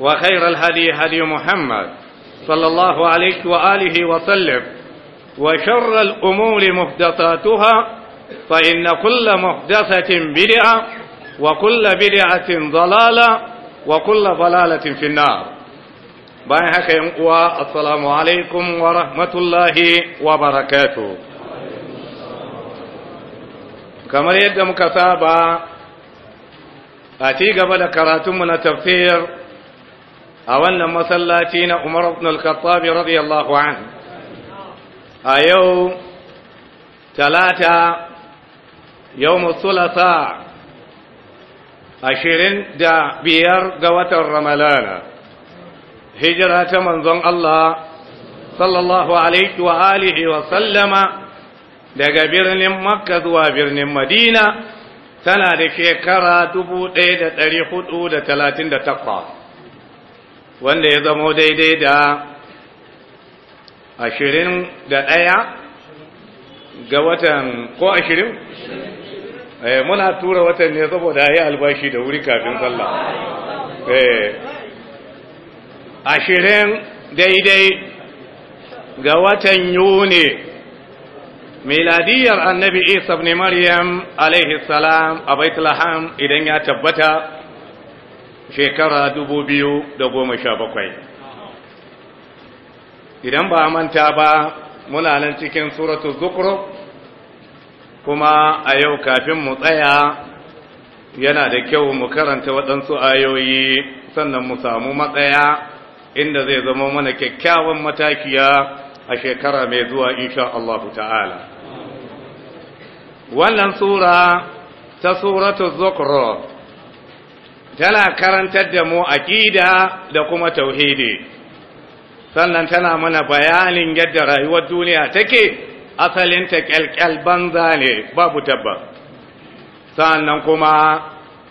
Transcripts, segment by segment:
وخير الهدي هدي محمد صلى الله عليه وآله وسلم وشر الأمور محدثاتها فإن كل محدثة بدعة وكل بدعة ضلالة وكل ضلالة في النار بايحك ينقوى السلام عليكم ورحمة الله وبركاته كما يدى مكتابة أتي قبل كراتم من التفسير a wannan masallaci na Umar ibn al-Khattab radiyallahu an a yau talata ashirin da biyar ga watan Ramadana hijira ta manzon Allah sallallahu alaihi wa alihi wa sallama daga birnin Makka zuwa birnin Madina tana da shekara da takwas. wanda ya zamo daidai da ashirin da ɗaya ga watan ko ashirin eh, muna tura watan ne saboda ya yi albashi da wuri kafin sallah eh, ashirin daidai ga watan yuni miladiyar annabi isa ibn maryam alaihi salam a baitulham idan ya tabbata shekara dubu biyu da goma sha bakwai idan ba manta ba muna nan cikin suratu zukuru kuma a yau kafin mu tsaya yana da kyau mu karanta waɗansu ayoyi sannan mu samu matsaya inda zai zama mana kyakkyawan matakiya a shekara mai zuwa insha Allah ta'ala wannan sura ta suratu zukuru tana karantar da mu aƙida da kuma tauhidi sannan tana mana bayanin yadda rayuwar duniya take asalin ta kyalkyal banza ne babu tabba sannan kuma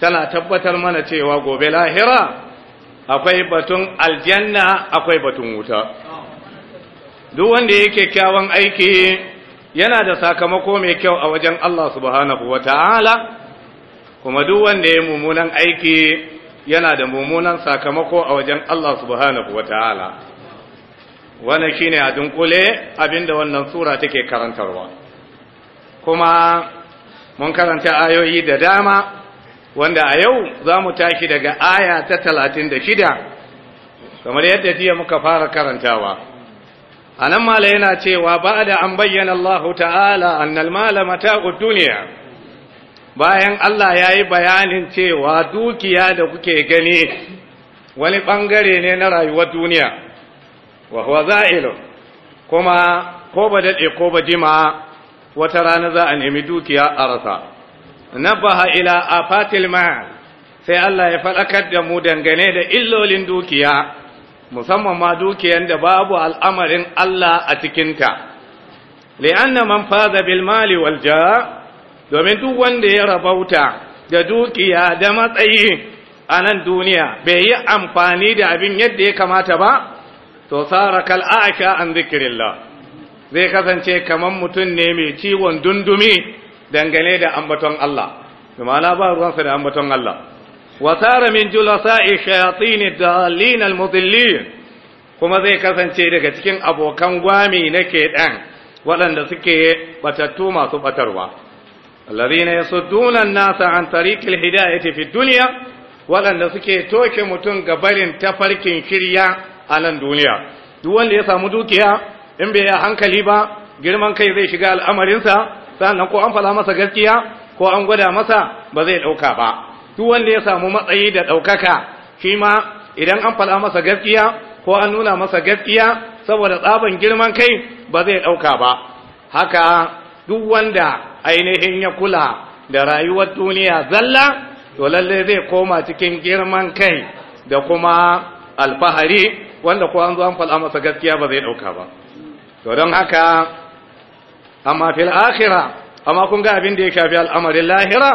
tana tabbatar mana cewa gobe lahira akwai batun aljanna akwai batun wuta duk wanda yake kyawun aiki yana da sakamako mai kyau a wajen Allah subhanahu wata'ala kuma duk wanda ya mummunan aiki yana da mummunan sakamako a wajen Allah subhanahu Wani wannan shine a dunkule abinda wannan sura take karantarwa kuma mun karanta ayoyi da dama wanda a yau za mu tashi daga aya ta talatin da shida kamar yadda jiya muka fara karantawa a nan mala yana cewa ba da an bayyana Allah ta'ala annal mala mata'ud duniya bayan Allah ya yi bayanin cewa dukiya da kuke gani wani ɓangare ne na rayuwar duniya wa za'ilu kuma ko ba daɗe ko ba jima wata rana za a nemi dukiya a rasa nabaha ila a fatilma sai Allah ya faɗakar da mu dangane da illolin dukiya musamman ma dukiyan da babu al'amarin Allah a cikinta li'anna man faza bil mali wal ja' domin duk wanda ya rabauta da dukiya da matsayi a nan duniya bai yi amfani da abin yadda ya kamata ba to tsara kal'aka an zikirillah zai kasance kamar mutum ne mai ciwon dundumi dangane da ambaton Allah dumana ba ruwansa da ambaton Allah wa tsara min julasa'i da linal almudillin kuma zai kasance daga cikin abokan gwami na ɗan waɗanda suke batattu masu batarwa alladhina yasudduna an-nasa an tariqil hidayati fi dunya waɗanda suke toke mutum ga barin tafarkin shirya a nan duniya duk wanda ya samu dukiya in bai hankali ba girman kai zai shiga al'amarinsa sannan ko an fada masa gaskiya ko an gwada masa ba zai ɗauka ba duk wanda ya samu matsayi da ɗaukaka shi ma idan an fada masa gaskiya ko an nuna masa gaskiya saboda tsaban girman kai ba zai ɗauka ba haka duk wanda ainihin ya kula da rayuwar duniya zalla to lalle zai koma cikin girman kai da kuma alfahari wanda ko an zo an fada masa gaskiya ba zai ɗauka ba to don haka amma fil akhira amma kun ga abin da ya shafi al'amarin lahira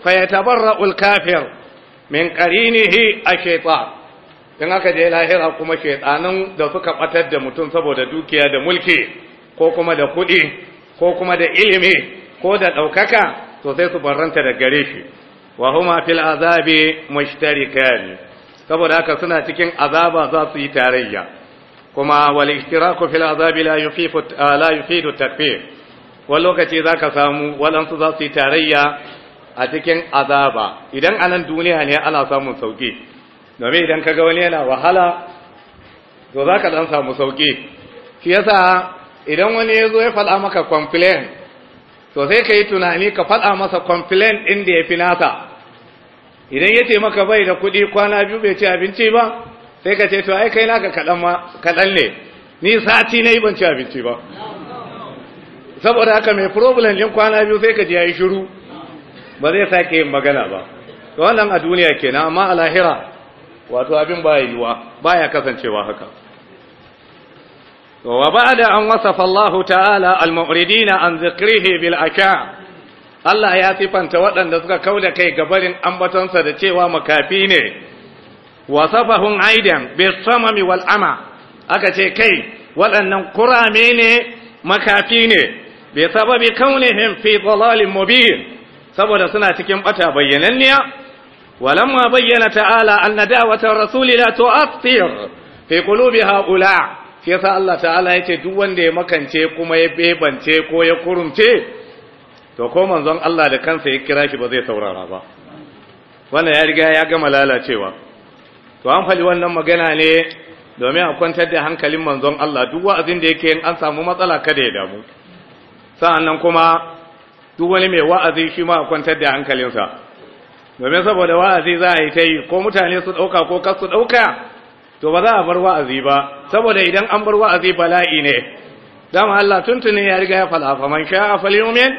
fayatabarra kafir min qarinihi ashaytan dan aka je lahira kuma shaytanin da suka batar da mutum saboda dukiya da mulki ko kuma da kuɗi ko kuma da ilimi ko da ɗaukaka to sai su barranta da gare shi wa huma fil azabi mushtarikan saboda haka suna cikin azaba za su yi tarayya kuma wal ishtiraku fil azabi la yufifu ah, la yufidu takfir wani lokaci zaka samu walansu za su yi tarayya a cikin azaba idan anan duniya ne ana samun sauki domin idan kaga wani yana wahala to zaka dan samu sauki shi yasa idan wani ya zo ya faɗa maka complain to sai ka yi tunani ka faɗa masa complain ɗin da ya fi nasa idan ya ce maka bai da kuɗi kwana biyu bai ci abinci ba sai ka ce to ai kai naka kaɗan ne ni sati na yi ban ci abinci ba saboda haka mai problem ɗin kwana biyu sai ka ji ya yi shiru ba zai sake yin magana ba to wannan a duniya kenan amma a lahira wato abin ba yiwuwa baya kasancewa haka وبعد أن وصف الله تعالى المؤردين عن ذكره بالأكاع Allah ya sifanta waɗanda suka kauda kai gabarin ambatonsa da cewa makafi ne wasafahun aidan bi samami wal ama aka ce kai waɗannan kurame ne makafi ne Bai sababi kaunihim fi dhalalin mubin saboda suna cikin bata bayyananniya walamma bayyana ta'ala anna da'watar rasuli la tu'athir fi qulubi shi yasa Allah ta'ala ya ce duk wanda ya makance kuma ya bebance ko ya kurumce to ko manzon Allah da kansa ya kira shi ba zai saurara ba wannan ya riga ya gama lalacewa to an fali wannan magana ne domin a kwantar da hankalin manzon Allah duk wa'azin da yake yin an samu matsala kada ya damu sa'annan kuma duk wani mai wa'azi shi ma a kwantar da hankalinsa domin saboda wa'azi za a yi ta yi ko mutane su ɗauka ko kar su ɗauka to ba za a bar wa'azi ba saboda idan an bar wa'azi bala'i ne dama Allah tuntune ya riga ya fala fa man sha'a falyumin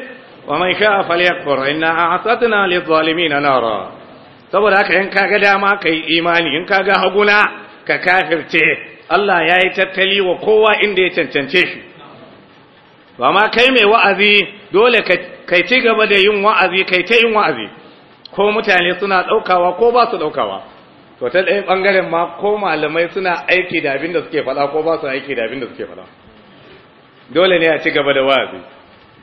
wa man sha'a falyakfur inna a'tatna lidh-dhalimin nara saboda haka in kaga dama kai imani in kaga haguna ka kafirce Allah ya yi tattali wa kowa inda ya cancance shi ba ma kai mai wa'azi dole kai ci gaba da yin wa'azi kai ta yin wa'azi ko mutane suna ɗaukawa ko ba su ɗaukawa to ta ɗaya ɓangaren ma ko malamai suna aiki da abin da suke faɗa ko ba su aiki da abin da suke faɗa dole ne a ci gaba da wazi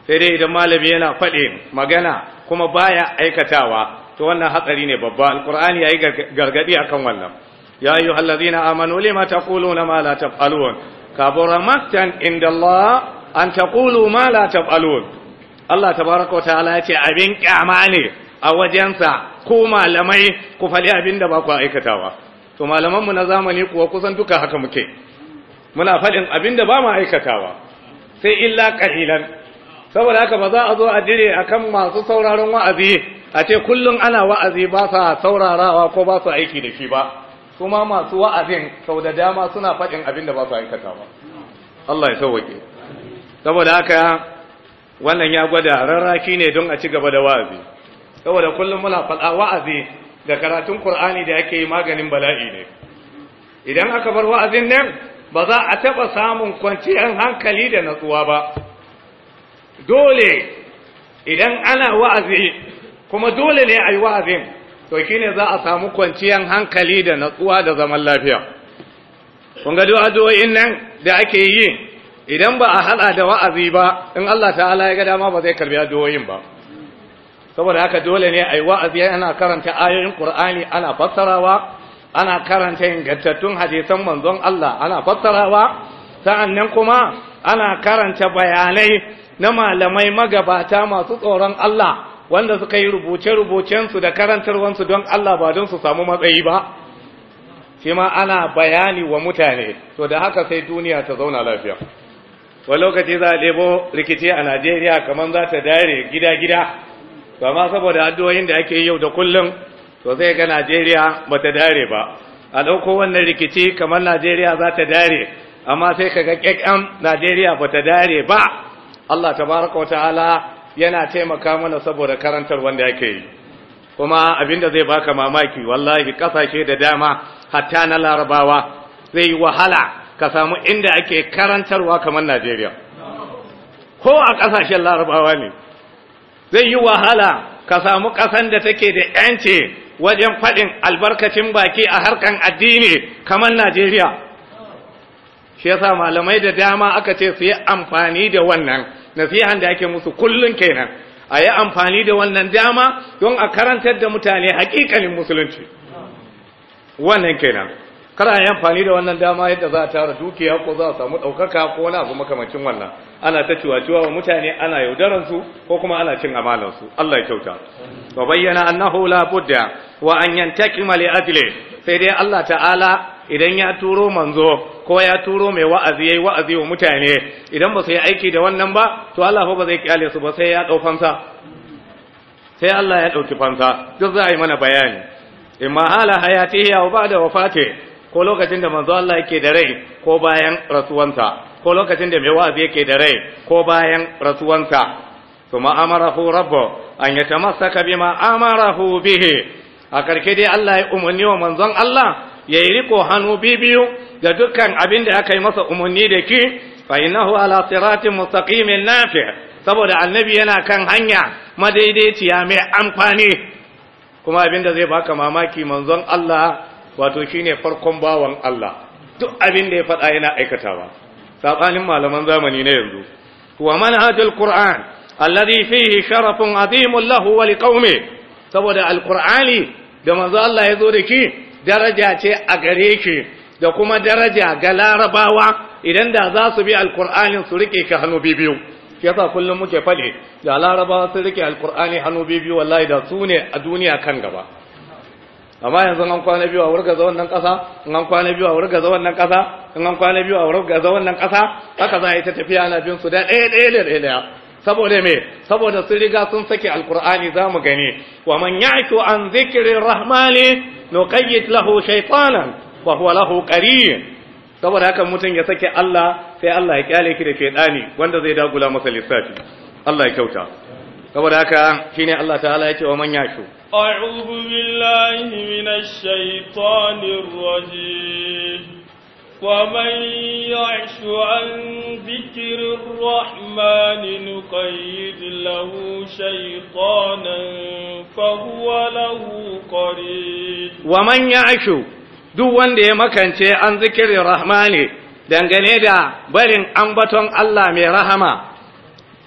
sai dai idan malami yana faɗi magana kuma baya aikatawa to wannan hatsari ne babba alkur'ani yayi gargadi akan wannan ya ayyuha allazina amanu lima taquluna ma la taf'alun kabura maktan inda Allah an taqulu ma la taf'alun Allah tabaraka wa ta'ala ya ce abin ƙyama ne a wajensa ko malamai ku faɗi abin da ba ku aikatawa to malamanmu na zamani kuwa kusan duka haka muke muna faɗin abin da ba mu aikatawa sai illa ƙalilan saboda haka ba za a zo a dire akan masu sauraron wa'azi a ce kullum ana wa'azi ba sa saurarawa ko ba su aiki da shi ba kuma masu wa'azin sau da dama suna faɗin abin da ba su aikatawa Allah ya sauwake saboda haka wannan ya gwada rarraki ne don a ci gaba da wa'azi saboda kullum muna faɗa wa'azi da karatun Qur'ani da yake maganin bala'i ne idan aka bar wa'azin nan ba za a taɓa samun kwanciyar hankali da natsuwa ba dole idan ana wa'azi kuma dole ne a yi wa'azin to ne za a samu kwanciyar hankali da natsuwa da zaman lafiya kun ga nan da ake yi idan ba a hada da wa'azi ba in Allah ta'ala ya ga dama ba zai karbi addu'o'in ba saboda haka dole ne a yi wa'azi ana karanta ayoyin Qur'ani ana fassarawa ana karanta ingantattun hadisan manzon Allah ana fassarawa sa'annan kuma ana karanta bayanai na malamai magabata masu tsoron Allah wanda suka yi rubuce-rubucensu da karantarwansu don Allah ba don su samu matsayi ba shi ma ana bayani wa mutane to da haka sai duniya ta zauna lafiya wa lokaci za a ɗebo rikici a Najeriya kamar za ta dare gida-gida to amma saboda addu'o'in da ake yau da kullum to zai ga Najeriya bata dare ba a dauko wannan rikici kamar Najeriya za ta dare amma sai kaga kekan Najeriya bata dare ba Allah tabaraka wa ta'ala yana taimaka mana saboda karantar wanda yake yi kuma abin da zai baka mamaki wallahi kasashe da dama hatta na larabawa zai yi wahala ka samu inda ake karantarwa kamar Najeriya ko a kasashen larabawa ne zai yi wahala ka samu ƙasan da take da ‘yanci wajen faɗin albarkacin baki a harkan addini kamar Najeriya. Shi yasa malamai da dama aka ce su yi amfani da wannan, nasihan da ake musu kullum kenan, a yi amfani da wannan dama don a karantar da mutane haƙiƙanin musulunci. Wannan kenan. Kada yi amfani da wannan dama yadda za a tara dukiya ko za a samu ɗaukaka ko wani abu makamancin wannan. ana ta ciwaciwa wa mutane ana yaudaransu ko kuma ana cin amalansu Allah ya kyauta wa bayyana annahu la budda wa an yantakima li ajli sai dai Allah ta'ala idan ya turo manzo ko ya turo mai wa'azi yayi wa'azi wa mutane idan ba su yi aiki da wannan ba to Allah fa ba zai kiyale su ba sai ya dau fansa sai Allah ya dauki fansa duk za a yi mana bayani In ma hala hayatihi wa ba'da wafati ko lokacin da manzo Allah yake da rai ko bayan rasuwansa ko lokacin da mai wa'azi yake da rai ko bayan rasuwansa to ma'amarahu rabbu an yatamassaka bima amarahu bihi a karke dai Allah ya umarni wa manzon Allah ya yi riko hannu bibiyu da dukkan abin da aka yi masa umarni da ki fa innahu ala siratin mustaqimin nafi' saboda annabi yana kan hanya madaidaiciya mai amfani kuma abin da zai baka mamaki manzon Allah wato shine farkon bawan Allah duk abin da ya faɗa yana aikatawa sabanin malaman zamani na yanzu wa manhajul qur'an alladhi fihi sharafun azimun lahu wa liqaumi saboda alqur'ani da manzo Allah ya zo da ki daraja ce a gare ki da kuma daraja ga larabawa idan da za su bi alqur'anin su rike ka hannu bibiyu yasa kullum muke fade da larabawa sun rike alqur'ani hannu bibiyu wallahi da su ne a duniya kan gaba amma yanzu an kwana biyu a wurgaza wannan ƙasa in an kwana biyu a wurgaza wannan ƙasa in an kwana biyu a wurgaza wannan ƙasa haka za a yi ta tafiya na bin su da ɗaya ɗaya da ɗaya ɗaya saboda me saboda sun riga sun sake alkur'ani za mu gani wa man ya'tu an zikirin rahmani nuqayyid lahu shaytanan wa huwa lahu qarin saboda haka mutum ya sake Allah sai Allah ya kyale ki da shaytani wanda zai dagula masa lissafi Allah ya kyauta saboda haka shine Allah ta'ala yake wa manya shu a'udhu billahi minash shaitanir rajim ومن يعش عن ذكر الرحمن نقيد له fahuwa lahu kori. Wa manya يعش duk wanda ya makance an zikirin rahmani dangane da barin ambaton Allah mai rahama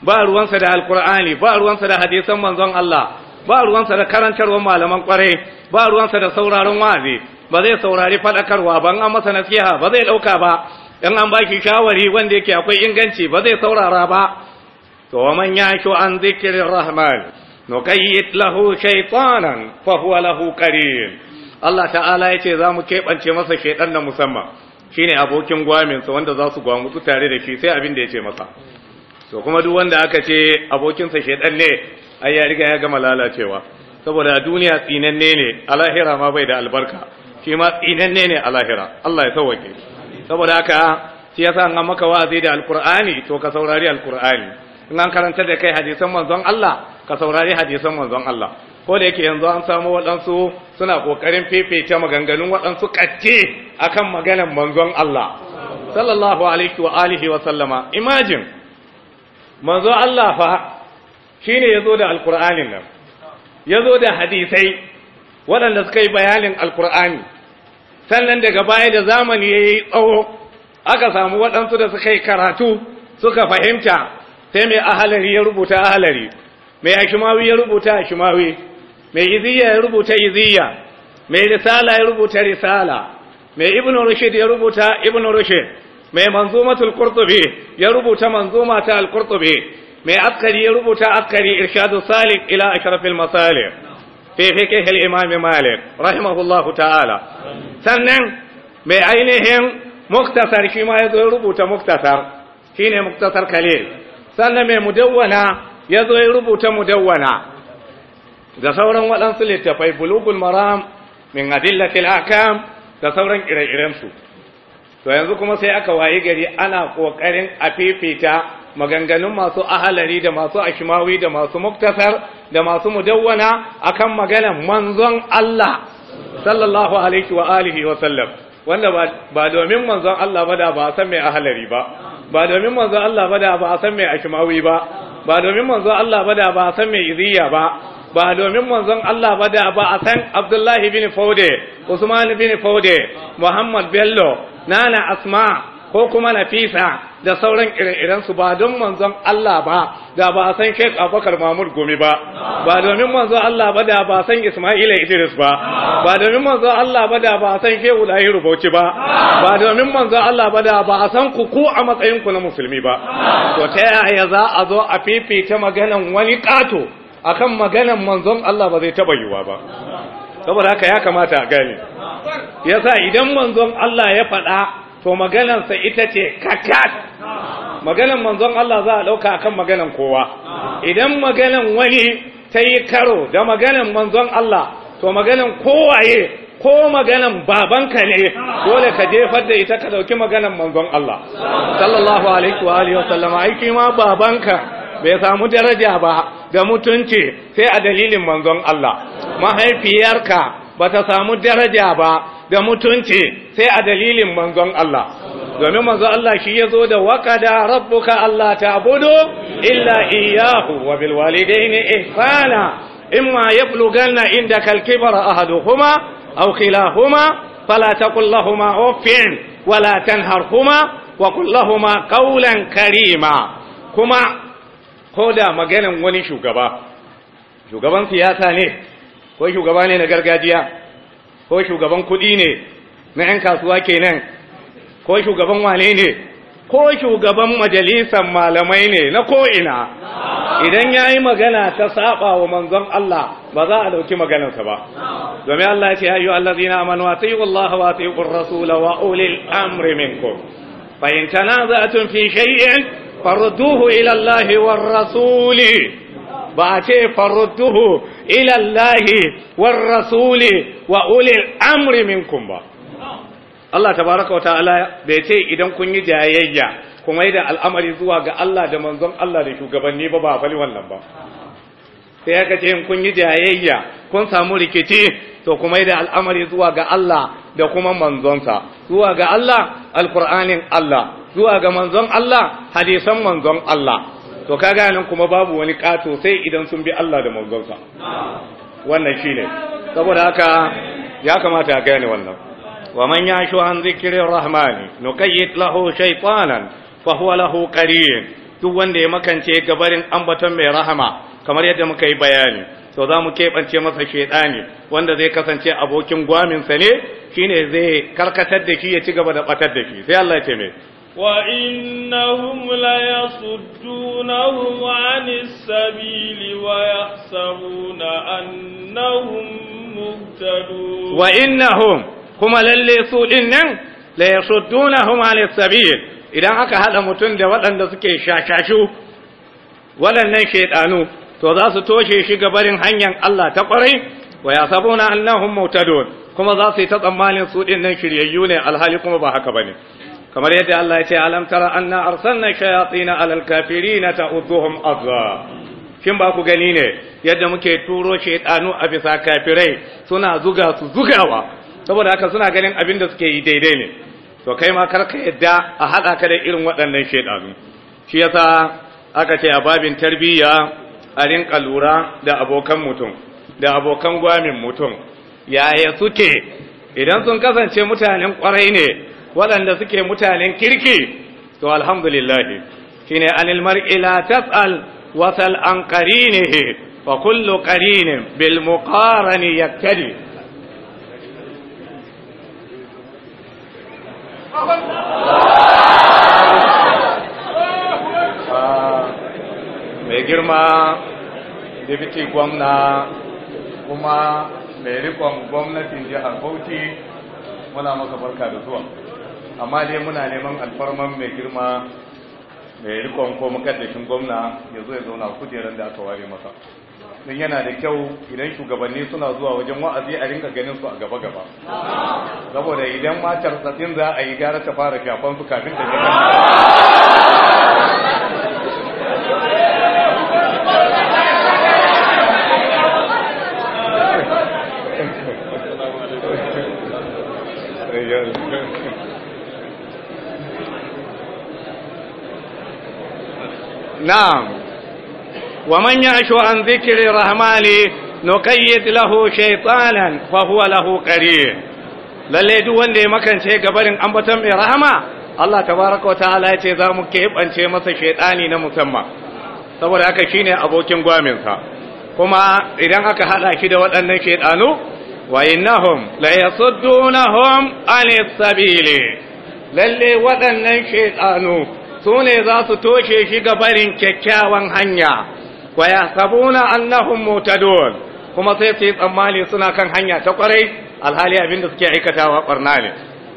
ba ruwansa da alkur'ani ba ruwansa da hadisan manzon Allah ba ruwansa da karantarwar malaman kwarai ba ruwansa da sauraron wa'azi, ba zai saurari fadakarwa ba an masa nasiha ba zai dauka ba in an baki shawari wanda yake akwai inganci ba zai saurara ba to man shu an zikri rahman nuqayyid lahu shaytanan fa huwa lahu qarin Allah ta'ala yace za mu kebance masa shaydan na musamman shine abokin gwaminsa wanda za su gwamutu tare da shi sai abin da yace masa to kuma duk wanda aka ce abokinsa shedan ne ai ya riga ya gama lalacewa saboda duniya tsinanne ne alahira ma bai da albarka shi ma tsinanne ne a Allah ya sauke saboda haka shi yasa an maka wa'azi da alqur'ani to ka saurari alqur'ani in an karanta da kai hadisan manzon Allah ka saurari hadisan manzon Allah ko da yake yanzu an samu waɗansu suna ƙoƙarin fefece maganganun waɗansu kacce akan maganan manzon Allah sallallahu alaihi wa alihi wa sallama imagine manzo Allah fa shine yazo da alqur'anin nan yazo da hadisai waɗanda suka yi bayanin alqur'ani sannan daga baya da zamani yayi tsawo aka samu waɗansu da suka yi karatu suka fahimta sai mai ahalari ya rubuta ahalari mai ashimawi ya rubuta ashimawi mai iziya ya rubuta iziya mai risala ya rubuta risala mai ibnu rushd ya rubuta ibnu rushd mai manzumatul qurtubi ya rubuta manzuma ta al-qurtubi mai akari ya rubuta akari irshadu salik ila ashrafil masalih fi fiqh al-imam malik rahimahullahu ta'ala sannan mai ainihin muktasar shi ma ya zo ya rubuta muktasar shine muktasar kalil sannan mai mudawwana ya zo ya rubuta mudawwana da sauran waɗansu littafai bulugul maram min adillatil ahkam da sauran ire-irensu to yanzu kuma sai aka waye gari ana kokarin a fifita maganganun masu ahalari da masu ashimawi da masu muktasar da masu mudawwana akan maganar manzon Allah sallallahu alaihi wa alihi wa sallam wanda ba domin manzon Allah ba da ba san mai ahalari ba ba domin manzon Allah ba da ba san mai ashimawi ba ba domin manzon Allah ba da ba san mai iziya ba ba domin manzon Allah ba da ba a san Abdullahi bin Faude Usman bin Faude Muhammad Bello Nana Asma ko kuma Nafisa da sauran ire-iren su ba don manzon Allah ba da ba a san Sheikh Abubakar Mamud Gumi ba ba domin manzon Allah ba da ba a san Isma'il Idris ba ba domin manzon Allah ba da ba a san Shehu Lahiru Bauchi ba ba domin manzon Allah ba da ba a san ku ku a matsayin ku na musulmi ba to ta yaya za a zo a fifita maganan wani kato akan maganan manzon Allah ba zai taba yiwa ba saboda haka ya kamata gani yasa idan manzon Allah ya faɗa to maganan sa ita ce kakat maganan manzon Allah za a ɗauka akan maganan kowa idan maganan wani tayi karo da maganan manzon Allah to maganan kowaye ko maganan babanka ne dole ka jefar da ita ka dauki maganan manzon Allah sallallahu alaihi wa alihi sallama aiki ma babanka bai samu daraja ba da mutunci sai a dalilin manzon Allah mahaifiyarka ba ta samu daraja ba da mutunci sai a dalilin manzon Allah domin manzon Allah shi ya zo da waƙada rabbuka Allah ta budu illa iyahu wa bilwalidaini ihsana imma yablughanna inda kalkibar ahadu ahaduhuma aw kilahuma fala taqul lahumā walatan har kuma wa qul lahumā qawlan kuma ko da maganan wani shugaba shugaban siyasa ne ko shugaba ne na gargajiya ko shugaban kuɗi ne na 'yan kasuwa kenan ko shugaban wane ne ko shugaban majalisar malamai ne na ko'ina idan ya yi magana ta saba wa manzon Allah ba za a ɗauki maganarsa ba domin Allah ya ce ayyu allazina amanu wa tayu Allah wa tayu rasula wa ulil amri minkum fa in tun fi shay'in farduhu ila الله والرسول ba a ce farduhu ilallahi Allah منكم با. wa تبارك وتعالى بيتي ba Allah tabaraka wa ta'ala bai ce idan kun yi jayayya kuma da al'amari zuwa ga Allah da manzon Allah da shugabanni ba ba fali wannan ba sai aka ce in kun yi jayayya kun samu rikici to kuma yi da al'amari zuwa ga Allah da kuma manzonsa zuwa ga Allah alkur'anin Allah zuwa ga manzon Allah hadisan manzon Allah to kaga nan kuma babu wani kato sai idan sun bi Allah da manzonsa wannan shine saboda haka ya kamata a gane wannan wa man yashu an zikri rahmani nuqayyid lahu shaytanan fa huwa lahu qarin duk wanda ya makance gabarin ambaton mai rahama kamar yadda muka yi bayani to za mu keɓance masa shaidani wanda zai kasance abokin gwaminsa ne shine zai karkatar da shi ya ci gaba da batar da shi sai Allah ya ce mai وإنهم ليصدونهم عن السبيل ويحسبون أنهم مهتدون وإنهم كما لليسوا إنهم ليصدونهم عن السبيل idan aka haɗa mutum da waɗanda suke shashashu waɗannan shaiɗanu to za su toshe shi ga barin hanyar Allah ta ƙwarai wa ya sabona annahum mutadun kuma za su yi ta tsammanin su ɗin nan shiryayyu ne alhali kuma ba haka bane kamar yadda Allah ya ce alam tara anna arsalna shayatin ala alkafirin ta'udhuhum azza kin ba ku gani ne yadda muke turo shaytanu a bisa kafirai suna zuga su zugawa saboda haka suna ganin abin da suke yi daidai ne to kai ma kar ka yadda a haɗa ka da irin waɗannan shaytanu shi yasa aka ce a babin tarbiyya a rinka lura da abokan mutum da abokan gwamin mutum yaya suke idan sun kasance mutanen kwarai ne waɗanda suke mutanen kirki to alhamdulillah shine anil mar'i la tas'al wasal an qarinihi wa kullu qarin bil muqarani yakali mai girma dibiti gwamna kuma mai rikon gwamnatin jihar bauchi muna maka barka da zuwa amma dai muna neman alfarman mai girma mai rikon ko makaddashin gwamna ya zo ya zauna kujerar da aka ware masa don yana da kyau idan shugabanni suna zuwa wajen wa'azi a rinka ganin su a gaba-gaba saboda idan matar tsatsin za a yi gara ta fara shafan su kafin da gaba نعم ومن يعش عن ذكر الرحمن نقيد له شيطانا فهو له قرين lalle duk wanda ya makance gabarin ambaton mai rahama Allah tabaraka wataala ya ce za mu keɓance masa shaidani na musamman saboda haka shine abokin gwaminsa kuma idan aka haɗa shi da waɗannan shaidanu wa innahum la yasuddunahum anis sabili lalle waɗannan shaidanu su ne za su toshe shi ga barin kyakkyawan hanya wa yasabuna annahum mutadun kuma sai su yi tsammani suna kan hanya ta kwarai alhali abin da suke aikatawa barna ne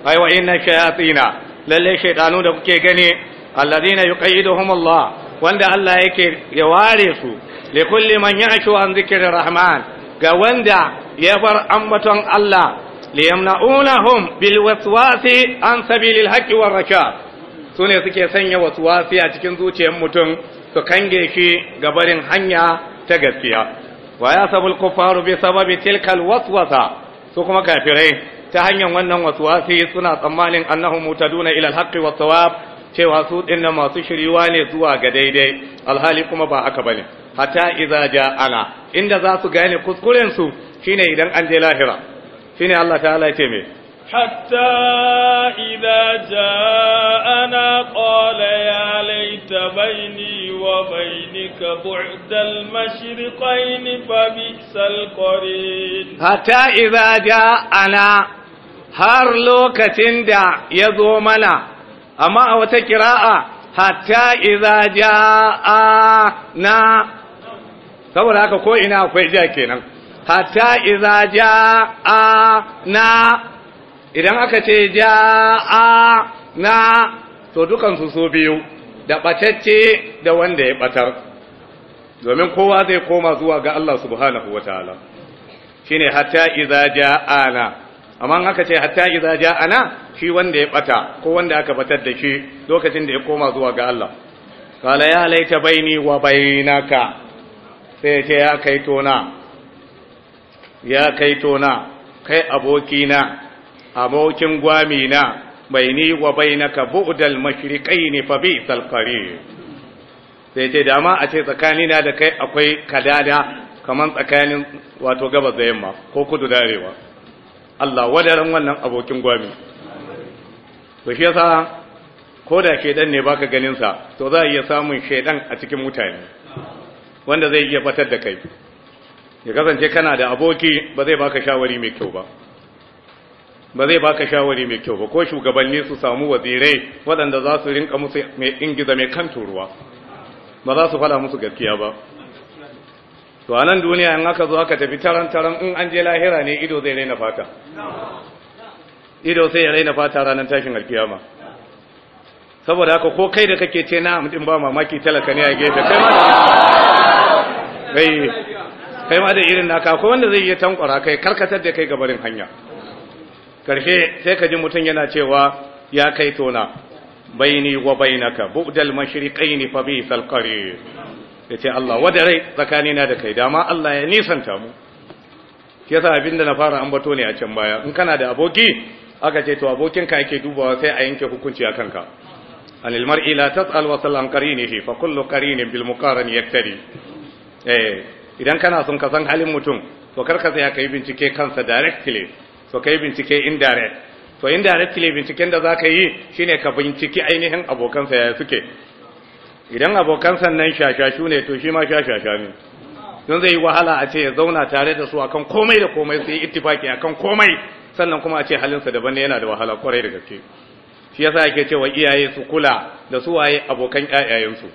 ai wa inna shayatina lalle shaytanu da kuke gani alladhina yuqayyiduhum Allah wanda Allah yake ya ware su li kulli man ya'shu an dhikri rahman ga wanda ya bar ambaton Allah liyamna'unahum bil waswasi an sabilil haqqi war rashad su ne suke sanya wasu wasi a cikin zuciyar mutum su kange shi gabarin hanya ta gaskiya wa ya sabul kufaru bi sababi tilkal waswasa su kuma kafirai ta hanyar wannan wasu wasi suna tsammanin annahum mutaduna ila alhaqqi was sawab cewa su nan masu shiriwa ne zuwa ga daidai alhali kuma ba haka bane hatta idza ja'ana inda za su gane kuskuren su shine idan an je lahira shine Allah ta'ala ya ce me حتى إذا جاءنا قال يا ليت بيني وبينك بعد المشرقين فبئس القرين حتى إذا جاءنا har lokacin da ya zo mana amma a wata kira'a hatta iza ja'a na saboda haka ko ina akwai ja kenan hatta iza ja'a na idan aka ce ja'a na to dukansu su biyu da ɓatacce da wanda ya ɓatar domin kowa zai koma zuwa ga Allah subhanahu wa ta'ala shi ne hatta iza ja'ana amma aka ce hatta iza ja'ana shi wanda ya ɓata ko wanda aka batar da shi lokacin da ya koma zuwa ga Allah kala ya laita baini wa bainaka sai ce ya kai tona ya kai tona kai abokina abokin gwami na bai ni wa bai na ka buɗal mashirikai ne fa bi salkare sai ce dama a ce tsakanina da kai akwai kadada kamar tsakanin wato gabas da yamma ko kudu da arewa Allah wadaran wannan abokin gwami to shi yasa ko da shedan ne baka ganin sa to za a iya samun shedan a cikin mutane wanda zai iya batar da kai ya kasance kana da aboki ba zai baka shawari mai kyau ba ba zai baka shawari mai kyau ba ko shugabanni su samu wazirai waɗanda za su rinka musu mai ingiza mai kan turuwa ba za su faɗa musu gaskiya ba to a nan duniya in aka zo aka tafi taran taran in an je lahira ne ido zai raina fata ido sai ya raina fata ranar tashin alkiyama saboda haka ko kai da kake ce na mutum ba mamaki talaka ne a gefe kai ma da kai ma da irin naka ko wanda zai iya tankwara kai karkatar da kai gabarin hanya karshe sai ka ji mutum yana cewa ya kai tona baini wa bainaka bu'dal mashriqaini fa bi salqari yace Allah wada rai na da kai dama Allah ya nisanta mu yasa da na fara ambato ne a can baya in kana da aboki aka ce to abokinka yake dubawa sai a yanke hukunci a kanka عن المرء لا تسأل وصل fa kullu فكل bil muqaran yaktari eh idan kana son ka san halin mutum to karka sai ka yi bincike kansa directly to kai bincike indirect to ne binciken da za ka yi shine ka binciki ainihin abokansa ya suke idan abokansa nan shashashu ne to shi ma shashasha ne don zai yi wahala a ce ya zauna tare da su akan komai da komai sai ittifaki akan komai sannan kuma a ce halinsa daban ne yana da wahala kwarai da gaske shi yasa ake cewa iyaye su kula da su waye abokan ƴaƴayensu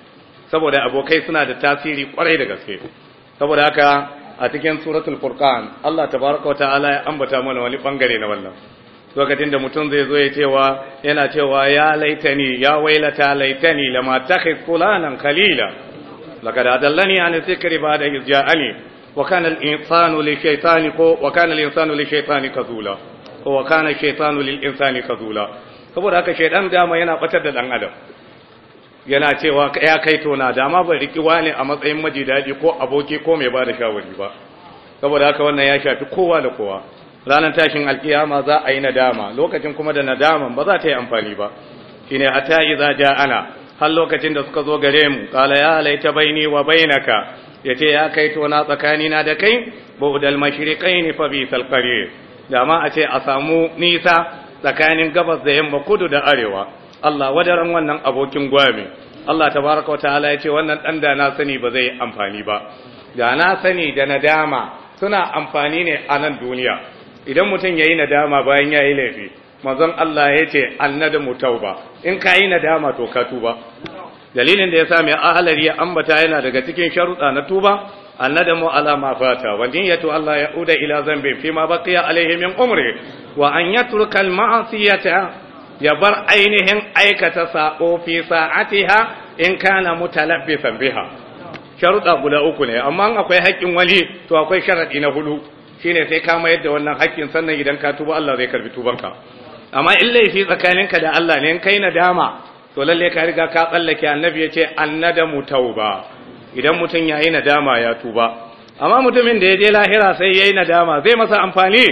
saboda abokai suna da tasiri kwarai da gaske saboda haka a cikin suratul furqan Allah tabaraka ta'ala ya ambata mana wani bangare na wannan lokacin da mutum zai zo ya cewa yana cewa ya laitani ya wailata laitani lama takhid fulanan khalila laqad adallani an dhikri ba'da iz ja'ani wa kana al-insanu li shaytani ko wa kana al-insanu li shaytani kazula ko wa kana shaytanu lil insani kazula saboda haka shaydan dama yana batar da dan adam yana cewa ya kai tona dama bai riki wani a matsayin maji majidaji ko aboki ko mai bada da shawari ba saboda haka wannan ya shafi kowa da kowa ranar tashin alkiyama za a yi nadama lokacin kuma da nadaman ba za ta yi amfani ba shine hatta ja ana har lokacin da suka zo gare mu qala ya laita baini wa bainaka yace ya kai tona tsakani na da kai bu'dal mashriqaini fa bisal qarir dama a ce a samu nisa tsakanin gabas da yamma kudu da arewa Allah wadaran wannan abokin gwami Allah ta baraka wa ta'ala ya ce wannan ɗan da na sani ba zai amfani ba da na sani da nadama suna amfani ne a nan duniya idan mutum ya yayi nadama bayan ya yi laifi mazan Allah ya ce mutau ba in ka yi nadama to ka tuba dalilin da ya sa mai ahalari ya ambata yana daga cikin sharuɗa na tuba mu ala ma fata wa niyyatu Allah ya uda ila zambi fi ma baqiya alaihi min umri wa an yatruka al ma'siyata ya bar ainihin aikata sako fi sa'atiha in kana mutalabbisan biha sharuɗa guda uku ne amma akwai haƙƙin wani to akwai sharaɗi na hudu shine sai ka mayar da wannan haƙƙin sannan idan ka tuba Allah zai karbi tubanka amma in laifi tsakaninka da Allah ne in kai nadama to lalle ka riga ka tsallake annabi ya ce annadamu tauba idan mutum ya yi nadama ya tuba amma mutumin da ya je lahira sai ya yi nadama zai masa amfani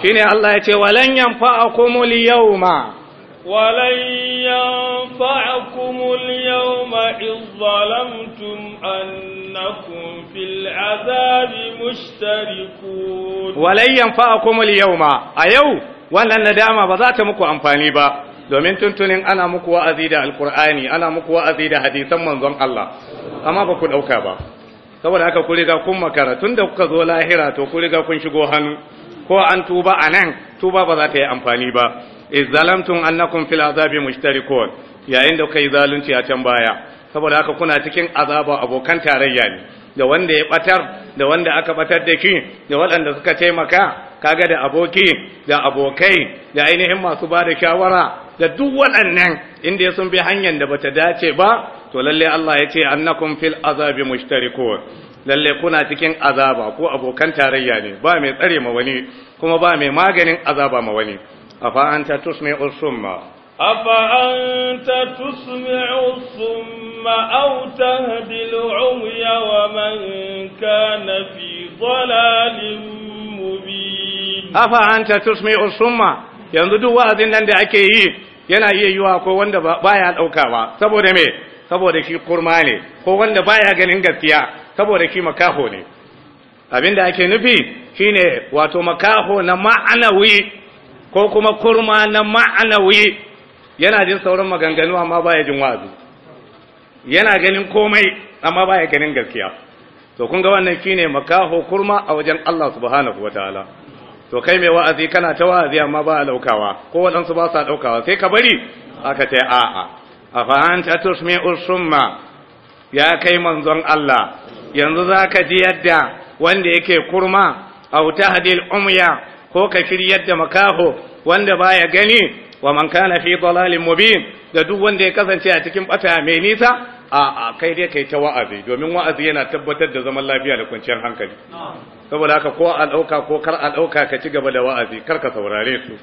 shine Allah ya ce walan yanfa'akum yau yawma ولن ينفعكم اليوم إذ ظلمتم أنكم في العذاب مشتركون ولن ينفعكم اليوم أيو wannan nadama ba za ta muku amfani ba domin tuntunin ana muku wa'azi da alkur'ani ana muku wa'azi da hadisan manzon Allah amma ba ku ɗauka ba saboda haka ku riga kun makara tun da kuka zo lahira to ku riga kun shigo hannu ko an tuba anan tuba ba za ta yi amfani ba izalamtum annakum fil azabi mushtarikun yayin da kai zalunci a can baya saboda haka kuna cikin azaba abokan tarayya ne da wanda ya batar da wanda aka batar da ki da waɗanda suka taimaka kaga da aboki da abokai da ainihin masu ba da shawara da duk waɗannan inda sun bi hanyar da bata dace ba to lalle Allah ya ce annakum fil azabi mushtarikun lalle kuna cikin azaba ko abokan tarayya ne ba mai tsare ma wani kuma ba mai maganin azaba ma wani afa anta tusmi'u summa afa anta tusmi'u summa aw tahdi umya wa man kana fi dhalalin mubin afa anta tusmi'u summa yanzu duk wa'azin nan da ake yi yana iya yiwa ko wanda baya ba, saboda me saboda shi kurma ne ko wanda baya ganin gaskiya saboda shi makaho ne abinda ake nufi shine wato makaho na ma'anawi ko kuma kurma na ma'anawi yana jin sauran maganganu amma baya jin wa'azi yana ganin komai amma baya ganin gaskiya to kun ga wannan shine makaho kurma a wajen Allah subhanahu wataala to kai mai wa'azi kana ta wa'azi amma ba a daukawa ko waɗansu ba sa daukawa sai ka bari aka ce a'a afa anta tusmi'u summa ya kai manzon Allah yanzu zaka ji yadda wanda yake kurma aw tahdil umya ko ka shiryar da makaho wanda baya gani wa man kana fi dalalin mubin da duk wanda ya kasance a cikin bata mai nisa a kai dai kai ta wa'azi domin wa'azi yana tabbatar da zaman lafiya da kwanciyar hankali saboda haka ko a dauka ko kar a dauka ka ci gaba da wa'azi kar ka saurare su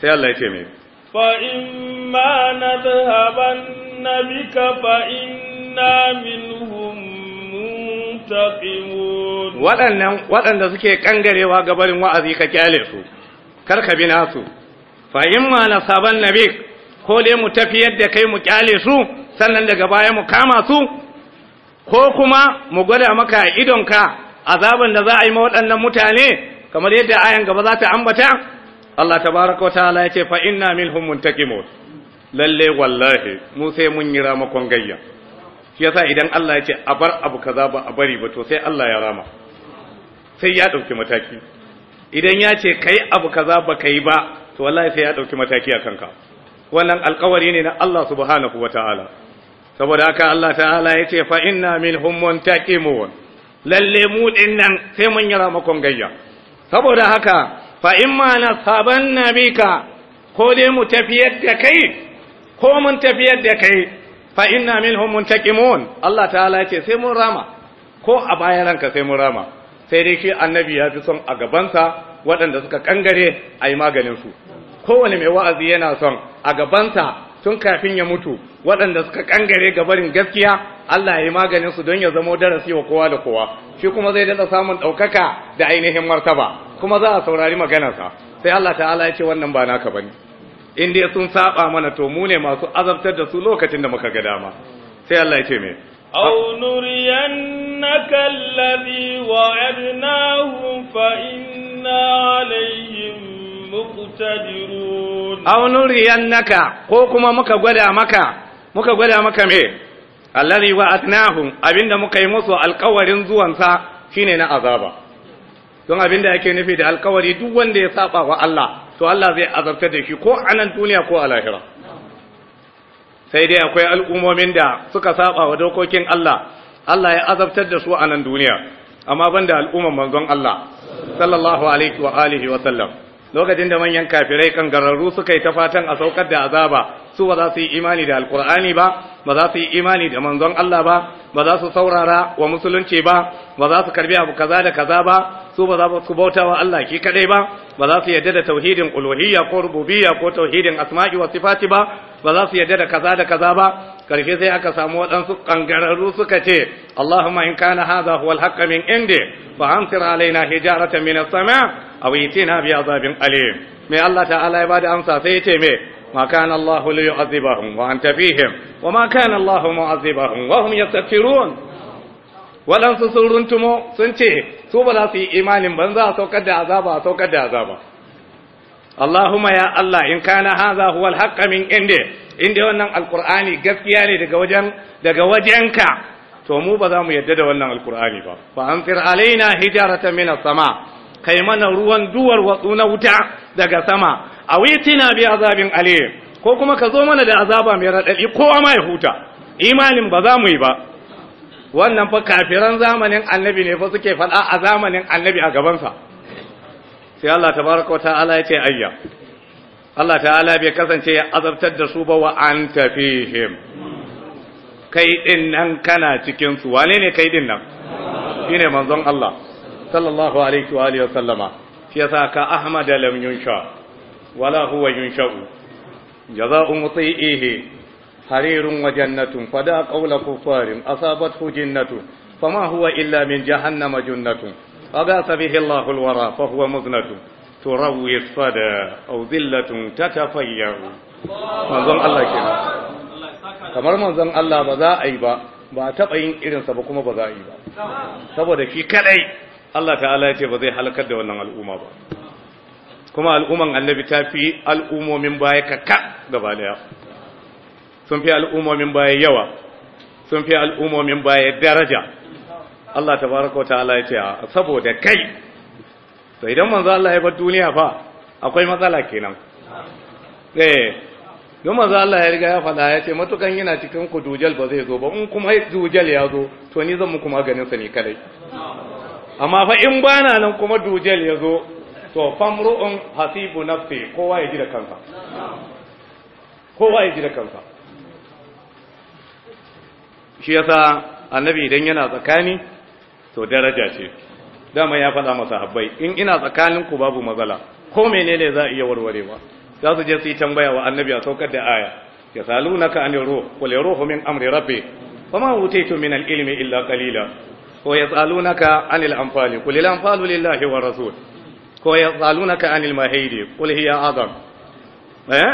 sai Allah ya ce mai fa imma nadhaban nabika fa inna minhum waɗannan waɗanda suke ƙangarewa ga barin wa'azi ka kyale su kar ka bi nasu fa na saban nabi ko dai mu tafi yadda kai mu kyale su sannan daga baya mu kama su ko kuma mu gwada maka idon idonka azaban da za a yi ma waɗannan mutane kamar yadda ayan gaba za ta ambata Allah tabaraka wa ta'ala ya ce fa inna minhum muntaqimun lalle wallahi mu sai mun yi ramakon gayya shi yasa idan Allah ya ce a bar abu kaza ba a bari ba to sai Allah ya rama sai ya dauki mataki idan ya ce kai abu kaza ba kai ba to wallahi sai ya dauki mataki a kanka wannan alkawari ne na Allah subhanahu wataala saboda haka Allah ta'ala ya ce fa inna minhum muntaqimun lalle mu dinnan sai mun yi ramakon gayya saboda haka fa imma nasaban nabika ko dai mu tafiyar da kai ko mun tafiyar da kai fa inna minhum muntaqimun Allah ta'ala ce sai mun rama ko a bayan ranka sai mun rama sai dai shi annabi ya fi son a gabansa waɗanda suka kangare a yi maganin su kowane mai wa'azi yana son a gabansa tun kafin ya mutu waɗanda suka kangare gabarin gaskiya Allah ya yi maganin su don ya zamo darasi wa kowa da kowa shi kuma zai daɗa samun ɗaukaka da ainihin martaba kuma za a saurari maganarsa sai Allah ta'ala ya ce wannan ba naka bane in dai sun saba mana to mu ne masu azabtar da su lokacin da muka ga dama sai Allah ya ce me aw nuriyannaka alladhi wa'adnahum fa inna alayhim muqtadirun aw nuriyannaka ko kuma muka gwada maka muka gwada maka me alladhi wa'adnahum abinda muka yi musu alƙawarin zuwansa shine na azaba don abinda yake nufi da alƙawari duk wanda ya saba wa Allah to Allah zai azabtar da shi ko a nan duniya ko a lahira sai dai akwai al'ummomin da suka saba wa dokokin Allah Allah ya azabtar da su a nan duniya amma banda al'umman manzon Allah sallallahu alaihi wa alihi wa sallam lokacin da manyan kafirai kan gararru suka yi ta fatan a saukar da azaba su ba za su yi imani da alkur'ani ba ba za su yi imani da manzon Allah ba ba za su saurara wa musulunci ba ba za su karbi abu kaza da kaza ba su ba za su bauta wa Allah ki kadai ba ba za su yarda da tauhidin uluhiyya ko rububiyya ko tauhidin asma'i wa sifati ba ba za su yarda da kaza da kaza ba karshe sai aka samu waɗansu kangararru suka ce Allahumma in kana hadha huwa al min indi fa amtir alaina hijaratan min as-sama' aw itina bi azabin alim mai Allah ta'ala ya bada amsa sai ya ce me ما wa الله ليعذبهم وأنت فيهم وما كان الله wa وهم يستغفرون waɗansu sun runtumo sun ce su ba za su yi imanin ban za a saukar da azaba a saukar da azaba Allahumma ya Allah in kana haza huwa alhaqqa min inde inde wannan alqur'ani gaskiya ne daga wajen daga wajenka to mu ba za mu yadda da wannan alqur'ani ba fa anfir alaina hijaratan min sama kai mana ruwan duwar watsu na wuta daga sama awitina bi azabin alim ko kuma ka zo mana da azaba mai radadi kowa ma ya huta imanin ba za mu yi ba wannan fa kafiran zamanin annabi ne fa suke faɗa a zamanin annabi a gabansa sai Allah tabaraka wa ta'ala ya ce ayya Allah ta'ala bai kasance ya azabtar da su ba wa an tafihim kai din nan kana cikin su wane ne kai din nan ne, manzon Allah sallallahu alaihi wa alihi sallama shi yasa ka Ahmad lam yunsha wala huwa yunsha'u jaza'u muti'ihi harirun wa jannatun fa da qawla kuffarin asabat hu jannatun fama huwa illa min jahannama jannatun fa ga sabihi Allahu alwara fa huwa muznatun turawi fada aw dhillatun tatafayyaru manzon Allah ke kamar manzon Allah ba za a yi ba ba taɓa yin irin sa ba kuma ba za a yi ba saboda shi kadai Allah ta'ala ya ce ba zai halakar da wannan al'umma ba kuma al'umman annabi ta fi al'ummomin baya ka ka gaba daya sun fi al'ummomin baya yawa sun fi al'ummomin baya daraja Allah baraka wata ta'ala ya ce saboda kai Sai idan manzo Allah ya bar duniya fa akwai matsala kenan eh don manzo Allah ya riga ya fada ya ce matukan yana cikin ku dujal ba zai zo ba in kuma dujal ya zo to ni zan muku maganin sa ne kadai amma fa in bana nan kuma dujal ya zo to famru'un hasibu nafsi kowa ya ji da kansa kowa ya ji da kansa shi yasa annabi idan yana tsakani to daraja ce dama ya faɗa masa habbai in ina tsakanin ku babu matsala ko menene za a iya warwarewa za su je su yi tambaya wa annabi a saukar da aya ya salunaka anir ruh qul ruhu min amri rabbi wama utitu min al-ilmi illa qalila ko yasalunaka anil anfali qul al anfalu lillahi wa rasul ko yasalunaka anil mahidi qul hiya azam eh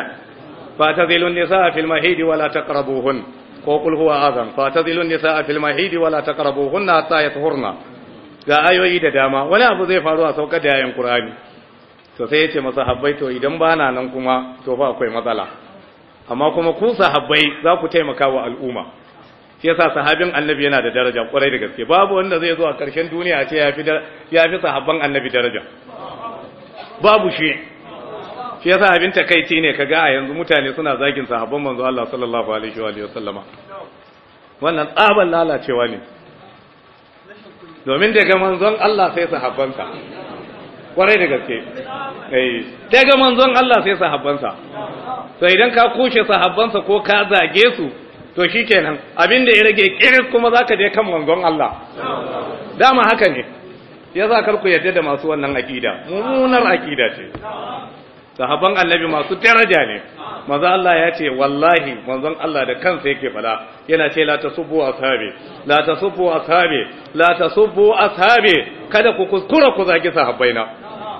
fatazilun nisaa fil mahidi wa la taqrabuhun ko kul huwa azan fatazilun nisaa fil mahidi wala taqrabuhunna hatta yatahurna ga ayoyi da dama wani abu zai faru a saukar da yayin qur'ani to sai yace masahabbai to idan bana nan kuma to fa akwai matsala amma kuma ku sahabbai za ku taimaka wa al'umma shi yasa sahabin annabi yana da daraja kwarai da gaske babu wanda zai zo a ƙarshen duniya a ce ya fi sahabban annabi daraja babu shi shi yasa abin takaici ne kaga a yanzu mutane suna zagin sahabban manzo Allah sallallahu alaihi wa wasallama wannan tsaban lalacewa ne domin daga manzon Allah sai sahabbansa kwarai da gaske eh daga manzon Allah sai sahabbansa to idan ka kushe sahabbansa ko ka zage su to shikenan abin da ya rage kiris kuma zaka je kan manzon Allah dama haka ne yasa kar ku yarda da masu wannan akida mummunar akida ce sahaban annabi masu daraja ne manzo Allah ya ce wallahi manzon Allah da kansa yake fada yana ce la tasubbu ashabi la tasubbu ashabi la tasubbu ashabi kada ku kuskura ku zagi sahabbaina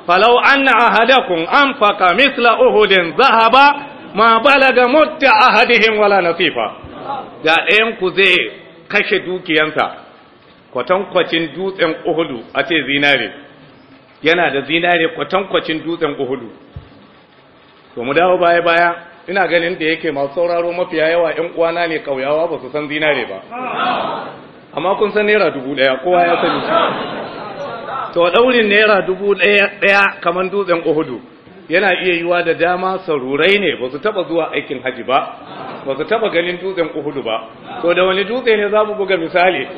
falau anna ahadakum anfaqa misla uhudin zahaba ma balaga mutta ahadihim wala nasifa da ɗayan ku zai kashe dukiyansa kwatan-kwacin dutsen uhudu a ce zinare yana da zinare kwacin dutsen uhudu to mu dawo baya baya ina ganin da yake masu sauraro mafiya yawa ƴan uwana ne kauyawa ba su san zinare ba amma kun san naira dubu ɗaya kowa ya sani to daurin naira dubu ɗaya ɗaya kamar dutsen ohudu. yana iya yiwa da dama sarurai ne ba su taba zuwa aikin haji ba ba su taba ganin dutsen uhudu ba to da wani dutse ne za mu buga misali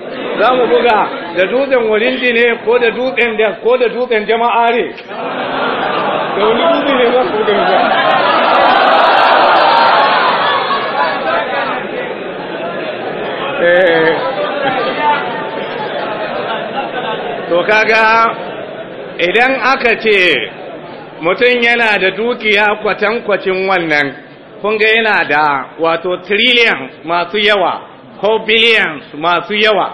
za mu buga da dutsen warindi ne ko da dutsen da ko da dutsen jama'a ne da wani dutse ne za mu buga misali eh. to kaga idan aka ce mutum yana da dukiya kwatankwacin wannan kunga yana da wato trillions masu yawa ko billions masu yawa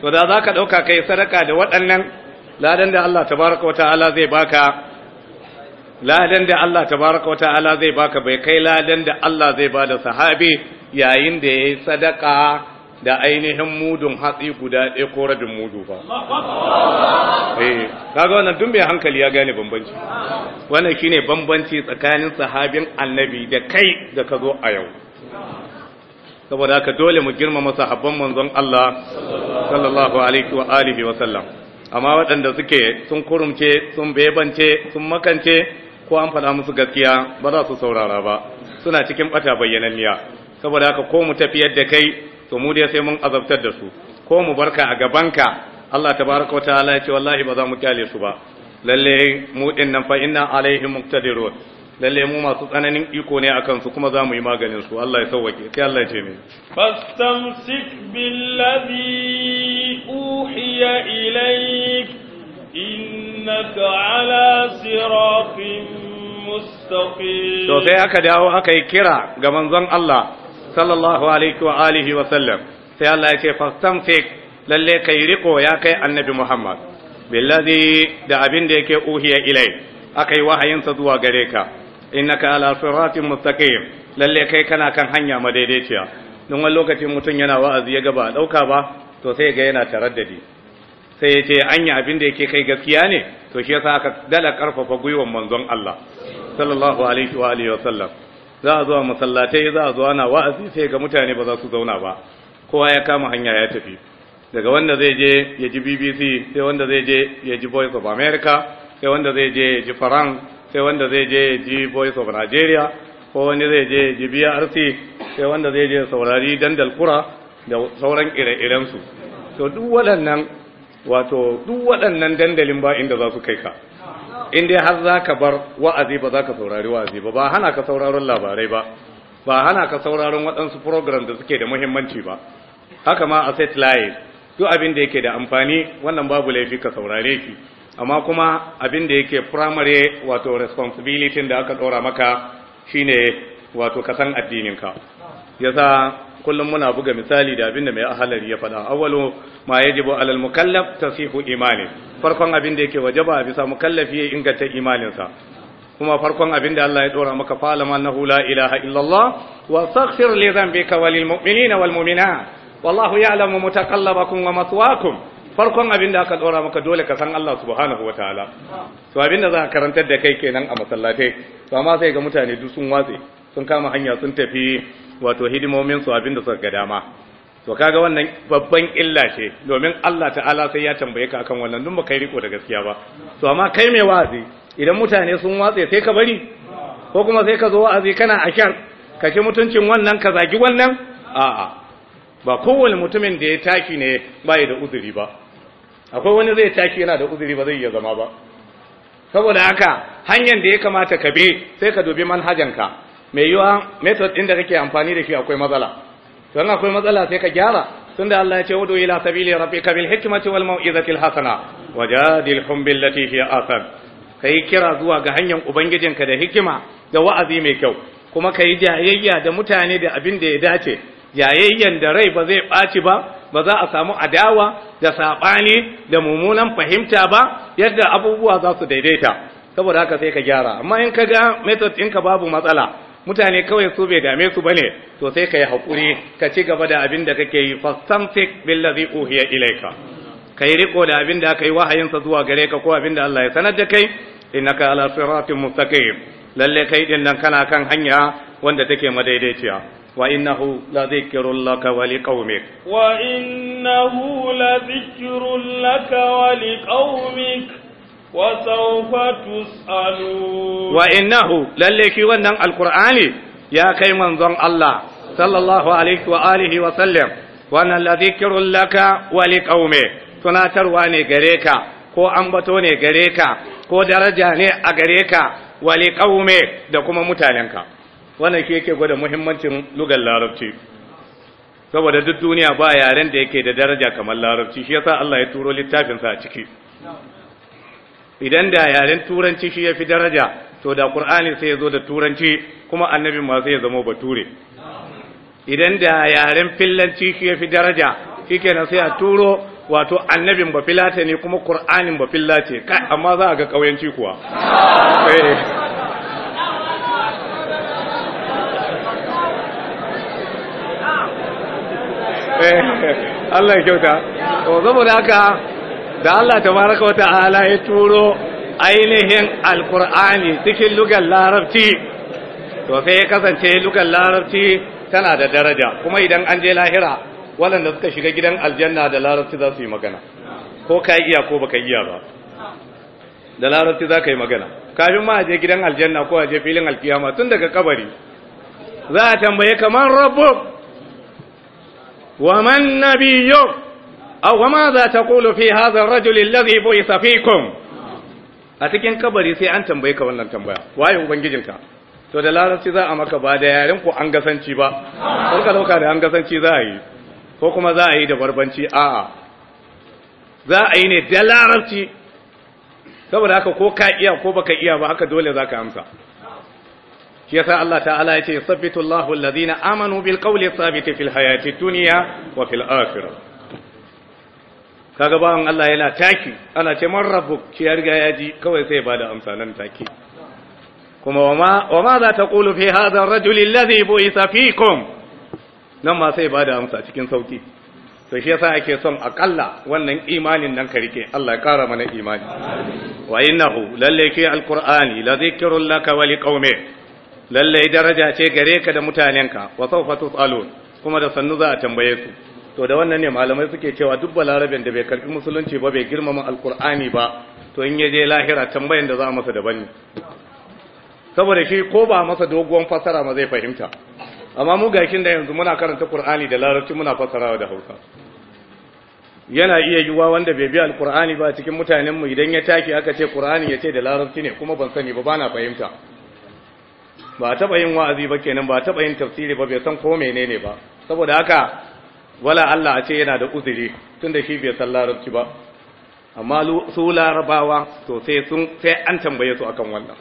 to da za ka ɗauka kai sadaka da waɗannan ladan da Allah tabaraka wa ta'ala zai baka ladan da Allah tabaraka wa ta'ala zai baka bai kai ladan da Allah zai ba da sahabi yayin da ya yi sadaka da ainihin mudun hatsi guda ɗaya ko rabin mudu ba eh kaga wannan dun mai hankali ya gane bambanci wannan shine bambanci tsakanin sahabin annabi da kai da ka zo a yau saboda haka dole mu girmama sahabban manzon Allah sallallahu alaihi wa alihi wa sallam amma waɗanda suke sun kurumce sun bebance sun makance ko an faɗa musu gaskiya ba za su saurara ba suna cikin ɓata bayyananniya saboda haka ko mu tafiyar da kai to mu dai sai mun azabtar da su ko mu barka a gabanka Allah tabaraka wataala ya wallahi ba za mu kyale su ba lalle mu din nan fa inna alaihim muqtadirun lalle mu masu tsananin iko ne akan su kuma za mu yi maganin su Allah ya sauwake sai Allah ya ce mai fastamsik billazi uhiya ilaik innaka ala siratin mustaqim to sai aka dawo aka yi kira ga manzon Allah sallallahu alaihi wa alihi wa sallam sai Allah ya ce fastamsik lalle kai riko ya kai annabi Muhammad billazi da abin da yake uhiya ilai akai wahayin sa zuwa gare ka innaka ala siratin mustaqim lalle kai kana kan hanya madaidaiciya don wani lokacin mutum yana wa'azi ya ga ba dauka ba to sai ga yana taraddadi sai ya ce anya abin da yake kai gaskiya ne to shi yasa aka dala karfafa gwiwan manzon Allah sallallahu alaihi wa alihi wa sallam za a zuwa masallatai za a zuwa na wa'azi sai ga mutane ba za su zauna ba kowa ya kama hanya ya tafi daga wanda zai je ya ji bbc sai wanda zai je ya ji voice of america sai wanda zai je ya ji france sai wanda zai je ya ji voice of nigeria ko wani zai je ya ji brc sai wanda zai je saurari dandal kura da sauran ire-irensu to duk waɗannan wato duk waɗannan dandalin ba inda za su kai ka in dai har za ka bar wa'azi ba za ka saurari wa'azi ba ba hana ka sauraron labarai ba ba hana ka sauraron waɗansu program da suke da muhimmanci ba haka ma a set satellite duk abin da yake da amfani wannan babu laifi ka saurare shi amma kuma abin da yake primary wato responsibility da aka ɗora maka shine wato ka san ka yasa kullum muna buga misali da abinda mai ahalari ya faɗa awwalu ma yajibu alal mukallaf tasihu imani farkon abin da yake wajaba a bisa mukallafi ya inganta imaninsa kuma farkon abin da Allah ya dora maka falama annahu la ilaha illallah wa astaghfir li dhanbika wa lil mu'minina wal mu'minat wallahu ya'lamu mutaqallabakum wa mathwaakum farkon abin da aka dora maka dole ka san Allah subhanahu wataala to abin da za ka karantar da kai kenan a masallatai to amma sai ga mutane duk sun watse sun kama hanya sun tafi wato hidimomin su abinda suka ga dama to kaga wannan babban illa ce domin Allah ta'ala sai ya tambaye ka akan wannan dun ba kai riko da gaskiya ba to amma kai mai wazi idan mutane sun watse sai ka bari ko kuma sai ka zo wazi kana a kyar ka ci mutuncin wannan ka zagi wannan a'a ba kowane mutumin da ya taki ne bai da uzuri ba akwai wani zai taki yana da uzuri ba zai iya zama ba saboda haka hanyar da ya kamata ka bi sai ka dubi manhajanka mai yiwa method ɗin da kake amfani da shi akwai matsala don akwai matsala sai ka gyara tunda Allah ya ce wudu ila sabili rabbika bil hikmati wal mau'izati al hasana wajadil hum lati hiya asan kai kira zuwa ga hanyar ubangijinka da hikima da wa'azi mai kyau kuma kai jayayya da mutane da abin da ya dace jayayyan da rai ba zai ɓaci ba ba za a samu adawa da saɓani da mummunan fahimta ba yadda abubuwa za su daidaita saboda haka sai ka gyara amma in ka ga method ɗinka babu matsala mutane kawai su bai dame su bane to sai yi hakuri ka ci gaba da abin da kake yi fastamsik billazi Ilaika. Ka yi riko da abin da aka yi wahayinsa zuwa gare ka ko abin da Allah ya sanar da kai innaka ala siratin mustaqim lalle kai din nan kana kan hanya wanda take madaidaiciya وإنه لذكر لك ولقومك وإنه laka لك ولقومك وسوف تسألون وإنه لليك Ya kai يا Allah منظر الله صلى wa عليه وآله وسلم وأن الذكر لك ولقومه tunatarwa ne gare ka ko ambato ne gare ka ko daraja ne a gare ka wali kaume da kuma mutanenka wannan shi yake gwada muhimmancin lugar larabci saboda duk duniya ba yaren da yake da daraja kamar larabci shi yasa Allah ya turo littafinsa a ciki idan da yaren turanci shi ya fi daraja to da ƙur'ani sai ya zo da turanci kuma annabi ma sai ya zama bature idan da yaren fillanci shi ya fi daraja shi kenan sai a turo wato annabin ba filata ne kuma ƙur'anin ba fillace amma za a ga ƙauyenci kuwa eh. Eh, Allah ya kyauta. To, saboda haka da Allah ta baraka wa ta'ala ya turo ainihin alkur'ani cikin lugar larabci to sai ya kasance lugar larabci tana da daraja kuma idan an je lahira waɗanda suka shiga gidan aljanna da larabci za su yi magana ko ka iya ko baka iya ba da larabci za ka yi magana kafin ma a je gidan aljanna ko a je filin alkiyama tun daga kabari za a tambaye kamar rabu wa man nabiyyuk aw maza taqulu fi hadha ar-rajul alladhi bu'itha fikum a cikin kabari sai an tambayi ka wannan tambaya waye ubangijinka to da larabci za a maka ba da yaren ku an gasanci ba ka dauka da an gasanci za a yi ko kuma za a yi da barbanci a'a za a yi ne da larabci saboda haka ko ka iya ko baka iya ba haka dole zaka amsa shi yasa Allah ta'ala ce sabbitu Allahu alladhina amanu bil qawli thabit fil hayati dunya wa fil akhirah kaga bawan Allah yana taki ana ce man rabbuk ki ya kawai sai bada amsa nan taki. kuma wama wama za ta qulu fi hadha ar-rajul alladhi bu'itha fikum nan ma sai bada amsa cikin sauki to shi yasa ake son akalla wannan imanin nan ka rike Allah ya kara mana imani wa innahu lalle fi al la dhikrun laka wa liqaumi lalle daraja ce gare ka da mutanenka wa sawfa tusalun kuma da sannu za a tambaye su to da wannan ne malamai suke cewa duk balarabin da bai karbi musulunci ba bai girmama alkur'ani ba to in yaje lahira tambayan da za a masa daban ne saboda shi ko ba masa doguwan fasara ma zai fahimta amma mu gakin da yanzu muna karanta qur'ani da larabci muna fasarawa da hausa yana iya yiwuwa wanda bai bi alkur'ani ba cikin mutanen mu idan ya take aka ce qur'ani ya ce da larabci ne kuma ban sani ba bana fahimta ba taɓa yin wa'azi ba kenan ba taɓa yin tafsiri ba bai san ko menene ba saboda haka wala Allah a ce yana da uzuri tunda shi bai san larabci ba amma su larabawa to sai sun sai an tambaye su akan wannan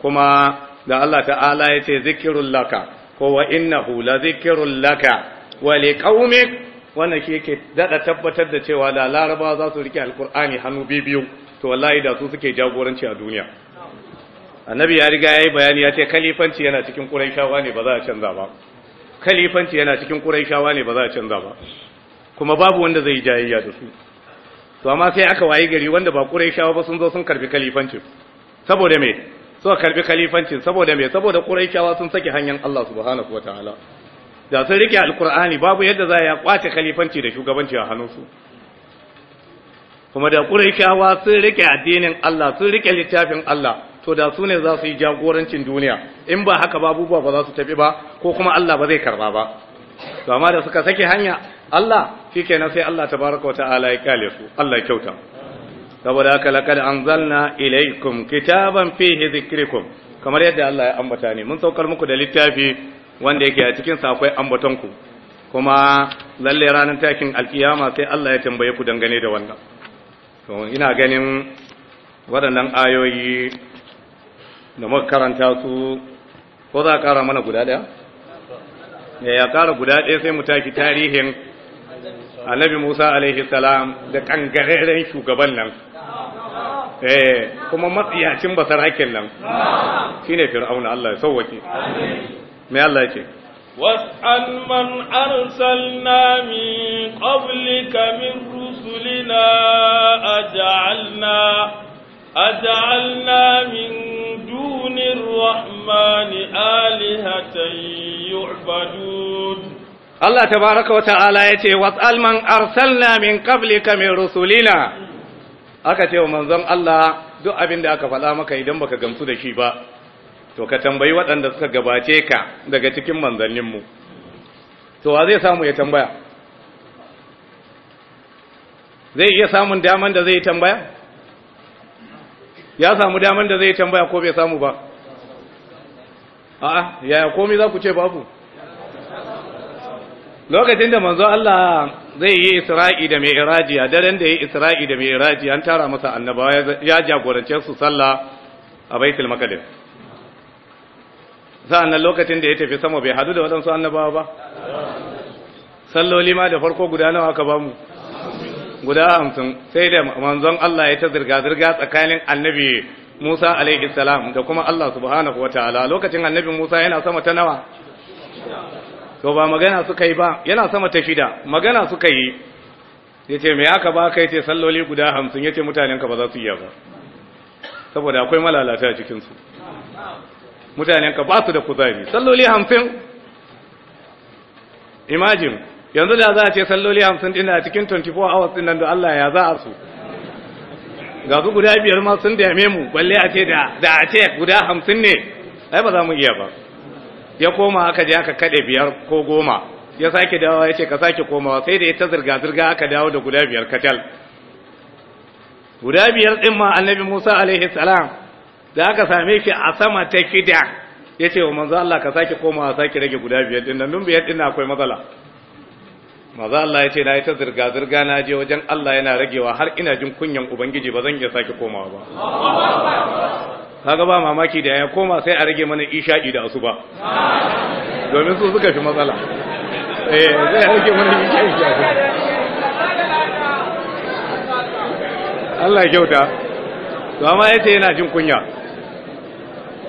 kuma da Allah ta'ala ya ce zikirul laka ko wa innahu la zikirul laka wa liqaumik wannan shi yake dada tabbatar da cewa da larabawa za su rike alqur'ani hannu bibiyu to wallahi da su suke jagoranci a duniya annabi ya riga yayi bayani ya ce kalifanci yana cikin quraishawa ne ba za a canza ba kalifanci yana cikin quraishawa ne ba za a canza ba kuma babu wanda zai jayayya da su to amma sai aka wayi gari wanda ba quraishawa ba sun zo sun karbi kalifancin saboda me suka karbi kalifancin saboda me saboda quraishawa sun saki hanyar Allah subhanahu wataala da sun rike alkur'ani babu yadda za ya kwace kalifanci da shugabanci a hannunsu kuma da ƙuraishawa sun rike addinin Allah sun rike littafin Allah to da su ne za su yi jagorancin duniya in ba haka ba abubuwa ba za su tafi ba ko kuma Allah ba zai karba ba to amma da suka sake hanya Allah shikenan sai Allah tabaraka ta'ala ya kale su Allah ya kyauta saboda haka laqad anzalna ilaykum kitaban fihi dhikrukum kamar yadda Allah ya ambata ne mun saukar muku da littafi wanda yake a cikin sa akwai ambaton ku kuma lalle ranar takin alkiyama sai Allah ya tambaye ku dangane da wannan to ina ganin waɗannan ayoyi da muka karanta su ko za a ƙara mana guda ɗaya ya kara guda ɗaya sai mu taki tarihin annabi Musa alaihi salam da kangareren shugaban nan eh kuma matsiyacin basarakin nan Shi ne fir'auna Allah ya sauwake me Allah yake واسأل من أرسلنا من قبلك من رسلنا أجعلنا أجعلنا من للرحمن آلهة يعبدون الله تبارك وتعالى يتي واسأل من أرسلنا من قبلك من رسلنا أكتي ومنظم الله duk abin da aka faɗa maka idan baka gamsu da shi ba to ka tambayi waɗanda suka gabace ka daga cikin manzanninmu to wa zai samu ya tambaya zai iya samun daman da zai tambaya ya samu daman da zai tambaya ko bai samu ba a'a yaya komai za ku ce babu lokacin da manzo Allah zai yi isra'i da mai iraji a daren da ya yi isra'i da mai iraji an tara masa annabawa ya jagorance su sallah a baitul a sa'annan lokacin da ya tafi sama bai hadu da waɗansu annabawa ba salloli ma da farko guda nawa aka bamu guda hamsin sai da manzon Allah ya ta zirga zirga tsakanin annabi Musa alaihi salam da kuma Allah subhanahu ta'ala lokacin annabi Musa yana sama ta nawa to ba magana suka yi ba yana sama ta shida magana suka yi yace me aka ba kai ce salloli guda 50 yace mutanen ka ba za su iya ba saboda akwai malalata a cikin su mutanen ka ba su da kuzari salloli 50 imagine yanzu da za a ce salloli 50 din a cikin 24 hours din nan da Allah ya za a su ga su guda biyar ma sun dame mu balle a ce da da a ce guda hamsin ne ai ba za mu iya ba ya koma aka je aka kaɗe biyar ko goma ya sake dawo ya ce ka sake komawa sai da ya ta zirga-zirga aka dawo da guda biyar katal guda biyar ɗin ma annabi musa alaihi salam da aka same shi a sama ta kida ya ce wa manzo Allah ka sake komawa sake rage guda biyar ɗin nan dun biyar ɗin akwai matsala maza Allah ya ce na yi ta zirga-zirga na je wajen Allah yana ragewa har ina jin kunyan Ubangiji ba zan iya sake komawa ba. Kaga ba mamaki da ya koma sai a rage mana isha'i da asuba. Domin su suka fi matsala. Eh, zai rage mana isha'i da asuba. Allah ya kyauta. To amma ya ce yana jin kunya.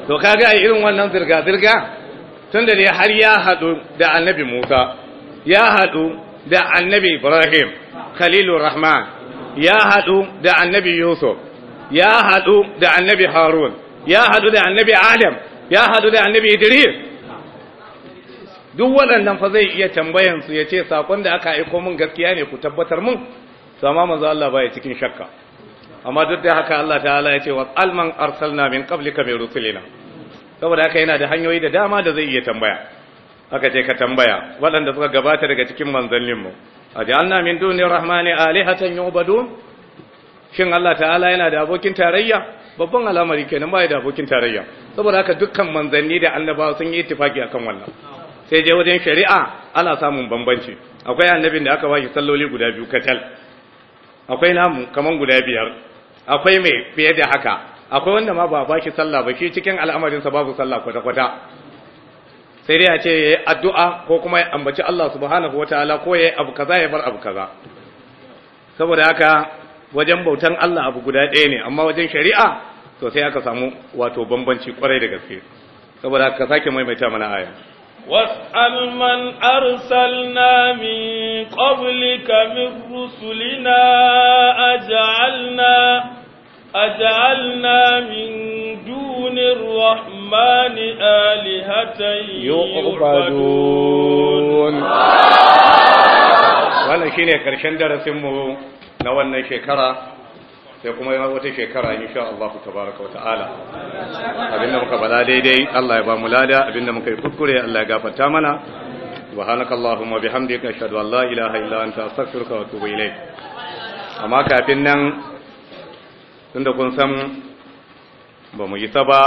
To kaga a irin wannan zirga-zirga tun da ne har ya haɗu da annabi Musa. Ya haɗu da annabi Ibrahim Khalilur Rahman ya hadu da annabi Yusuf ya haɗu da annabi Harun ya haɗu da annabi Adam ya haɗu da annabi Idris duk waɗannan fa zai iya tambayansu ya ce sakon da aka aiko mun gaskiya ne ku tabbatar mun sama manzo Allah baya cikin shakka amma duk da haka Allah ta'ala yace wa alman arsalna min qablika bi rusulina saboda haka yana da hanyoyi da dama da zai iya tambaya aka ce ka tambaya waɗanda suka gabata daga cikin manzanninmu a ja'alna min duni rahmani alihatan yu'badun shin Allah ta'ala yana da abokin tarayya babban al'amari kenan ba ya da abokin tarayya saboda haka dukkan manzanni da annabawa sun yi ittifaki akan wannan sai je wajen shari'a ana samun bambanci akwai annabin da aka bashi salloli guda biyu katal akwai namu kaman guda biyar akwai mai fiye da haka akwai wanda ma ba bashi sallah ba shi cikin al'amarin sa babu sallah kwata-kwata sai dai a ce yayi addu'a ko kuma ya ambaci Allah subhanahu wataala ko yayi abu kaza ya bar abu kaza saboda haka wajen bautan Allah abu guda ɗaya ne amma wajen shari'a to sai aka samu wato bambanci kwarai da gaske saboda haka sake maimaita mana aya واسأل man arsalna min قبلك min rusulina ajalna أجعلنا من دون الرحمن آلهة يعبدون wannan shine karshen darasin mu na wannan shekara sai kuma wata shekara insha Allah tabaraka wa ta'ala abinda muka bada daidai Allah ya ba mu lada abinda muka yi kuskure Allah ya gafarta mana subhanakallahumma bihamdika ashhadu an la ilaha illa anta astaghfiruka wa atubu ilayk amma kafin nan tunda kun san ba mu isa ba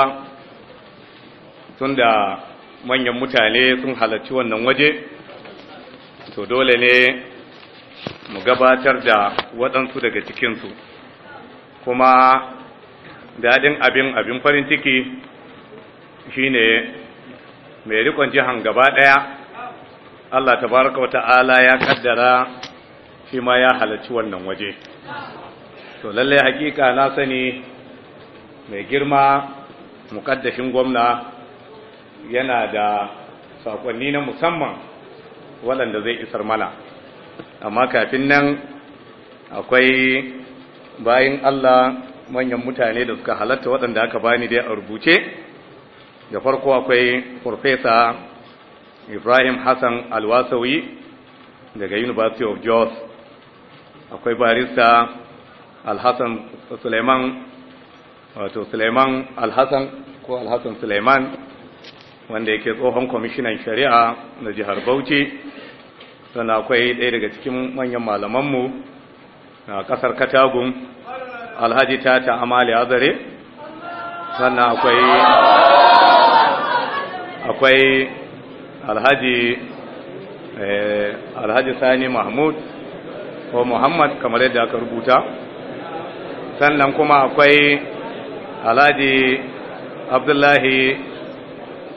tunda manyan mutane sun halarci wannan waje to dole ne mu gabatar da waɗansu daga cikinsu kuma daɗin abin abin farin ciki shine mai rikon jihan gaba ɗaya Allah tabaraka wa ta'ala ya kaddara shi ma ya halarci wannan waje to lalle hakika na sani mai girma mukaddashin gwamna yana da sakonni na musamman waɗanda zai isar mana amma kafin nan akwai bayan Allah manyan mutane da suka halatta waɗanda aka bani dai a rubuce da farko akwai Profesa ibrahim hassan alwasawi daga university of jos akwai barista alhassan suleiman wato suleiman alhassan ko alhassan suleiman wanda yake tsohon kwamishinan shari'a na jihar bauchi sannan akwai ɗaya daga cikin manyan malamanmu na ƙasar katagun alhaji tata amali azare sannan akwai akwai alhaji eh, alhaji sani mahmud ko muhammad kamar yadda aka rubuta sannan kuma akwai alhaji abdullahi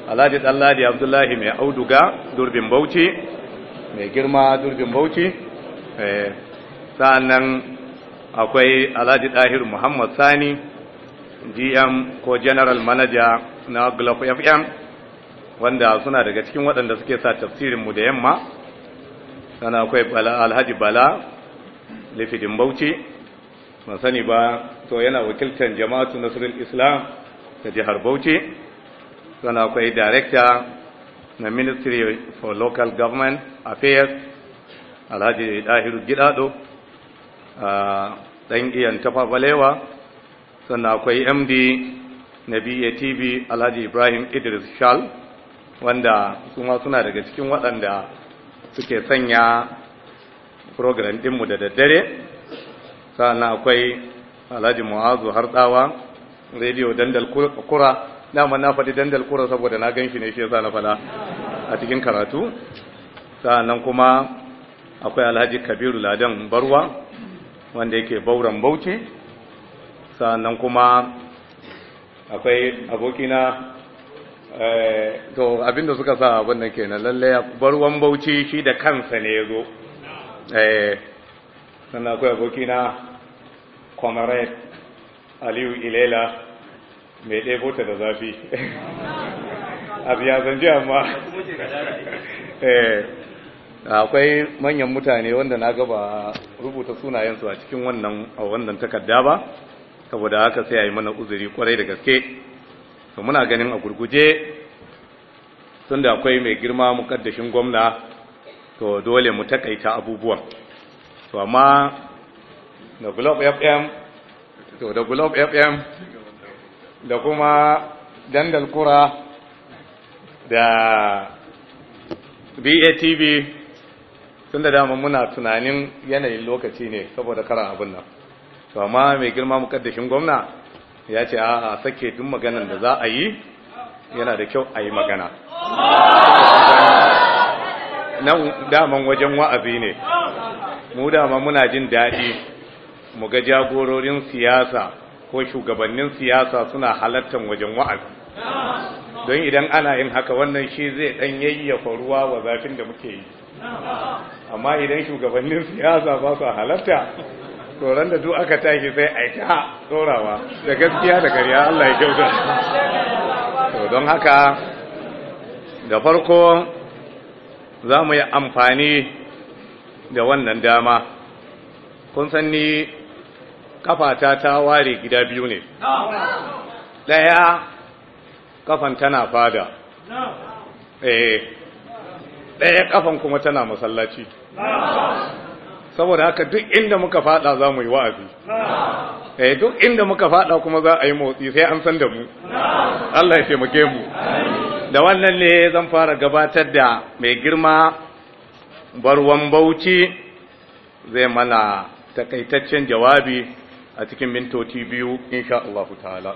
alhaji ɗanladi abdullahi mai auduga durbin bauchi mai girma durbin bauchi eh, sannan akwai alhaji ɗahir muhammad sani gm ko general manager na glock fm wanda suna daga cikin waɗanda suke sa tafsirinmu da yamma sannan akwai alhaji bala lifidin bauchi ban sani ba to yana wakiltar jama'atu nasrul islam ta jihar bauchi sun akwai director na ministry for local government affairs alhaji dahiru gidado dan iyan tafa sun akwai md na batv alhaji ibrahim idris shal wanda kuma suna daga cikin waɗanda suke sanya program ɗinmu da daddare sa'annan akwai alhaji mu'azu tsawa rediyo dandal kura dama na faɗi dandal kura saboda na gan shi ne shi yasa na faɗa a cikin karatu sa'annan kuma akwai alhaji kabiru ladan barwa wanda yake bauran bauchi sa'annan kuma akwai abokina eh, to abinda suka sa abin nan kenan lalle barwan bauchi shi da kansa ne ya zo eh, sannan akwai abokina comrade aliyu ilela mai ɗebo ta da zafi abu amma eh, akwai manyan mutane wanda na gaba rubuta sunayensu a cikin wannan a wannan takarda ba saboda haka sai a yi mana uzuri kwarai da gaske to muna ganin a gurguje sun da akwai mai girma mukaddashin gwamna to dole mu takaita abubuwan to amma da globe fm to da globe fm da kuma dandal kura da batv tun da dama muna tunanin yanayin lokaci ne saboda karan abin nan to amma mai girma mukaddashin gwamna ya ce a sake duk maganan da za a yi yana da kyau a yi magana nan daman wajen wa'azi ne mu dama muna jin daɗi mu ga jagororin siyasa ko shugabannin siyasa suna halartar wajen wa'azi don idan ana yin haka wannan shi zai ɗan yayyafa ruwa wa zafin da muke yi amma idan shugabannin siyasa ba su halarta tsoron da duk aka tashi sai a ta tsorawa da gaskiya da gariya Allah ya kyauta to don haka da farko za mu yi amfani da wannan dama kun san ni kafata ta ware gida biyu ne ɗaya kafan tana fada eh, ɗaya kafan kuma tana masallaci saboda haka duk inda muka fada za mu yi wa'azi eh duk inda muka fada kuma za a yi motsi sai an san da mu Allah ya taimake mu da wannan ne zan fara gabatar da mai girma barwan bauchi zai mana takaitaccen jawabi a cikin mintoci biyu insha Allah ta'ala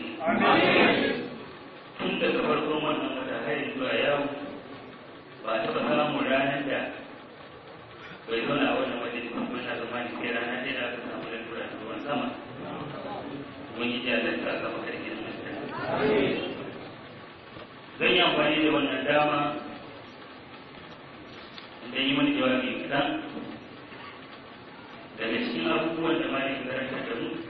tun daga farkon wannan wata har zuwa yau ba ta taɓa samun ranar da bai zauna a wannan majalisa kuma na zama ne sai rana ɗaya da aka samu lalura da ruwan sama mun yi jalar ta zama karkin zan yi amfani da wannan dama idan yi mani jawabi kaɗan daga cikin abubuwan da ma ne karanta da mu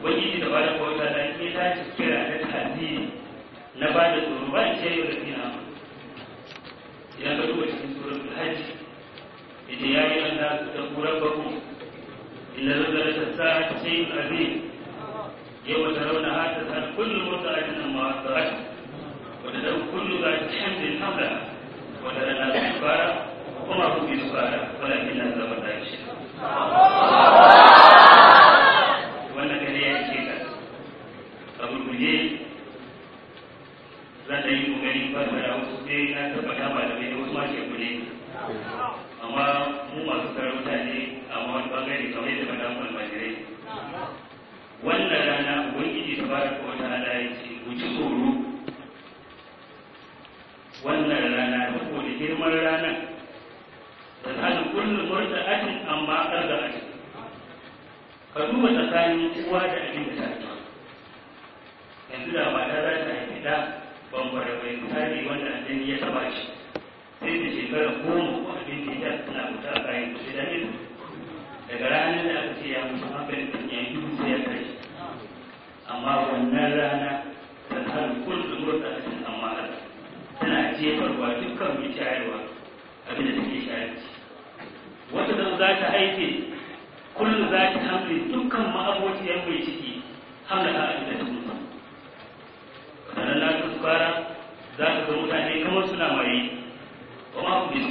ubangiji da bada koyo da ke ta ci kira da tazi na bada tsoro ba ce yau da tina ya ka duba cikin tsoron hajji ita ya yi an da kuran ku illa zan da ta sa ce azim yau wata rauna ha ta san kullum wata ajin amma ta rashin wata da kullum za ta canza hamla wata da na su fara kuma ku bi su fara wala illa zama ta ce gurguje za ta yi kokari ba da wasu sai na tabbata ba da wasu amma mu masu sarauta ne a wani bangare kamar yadda mata mu almajirai wannan rana ubangiji ta bada ala ya ce ku ci tsoro wannan rana girman ranar da ta da kullum murta ajin amma ƙarda ajin ka duba tsakanin uwa da abin da ta yanzu da mata za ta haifi da bambara mai misali wanda aljani ya saba shi sai da shekarar goma ko abin da ya tana wuta a kayan kusa da nesa daga ranar da aka ce ya mutu hankali da ya yi dubu ya kai amma wannan rana ta san kullum rota a cikin amma tana jefarwa dukkan mai shayarwa abin da take shayarci wata zan za ta haife kullum za ta hamle dukkan 'yan mai ciki hamla a abin da sannan na su fara za ka ga mutane kamar suna maye wa ma kuma su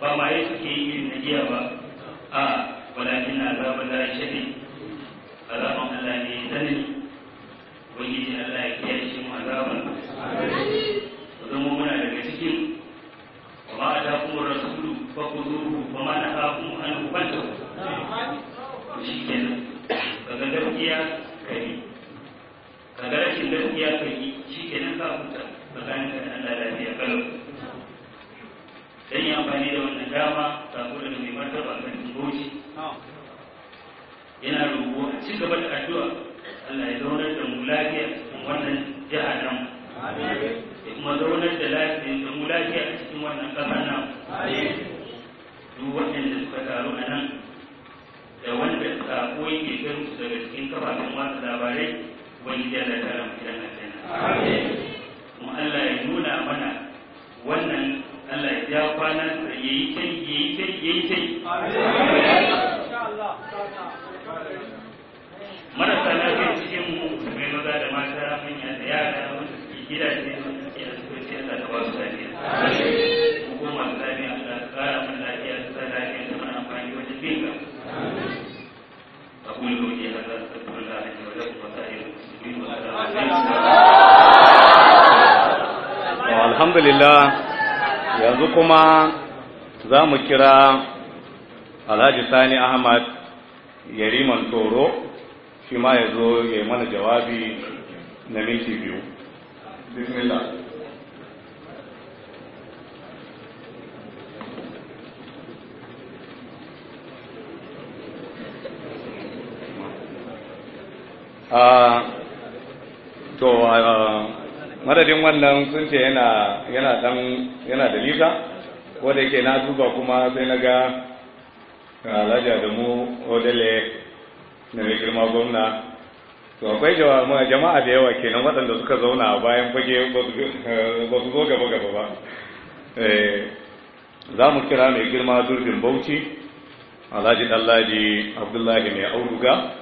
ba maye suke yi irin na giya ba a walakin na azabar da shaɗi azaban Allah ne tsanani ubangiji Allah ya kiyaye mu azaban ku zama muna daga cikin kuma rasulu fa ku na shi ga ka kaga rashin gaskiya kai yi shi nan ka huta ba, ka da Allah ya kalau dan yi amfani da wannan dama sako daga mai martaba kan goji yana roƙo a ci gaba da addu'a Allah ya zaunar da mu lafiya cikin wannan jiha nan kuma zaunar da lafiya da mu lafiya a cikin wannan ƙasa nan duk waɗanda suka taru a nan da wanda sako yake garu daga cikin kafafen watsa labarai ubangiji Allah ta ramu gidan aljanna amin kuma Allah ya nuna mana wannan Allah ya kwana da yayi kai yayi kai yayi kai marasa lafiya cikin mu mai maza da mata manya da yara wanda suke gidaje wanda suke da Allah ta ba su lafiya amin kuma masu lafiya Allah ta kara mana lafiya أقول yanzu kuma za mu kira alhaji sani ahmad yariman toro shi ma ya zo ya yi mana jawabi na minti biyu bismillah to madadin wannan sun ce yana da lisa ko da yake na duba kuma sai na ga alhaji adamu odele na mai girma gwamna to akwai jama'a da yawa kenan waɗanda suka zauna bayan fage ba su zo gaba gaba ba eh, za mu kira mai girma durbin bauchi alhaji ɗallaji abdullahi mai auduga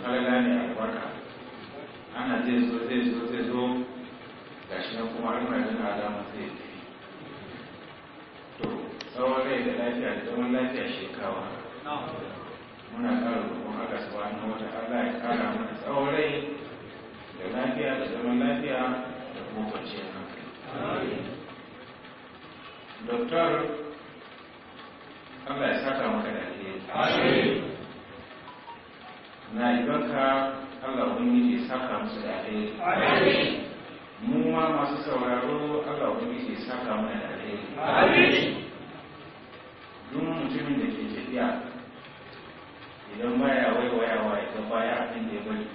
falala ne albarka ana zai zo zai zo zai zo ga shi kuma jin zai to tsawon rai da lafiya da zaman lafiya shekawa muna ƙara roƙon Allah subhanahu wa ta'ala ya ƙara mana tsawon rai da lafiya da zaman lafiya da kuma kwanciyar hankali doktor Allah ya saka maka da alheri na ibanka Allah ubangiji ya saka musu da alheri mu ma masu sauraro Allah ubangiji ya saka mana da alheri duk mutumin da ke tafiya idan baya waiwayawa idan baya abin da ya bari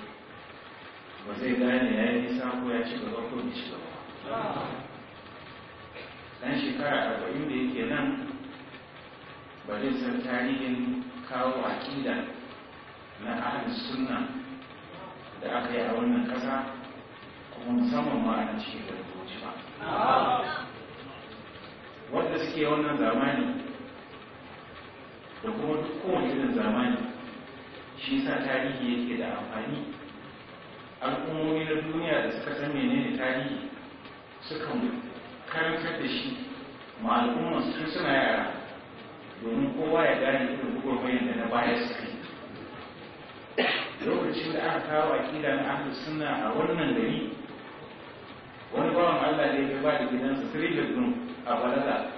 ba zai gane ya yi nisa ko ya ci gaba ko bai ci gaba dan shekara arba'in da yake nan ba zai san tarihin kawo aƙida na ahalin sunna da aka yi a wannan kasa, kuma musamman ma a cikin da rubuci ba wanda suke wannan zamani da kuma kowane irin zamani shi sa tarihi yake da amfani al'ummomi na duniya da suka san menene tarihi suka karantar da shi ma al'umma suna yara domin kowa ya gane irin gugurmayin da na baya suka lokacin da aka kawo akida na ahlus sunna a wannan gari wani bawan Allah da ya ba da gidansa da din a balaga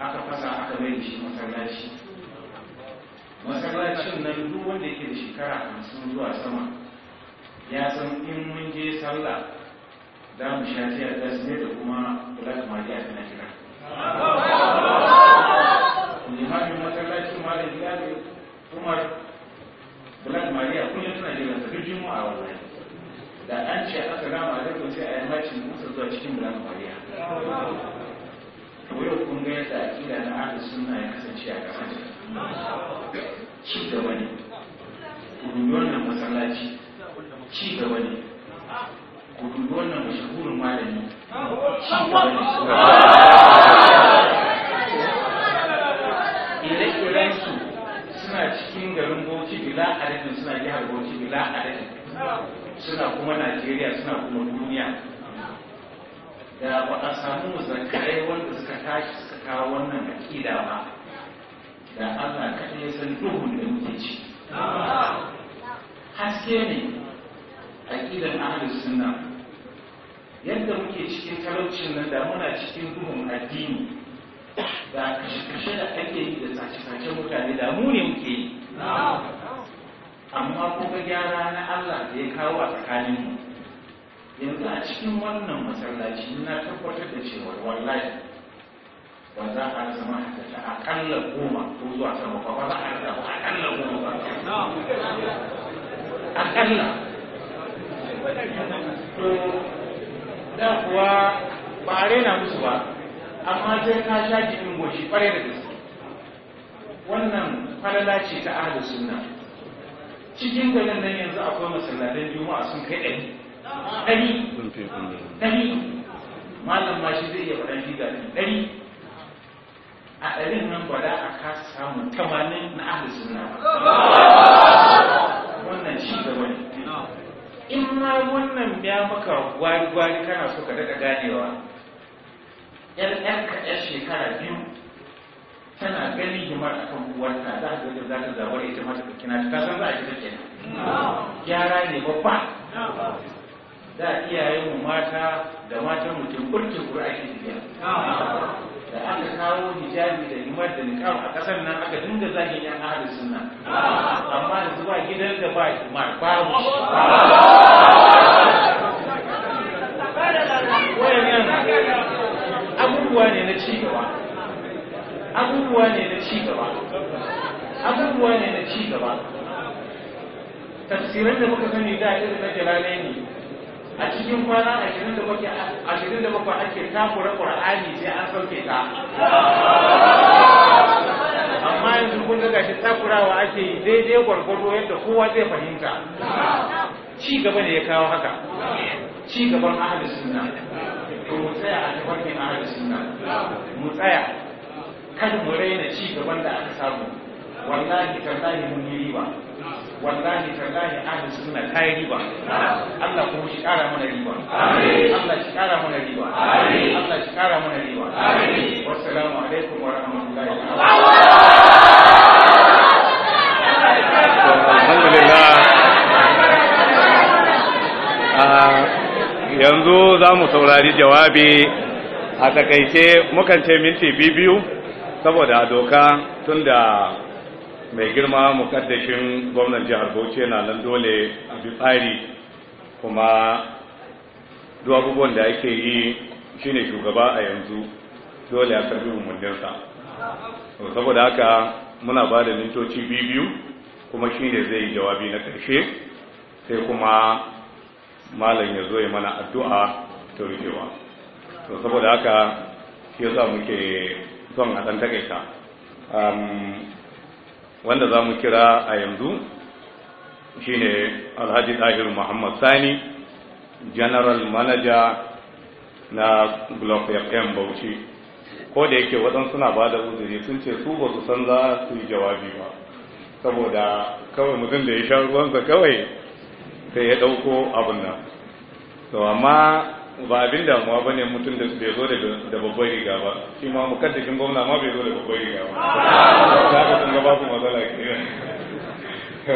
aka fasa aka mai shi masallaci masallacin nan duk wanda yake da shekara hamsin zuwa sama ya san in mun je sallah za mu sha jiya da ne da kuma black maria na kira limamin masallacin gida kuma. Black Maria kullum suna jiran sa duk juma'a wannan. da an ce aka gama da kun sai a yi macin musa zuwa cikin Black Maria to yau kun ga yadda akida na ahlus suna ya kasance a kasar ci gaba ne kuduwar nan masallaci ci gaba ne kuduwar nan mashahurin malami ci gaba ne ire-irensu suna cikin garin bila adadin suna jihar bauchi bila adadin suna kuma najeriya suna kuma duniya da ba a samu zakarai wanda suka tashi suka kawo wannan akida ba da allah kaɗai ya san duhun da muke ci haske ne aƙidan ahlus sunna yadda muke cikin talaucin nan da muna cikin duhun addini da kashe-kashe da ake yi da sace-sace mutane da mu ne muke yi amma kuma gyara na Allah da ya kawo a tsakanin mu yanzu a cikin wannan masallaci na tabbatar da cewa wallahi ba za a rasa a akalla goma ko zuwa sama ba ba za a rasa ba akalla goma ba akalla to da kuwa ba a rena musu ba amma sai ka sha jikin goshi kwarai da gaske wannan falala ce ta ahlus sunna cikin garin nan yanzu akwai masallatan juma'a sun kai ɗari ɗari ɗari malam ma shi zai iya faɗan shi ga ɗari a ɗarin nan ba da a kasa samun tamanin na ahli sunna wannan shi gaba ne in ma wannan ya maka gwari-gwari kana so ka daga ganewa 'yan ɗan kaɗan shekara biyu tana ganin himar akan uwarta za ta wajen za ta zabar ita ma ta kina ta san za a shiga kenan gyara ne babba za a iya yi mu mata da matan mutum burkin kura ake biya da aka kawo hijabi da himar da niqab a ƙasar nan aka dinga zagin yan ahlus suna amma da zuwa gidan da ba himar ba wayannan abubuwa ne na ci abubuwa ne na ci gaba abubuwa ne na ci gaba tafsirin da muka sani da irin na jirage ne a cikin kwana ashirin da bakwai ashirin da muka ake takura qur'ani sai an sauke ta amma yanzu kun ga gashi takurawa ake yi daidai gwargwado yadda kowa zai fahimta ci gaba ne ya kawo haka ci gaban ahlus sunna to mu tsaya a tafarkin ahlus sunna mu tsaya kada mu raina ci gaban da aka samu wallahi tallahi mun yi riba wallahi tallahi ahli sunna kai riba Allah kuma shi kara mana riba Amin. Allah shi kara mana riba Amin. Allah shi kara mana riba assalamu alaikum wa rahmatullahi wa barakatuh alhamdulillah ah, yanzu za mu saurari jawabi a takaice mukan ce minti biyu saboda doka tun da mai girma mukaddashin gwamnan jihar bauchi yana nan dole a bi tsari kuma duk abubuwan da ake yi shine shugaba a yanzu dole a karbi umarninsa saboda haka muna ba da mintoci biyu kuma shine zai yi jawabi na ƙarshe sai kuma malam ya zo ya mana addu'a ta rufewa saboda haka ke za muke son a ɗan takaita wanda za mu kira a yanzu shine alhaji ɗahir muhammad sani general manager na glock fm bauchi ko da yake waɗansu suna ba da uzuri sun ce su ba su san za su yi jawabi ba saboda kawai mutum da ya sha ruwansa kawai sai ya ɗauko abin nan to amma ba abin damuwa ba ne mutum da bai zo da babbar riga ba shi ma mukaddashin gwamna ma bai zo da babbar riga ba ta haka sun gaba ku matsala ke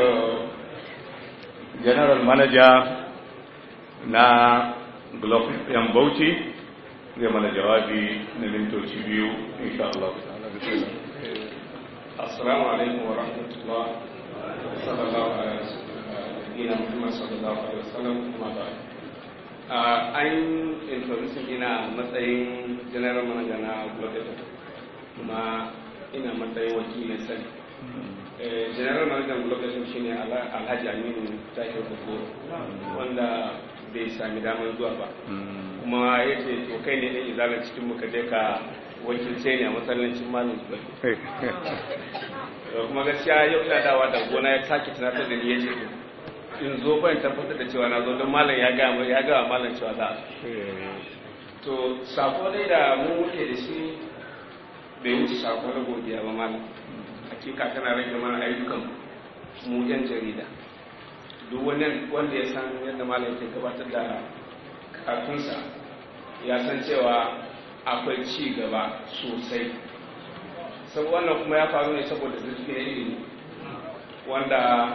general manager na globe yan bauchi zai mana jawabi na mintoci biyu insha Allah assalamu alaikum wa rahmatullah sallallahu alaihi wa sallam muhammad sallallahu alaihi wa sallam kuma an introduce ina matsayin general manager na global kuma ina matsayin wakilin sani hmm. eh, general manager shi ne alhaji aminu tahir kufo wanda bai sami damar zuwa ba hmm. kuma ya ce to kai ne ɗan izalar cikin muka je ka wakilce ne a matsalancin malin zuwa eh, kuma gaskiya yau ta dawa da gona ya sake tunatar da ni ya ce in zo fa in tabbatar da cewa na zo don malam ya ga ya ga malam cewa za to sako dai da mu muke da shi bai wuce sako na godiya ba malam hakika tana rage mana ayyukan mu yan jarida duk wani wanda ya san yadda malam ke gabatar da karatunsa ya san cewa akwai ci gaba sosai saboda wannan kuma ya faru ne saboda zurfi ilimi wanda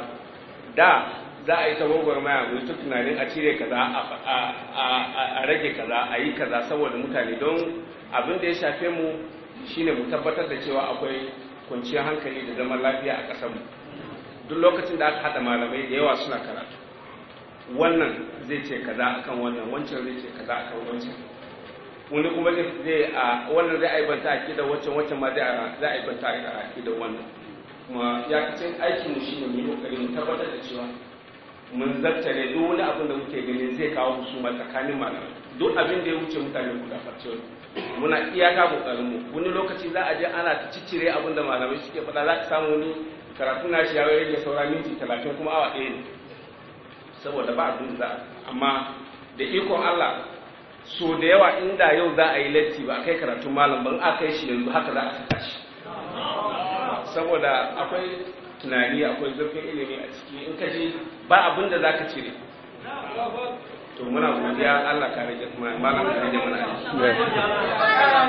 da za a yi ta maya, mu ta tunanin a cire kaza a rage kaza a yi kaza saboda mutane don abin da ya shafe mu shine mu tabbatar da cewa akwai kwanciyar hankali da zaman lafiya a mu. duk lokacin da aka haɗa malamai da yawa suna karatu wannan zai ce kaza akan wannan wancan zai ce kaza akan wancan wani kuma zai a wannan zai aibanta a kidan wancan wancan ma zai aibanta a kidan wannan kuma ya kacin aikinmu shine mu yi kokari mu tabbatar da cewa mun zattare duk wani abin da muke ganin zai kawo husuma tsakanin malamai duk abin da ya wuce mutane ku farce muna iyaka kokarin mu wani lokaci za a je ana ta ciccire abin da malamai suke faɗa za ka samu wani karatu na shi ya rage saura minti talatin kuma awa ɗaya ne saboda ba abin da amma da ikon Allah so da yawa inda yau za a yi latti ba a kai karatun malam ban a kai shi yanzu haka za a saka shi saboda akwai tunani akwai zurfin ilimi a ciki in ka ji ba abin da za ka cire to muna godiya Allah ka rage malam ka rage mana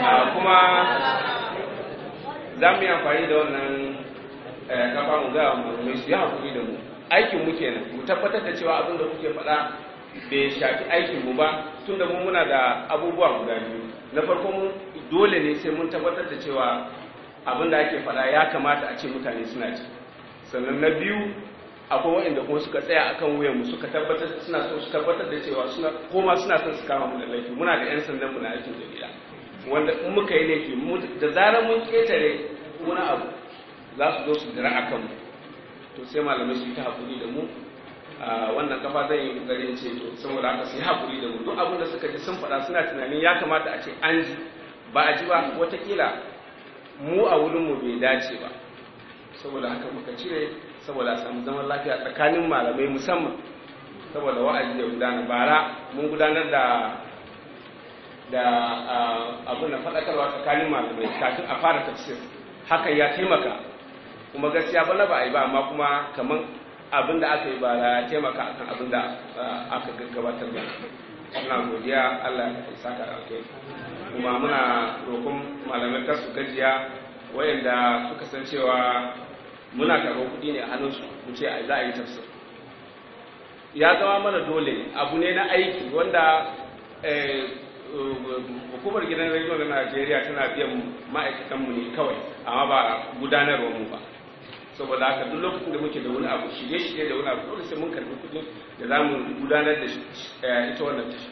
ah, kuma za mu yi amfani da wannan eh, kafa mu ga mu su yi hakuri da mu aikin mu kenan mu tabbatar da cewa abin da kuke faɗa bai shafi aikin mu ba tun da mu muna da abubuwa guda biyu na farko mu dole ne sai mun tabbatar da cewa abin da ake faɗa ya kamata a ce mutane suna ci sannan na biyu akwai waɗanda kuma suka tsaya akan wuyanmu suka tabbatar suna so su tabbatar da cewa suna koma suna son su kama mu da laifi muna da 'yan sandan mu na aikin jarida wanda in muka yi laifi da zarar mun ketare wani abu za su zo su jira akan mu to sai malamai su yi ta hakuri da mu wannan kafa zan yi kokarin ce to saboda haka su yi hakuri da mu duk abin da suka ji sun faɗa suna tunanin ya kamata a ce an ji ba a ji ba watakila mu a wurinmu bai dace ba saboda haka muka cire saboda a samu zaman lafiya tsakanin malamai musamman saboda wa'azi ya gudana bara mun gudanar da da abin da faɗakarwa tsakanin malamai kafin a fara tafsir haka ya taimaka kuma gaskiya na ba a yi ba amma kuma kamar abin da aka yi ba ya taimaka kan abin da aka gabatar da Allah godiya Allah ya saka da kuma muna roƙon malamai kasu gajiya wayanda suka san cewa muna karɓar kuɗi ne a hannunsu mu ce za a yi tafsir ya zama mana dole abu ne na aiki wanda eh, hukumar gidan rayuwar na najeriya tana biyan ma'aikatanmu ne kawai amma ba gudanarwa mu ba saboda haka duk lokacin da muke da wani abu Shige shige da wani abu dole sai mun karɓi kuɗi da za mu gudanar da eh, ita wannan tashi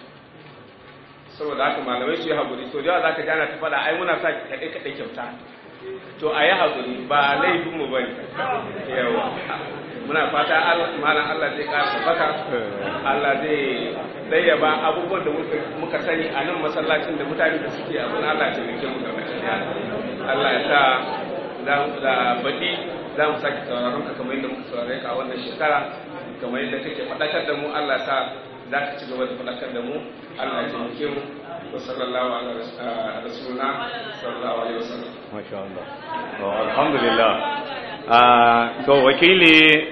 saboda haka malamai su yi haƙuri to da yawa za ka jana ta faɗa ai muna sa kaɗai-kaɗai kyauta to a yi haƙuri ba laifin mu bane yawa muna fata malam Allah zai ƙara baka Allah zai ɗayyaba abubuwan da muka sani a nan masallacin da mutane da suke a wani Allah ce mai kyau kamar Allah ya sa da baɗi za mu sake sauraron ka kamar yadda muka saurare ka wannan shekara kamar yadda kake faɗakar da mu Allah sa za ka ci gaba da faɗakar da mu Allah ya taimake mu wa sallallahu alaihi rasuluna sallallahu alaihi wasallam masha Allah to alhamdulillah to wakili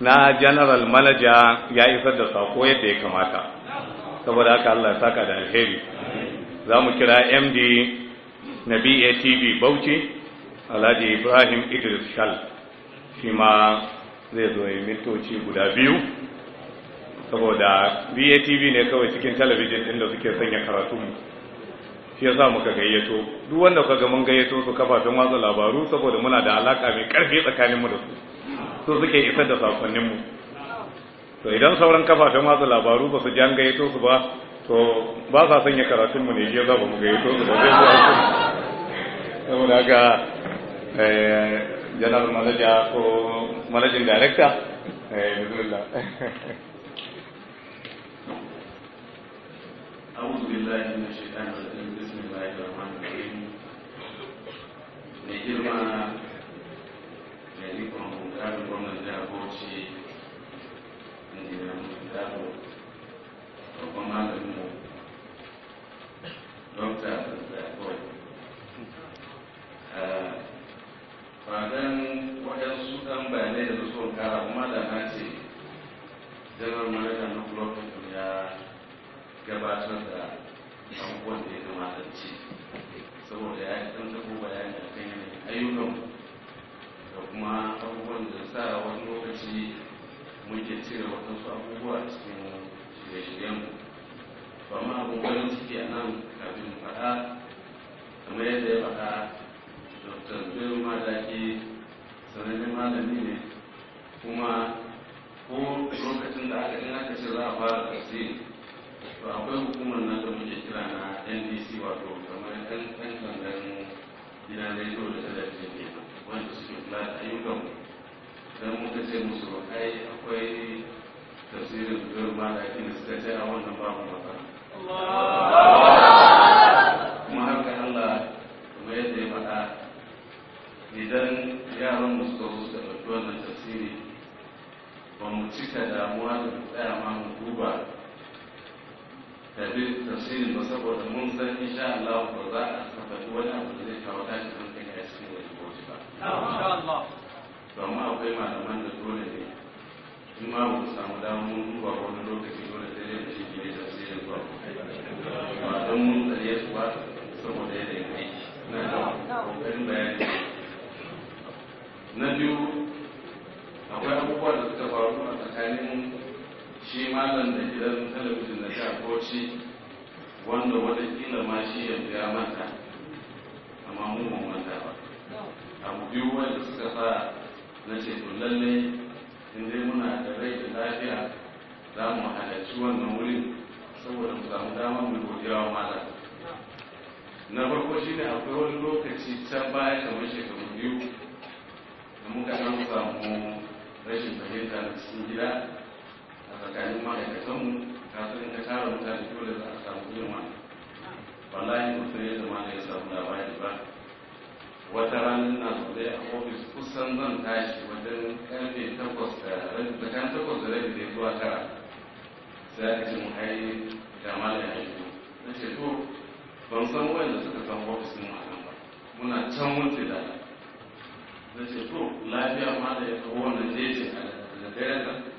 na general manager ya isar da sako yadda ya kamata saboda haka Allah ya saka da alheri za mu kira MD na BATV Bauchi Alhaji Ibrahim Idris Shal shi ma zai zo ya mintoci guda biyu saboda VATV ne kawai cikin talabijin din da suke sanya karatu mu shi yasa muka gayyato duk wanda kaga mun gayyato su kafafen watsa labaru saboda muna da alaka mai karfi tsakanin mu da su so suke isar da sakonnin mu to idan sauran kafafen watsa labaru ba su jan gayyato su ba to ba sa sanya karatu mu ne shi yasa ba mu gayyato su ba sai su saboda eh general manager ko managing director eh bismillah أعوذ بالله من الشيطان الرجيم بسم الله الرحمن الرحيم mai girma mai rikon gado gwamnan jihar bauchi injiniya mutu gado babban malamin mu dokta zagoy fadan ah, waɗansu ɗan bayanai da su kara kuma da na ce janar manajan na kulokin ya gabatar da abubuwan da ya kamata ce saboda ya ɗan tabo bayani a kan yanayin ayyukan da kuma abubuwan da sa wani lokaci muke cire waɗansu abubuwa a cikin shirye-shiryenmu ba ma abubuwan ciki a nan kafin faɗa kamar yadda ya faɗa dr zuru malaki sanannen malami ne kuma ko lokacin da aka ɗin aka ce za a fara tasiri to akwai hukumar nan da muke kira na ndc wato kamar ɗan ɗan gangan gidan rediyo da talabijin ne wanda suke kula da ayyukan don muka ce musu ai akwai tafsirin biyar ma da ake da suka ce a wannan babu matsala kuma haka allah kuma yadda ya faɗa idan yaran musu ka zo suka ɗauki wannan tafsiri ba mu cika damuwa da mu tsaya ma mu duba tafsirin ba saboda mun san insha Allah ba za a tabbata wani abu da zai kawo tashi hankali a cikin wajiboji ba. Domin akwai malaman da dole ne in ma ba samu damar zuwa wani lokaci dole sai dai ce gine tafsirin ba. Ba don mun tsariya su ba saboda yanayin aiki. Na da kokarin bayani. Na biyu akwai abubuwa da suka faru a tsakanin shi malam da gidan talabijin na koci wanda wata kila ma shi ya biya mata amma mu mun ba abu biyu wanda suka sa na ce to lalle in dai muna da rai da lafiya za mu halarci wannan wurin saboda mu samu damar mu godiya wa malam na farko shi ne akwai wani lokaci can baya kamar shekaru biyu da muka samu rashin fahimta na cikin gida tsakanin ma'aikatanmu ka san ka tara mutane dole za a samu girma wallahi mutum ya zama ya samu labari ba wata ranar na zaune a ofis kusan zan tashi wajen karfe takwas da rabi tsakanin takwas da rabi da zuwa tara sai aka ce mu hai da malam na ce to ban san wanda suka san ofis mu a ba muna can wuce da na ce to lafiya ma da ya kawo wannan jejin a da daren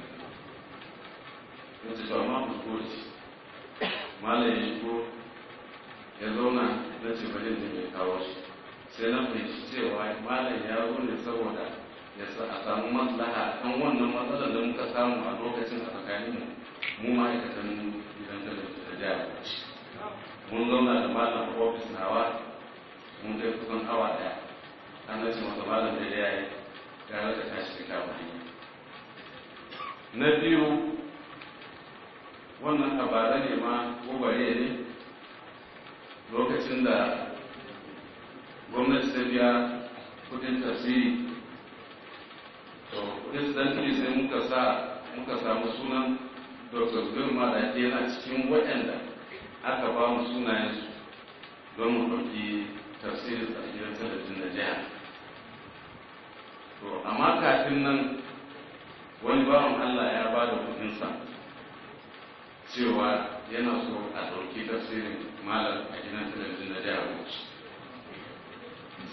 ya ce to amma ku ko ci malam ya shigo ya zauna na ce bari da mai kawo shi sai na fahimci cewa malam ya wuni saboda ya a samu maslaha kan wannan matsalar da muka samu a lokacin a tsakaninmu mu ma'aikatan gidan talabijin da jihar mun zauna da malam a ofis nawa mun kai kusan awa daya an nace masa malam da ya yi ya rasa tashi da kama na biyu wannan tabara ne ma gobare ne lokacin da gwamnati ta biya kudin tasiri to incidentally sai muka sa muka samu sunan dr zubin malaki yana cikin waɗanda aka ba mu su don mu ɗauki tafsirin a gidan talabijin na jiha to amma kafin nan wani bawan allah ya ba da kudinsa cewa yana so a ɗauki tafsirin malam a gidan talabijin na jihar bauchi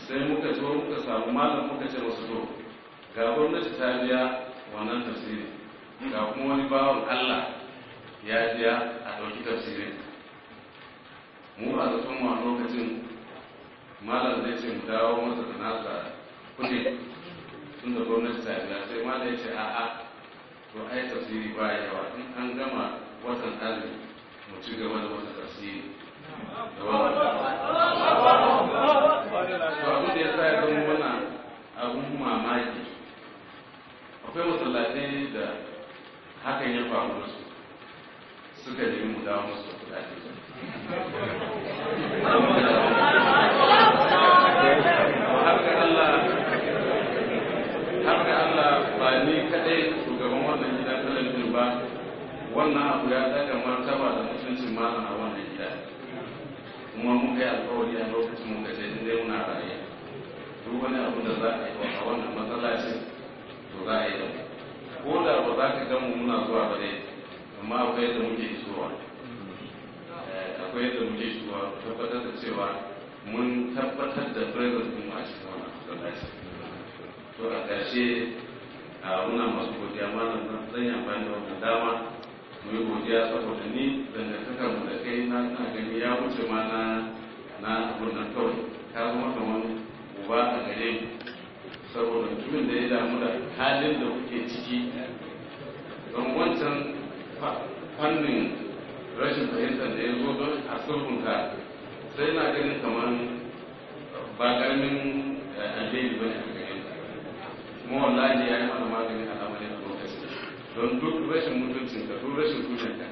sai muka zo muka samu malam muka ce wasu to ga gwamnati ta biya wannan tafsirin ga kuma wani bawan allah ya biya a ɗauki tafsirin mu a zaton mu a lokacin malam zai ce mu dawo masa da nasa kuɗi tun da gwamnati ta biya sai malar ya ce a'a to ai tasiri ba yawa in an gama watan azumi mu ci gaba da wata tafsiri abu da ya sa ya zama wannan abun mamaki akwai masallatai da hakan ya faru da su suka nemi mu dawo musu da kudade haka Allah haka Allah ba ni kadai shugaban wannan gidan talabijin ba wannan abu ya daga martaba da mutuncin ma a wannan gida kuma muka yi alkawari a lokacin muka ce inda muna raye duk wani abu da za a yi a wannan matsala ce to za a yi da ko da ba za ka gamu muna zuwa ba dai amma akwai yadda muke isowa eh, akwai yadda muke isowa tabbatar da cewa mun tabbatar da presence mu a cikin wannan matsalacin to a ƙarshe a muna masu godiya malam zan yi amfani da wannan dama mai yi godiya saboda ni dangantakar mu da kai na na gani ya wuce ma na na wannan kawai ka zama kamar uba a gare mu saboda mutumin da ya damu da halin da kuke ciki don wancan fannin rashin fahimtar da ya zo don a sulhunka sai na ganin kamar ba ƙaramin eh, alheri ba ne a gare mu kuma wallahi ya yi mana maganin al'amarin don duk rashin mutuncinka duk rashin kunyanka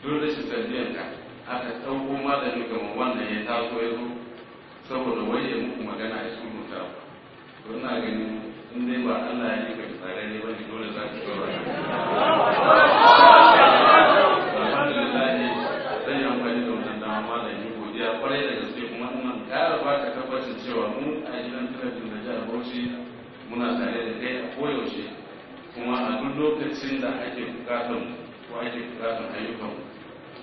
duk rashin tarbiyyanka aka ɗauko maganin gama wannan ya taso ya zo saboda waiya ya muku magana ya sunu ta to ina ganin in dai ba Allah ya yi ka tsare ne ba ne dole za ka tsara Alhamdulillah zan yi amfani da wannan dama malam yi godiya kwarai da gaske kuma ina ƙara ba ka tabbacin cewa mu a gidan tarafin da jihar Bauchi muna tare da kai a koyaushe kuma a duk lokacin da ake bukatar ko ake bukatar ayyukan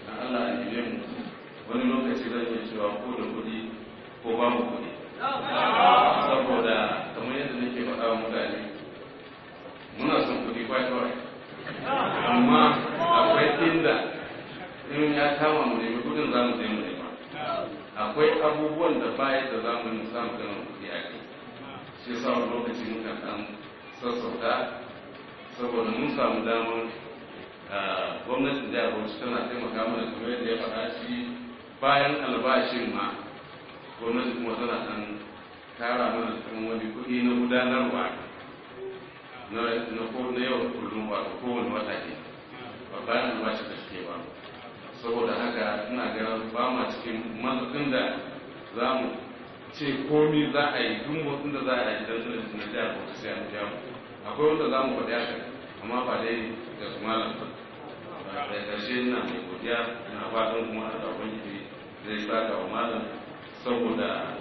na Allah a nime mu wani lokaci zan iya cewa ko da kuɗi ko ba mu kuɗi saboda kamar yadda nake faɗa wa mutane muna son kuɗi ba kawai amma akwai inda in ya kama mu nemi kuɗin za mu je mu nema akwai abubuwan da baya da za mu yi mu samu kuɗi a kai shi sa wani lokaci muka ɗan sassauta saboda mun samu damar gwamnatin jihar bauchi tana taimaka mana kamar yadda ya faɗa shi bayan albashin ma gwamnati kuma tana ɗan tara mana cikin wani kuɗi na gudanarwa na yau da kullum wato kowane wata ne ba bayan albashi da suke ba saboda haka ina ga ba ma cikin matsatsin da za mu ce komi za a yi duk motsin da za a yi don suna jihar bauchi sai an jamu akwai wanda za mu faɗi haka amma ba dai da su malam ba da ƙarshe ina mai godiya ina fatan kuma a ɗaukar gidi zai saka wa malam saboda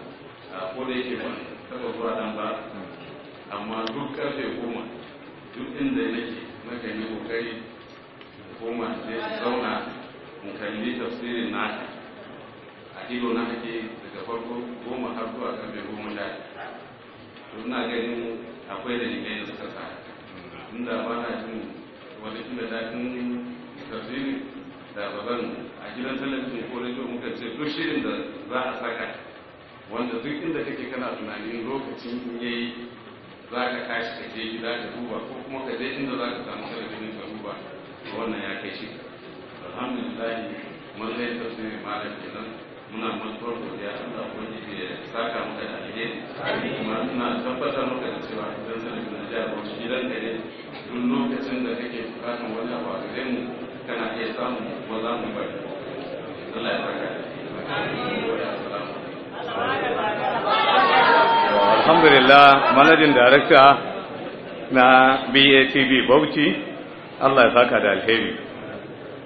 a ko ke yake ba taɓa zuwa ɗan ba amma duk ƙarfe goma duk inda nake nake yi ƙoƙari goma zai su zauna in kalli tafsirin naka a ido na hake daga farko goma har zuwa ƙarfe goma sha to ina ganin akwai da ligai da suka sa inda ba na jin wani kila daɗin tafsiri da baban a gidan talabijin ko rediyo muka ce duk shirin da za a saka wanda duk inda kake kana tunanin lokacin in yayi za ka kashi ka je gida ka duba ko kuma ka je inda za ka samu talabijin ka duba wannan ya kai shi alhamdulillah mun zai tafsirin malam kenan muna mutuwar godiya Allah ko ji ya saka muka da alheri kuma ina tabbatar maka da cewa idan sanin na jihar Bauchi gidan gare duk lokacin da kake bukatar wani abu a gare mu kana iya samu ko za mu bari Allah ya saka alhamdulillah manajin darakta na BATB bauchi allah ya saka da alheri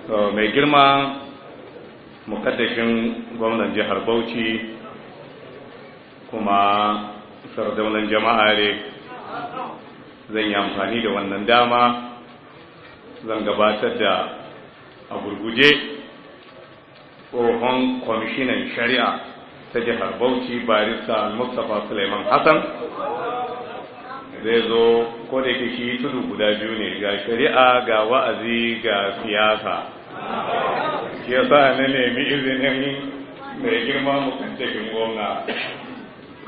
mai girma mukaddashin gwamnan jihar bauchi kuma sardaunan jama'a ne zan yi amfani da wannan dama zan gabatar da a gurguje tsohon kwamishinan shari'a ta jihar bauchi barista mustapha suleiman hassan zai zo ko da shi tudu guda biyu ne ga shari'a ga wa'azi ga siyasa shi ya sa na nemi izinin mai girma mutum cikin gona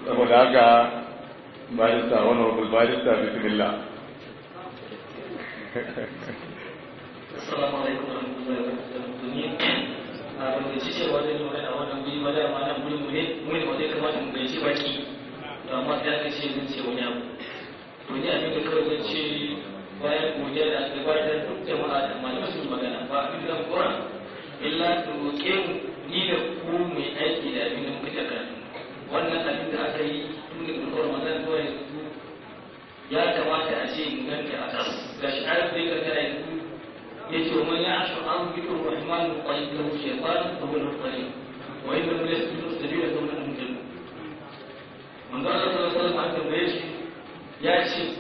saboda haka barista wani rukun barista bismillah Assalamu alaikum wa a rubuce a wani abu abin da kawai ce bayan da duk magana amfani da Qur'an illa ta roƙe ni da ku mu aiki da abin da muka wannan abin da aka yi tun da farkon Ramadan yanzu ya kamata a ce mu ganta a kan gashi har sai ka tara yanzu ya ce man ya ashu an gido rahman qalbi lahu shaytan wa huwa qalbi wa inna lahu sabila tawna Mun manzo Allah sallallahu alaihi wasallam ya ce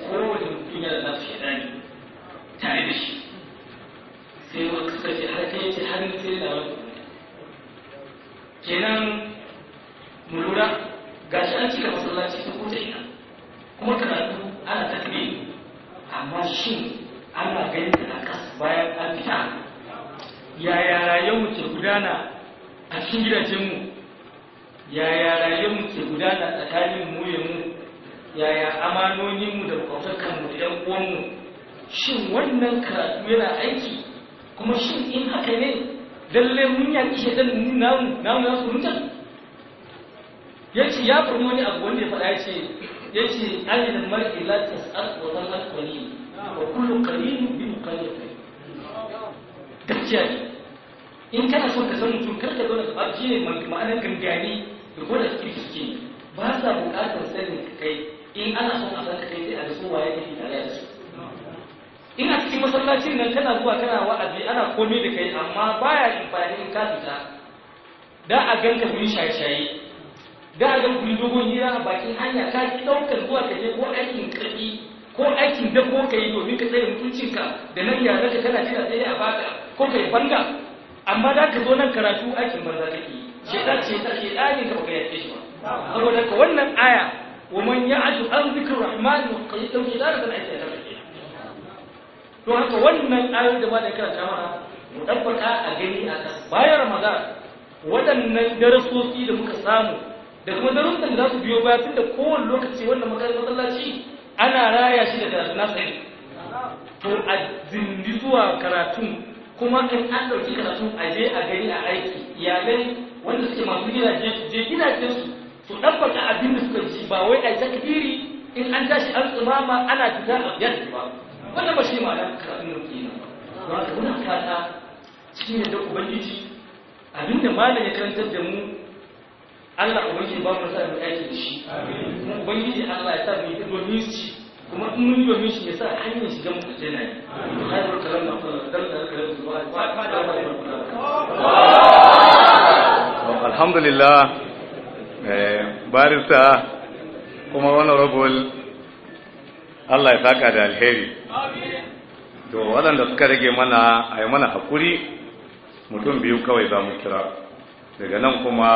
kenan mu lura ga shi an cika masallaci ta kota ina kuma karatu ana takbir amma shi ana ganin ta ƙasa bayan an fita yaya rayuwar ke gudana a cikin gidajenmu yaya rayuwar ke gudana tsakanin mu ya mu yaya mu da mu da ‘yan mu shin wannan karatu yana aiki kuma shin in haka ne lalle mun yaƙi shaidan mun namu namu ya su ya ce ya furmo wani abu wanda ya faɗa ce ya ce ayyukan mar'i la tas'al wa a alqalil wa kullu qalil bi muqallid gaskiya in kana son ka san mutum kar ka zauna ka ne ma'anar gangani da ko da kirki ba sa buƙatar sanin kai in ana son a san kai sai a ga so waye kake tare da su ina cikin masallacin nan kana zuwa kana wa'azi ana komai da kai amma baya amfani in ka fita da a ganka kun shaye-shaye da a ganka kun dogon hira a bakin hanya ka ɗaukar zuwa ka je ko aikin ƙarfi ko aikin da ko kai domin ka mutuncin mutuncinka da nan ya zaka kana jira sai a baka ko kai banga amma da ka zo nan karatu aikin banza kake shedan ce ta shedanin ka baka yake shi ba saboda ka wannan aya wa man ya'shu an dhikra rahman wa qayyidu ila rabbil alamin to haka wannan ayoyi da ba da kira mana mu ɗabbaka a gani a kan bayan ramadan waɗannan darasoci da muka samu da kuma darussan da za su biyo baya da kowane lokaci wanda makarantar masallaci ana raya shi da karatu na tsaye to a zindi zuwa karatun kuma in an ɗauki karatu a je a gani a aiki ya gani wanda suke masu gidaje su je gidajensu su ɗabbaka abin da suka ji ba wai a takdiri in an tashi an tsumama ana fita a yadda ba wannan ba shi ma'ana karatun rukiya ba da wani fata cikin yadda ubangiji abinda malam ya karantar da mu Allah ubangiji ba mu sa mu aiki da shi kuma ubangiji Allah ya sa mu yi domin shi kuma in mun yi domin shi ya sa hanyar shiga mu aljanna ne kai bar kalam da Allah dan da kalam da Allah alhamdulillah eh barista kuma honorable Allah ya saka da alheri to waɗanda suka rage mana a mana hakuri, mutum biyu kawai za mu kira daga nan kuma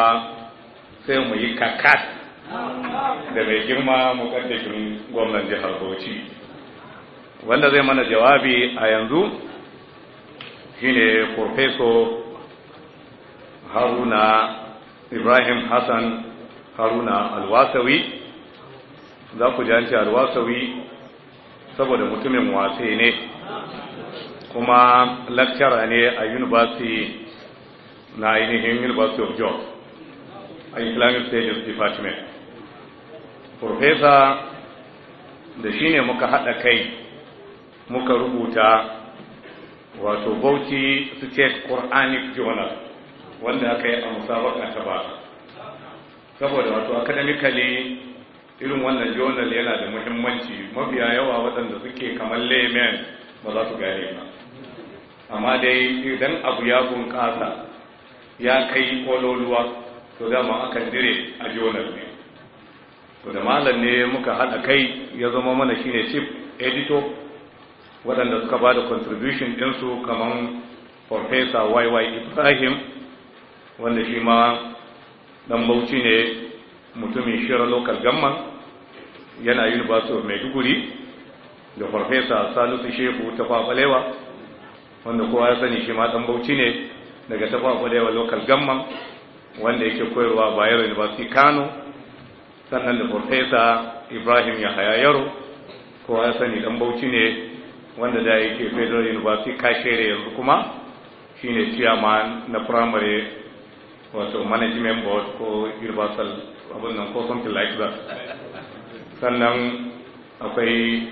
sai mu yi kakat da mai girma mukaddashin gwamnan jihar bauchi wanda zai mana jawabi a yanzu shine Profeso haruna ibrahim hassan haruna alwasawi za ku ji alwasawi saboda mutumin wasi ne kuma lakcara ne a university na ainihin university of Jos a islamic stages department professor da shi ne muka haɗa kai muka rubuta wato bauchi state quranic journal wanda aka yi a musabar ta ba saboda wato academically irin wannan jonal yana da muhimmanci mafiya yawa waɗanda suke kamar layman ba za su gane ba amma dai idan abu ya bunƙasa ya kai kololuwa to dama akan dire a jonal ne to da malam ne muka haɗa kai ya zama mana shine chief editor waɗanda suka ba da contribution ɗinsu kamar Profesa YY Ibrahim wanda shi ma ɗan bauchi ne mutumin shirar local gamman yana university mai maiduguri da farfesa salisu shehu ta fafalewa wanda kowa ya sani shi ma dan bauchi ne daga ta fafalewa local gamman wanda yake koyarwa bayero university kano sannan da farfesa ibrahim yahaya yaro kowa ya sani dan bauchi ne wanda da yake federal university kashere yanzu kuma shine chairman na primary wato management board ko universal abin nan ko something like that sannan akwai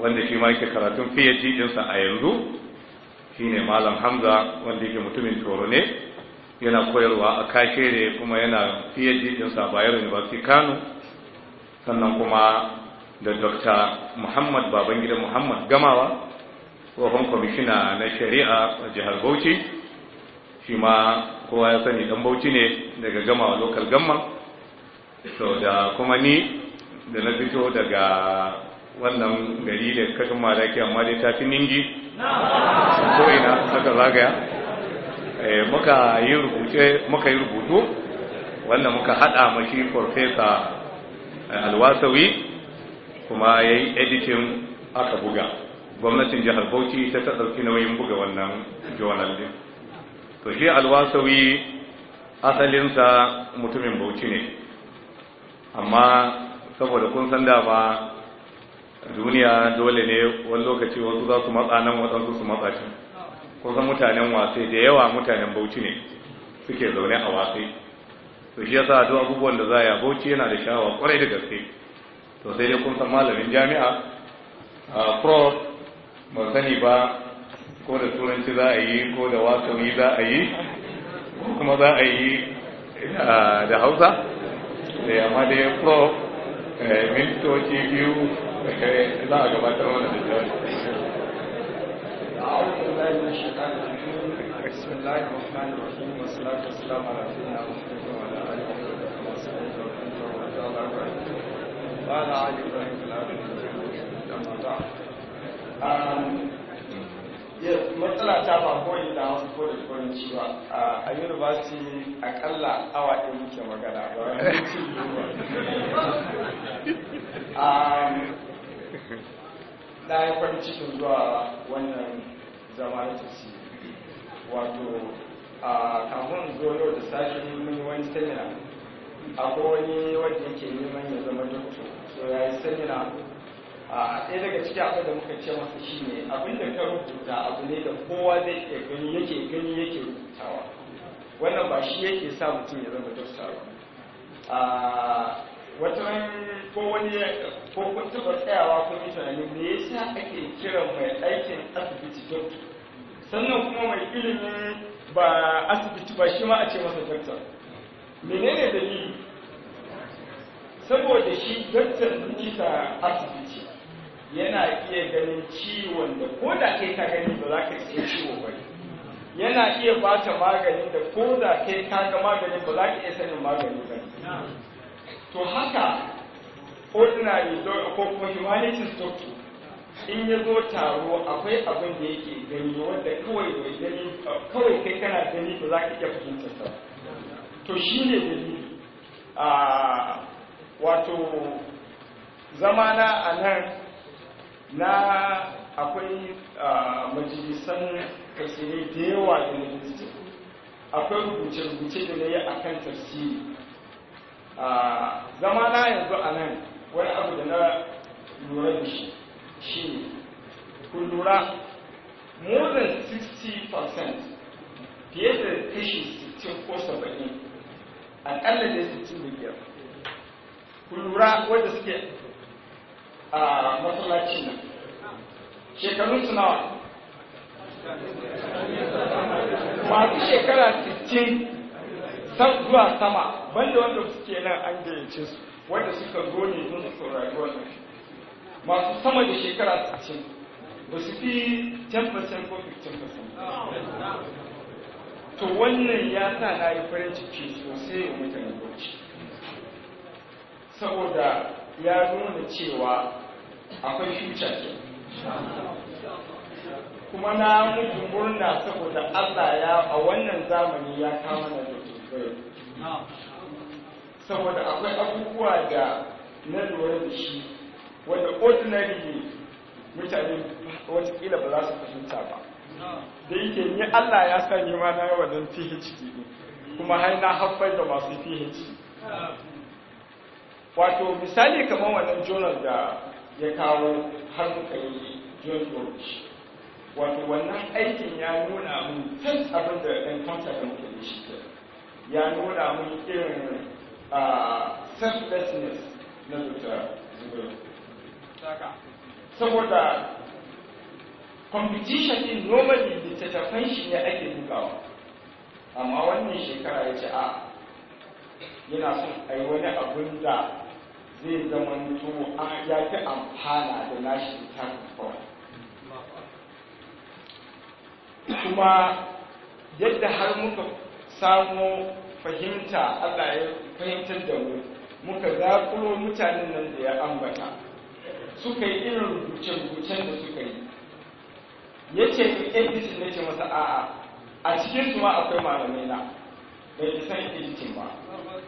wanda shi ma yake karatun phd ɗinsa a yanzu shine malam hamza wanda yake mutumin toro ne yana koyarwa a kashe ne kuma yana phd ɗinsa a bayero university kano sannan kuma da dr muhammad babangida muhammad gamawa tsohon kwamishina na shari'a a jihar bauchi shi ma kowa ya sani dan bauchi ne daga gamawa local gamma so da kuma ni da na fito daga wannan gari da kashin malaki amma dai ta fi ningi ko ina saka zagaya eh, muka yi rubutu wanda muka hada mashi farfesa eh, alwasawi kuma ya yi editin aka buga gwamnatin jihar bauchi ta ta ɗauki nauyin buga wannan journal din to shi alwasawi asalinsa mutumin bauchi ne amma saboda kun san dama duniya dole ne wani lokaci wasu za su matsa nan waɗansu su matsa shi kusan mutanen wasai da yawa mutanen bauchi ne suke zaune a wasai to shi yasa duk abubuwan da za a bauchi yana da sha'awa kwarai da gaske to sai dai kun san malamin jami'a a prof ba sani ba ko da turanci za a yi ko da wasanni za a yi ko kuma za a yi da hausa da eh, amma dai prof mintoci biyu za a gabatar mana da jari بسم الله الرحمن الرحيم والصلاة والسلام على سيدنا محمد وعلى آله وصحبه وسلم وعلى آله وصحبه وعلى آله وصحبه أما بعد matsala ta ba kawai da wasu ko da turanci ba a university akalla awa ɗin muke magana ba na yi farin cikin zuwa wannan zama na tafsi wato a kafin zo yau da sashi mun wani seminar akwai wani wanda yake neman ya zama doktor so ya yi seminar a ɗaya daga cikin abin da muka ce masa shi ne abin da ka rubuta abu ne da kowa zai ke gani yake gani yake rubutawa wannan ba shi yake sa mutum ya zama dokta ba wata ko wani ko kun taɓa tsayawa kun yi tunanin me yasa ake kiran mai aikin asibiti dokta sannan kuma mai ilimin ba asibiti ba shi ma a ce masa dokta menene dalili saboda shi dokta likita asibiti yana iya ganin ciwon da ko da kai ka gani ba za ka iya ciwo ba yana iya bata magani da ko da kai ka ga maganin ba za ka iya sanin magani ba to haka ordinary ko kuma humanities doctor in ya zo taro akwai abin da yake gani wanda kawai bai gani kawai kai kana gani ba za ka iya fahimtar ba, to shine dalili a ah, wato zamana a nan na akwai majalisan tafsirai da yawa da na akwai rubuce-rubuce da na yi a kan tafsiri zama na yanzu a nan wani abu da na lura da shi shi ne kun lura more than 60% fiye da kashi 60 ko 70 aƙalla da 65 kun lura wadda suke a matsalacin nan shekarun su nawa masu shekara 60 san zuwa sama banda wanda suke nan an gayyace su wanda suka zo ne don su saurari wannan masu sama da shekara 60 ba su fi 10% ko 15% to wannan ya sa na yi farin ciki sosai wa mutane bauchi saboda ya nuna cewa akwai future ke kuma na mutu murna saboda Allah ya a wannan zamani ya kama na da saboda akwai abubuwa da na lura da shi wanda ordinary ne mutane watakila ba za su fahimta ba da yake ni Allah ya sani ma na yi wannan PhD kuma har na haifar da masu THD. wato misali kamar wannan journal da ya kawo har muka yi joint wato wannan aikin ya nuna mun tun abin da ɗan kwanta da muke da shi ya nuna mun irin selflessness na Dr. Zubairu. Saboda competition din normally littattafan shi ne ake bugawa amma wannan shekara ya ce a yana son ai wani abun da zai zama to ya fi amfana da nashi littafin kawai kuma yadda har muka samu fahimta Allah ya fahimtar da mu muka zaƙulo mutanen nan da ya ambata suka yi irin rubuce-rubucen da suka yi ya ce editin na ce masa a'a a cikin su akwai malamai na bai san editin ba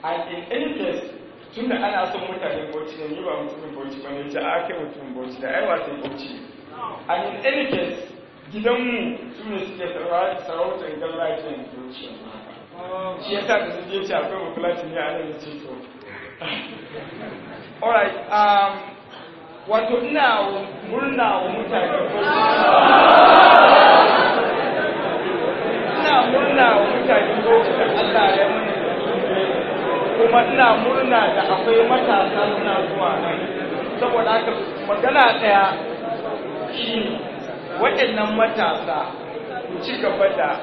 a in tunda ana son mutane bauchi ne ni ba mutumin bauchi ba ne bauchi da ai wasan bauchi in any case gidanmu su ne suke sarautar gallafi bauchi shi yasa da su je ce akwai mafulaci ne a nan ce to alright um, wato ina murna wa mutane ina murna wa mutane bauchi da Allah ya mun kuma ina murna da akwai matasa suna zuwa nan saboda haka magana ɗaya shi waɗannan matasa ku ci gaba da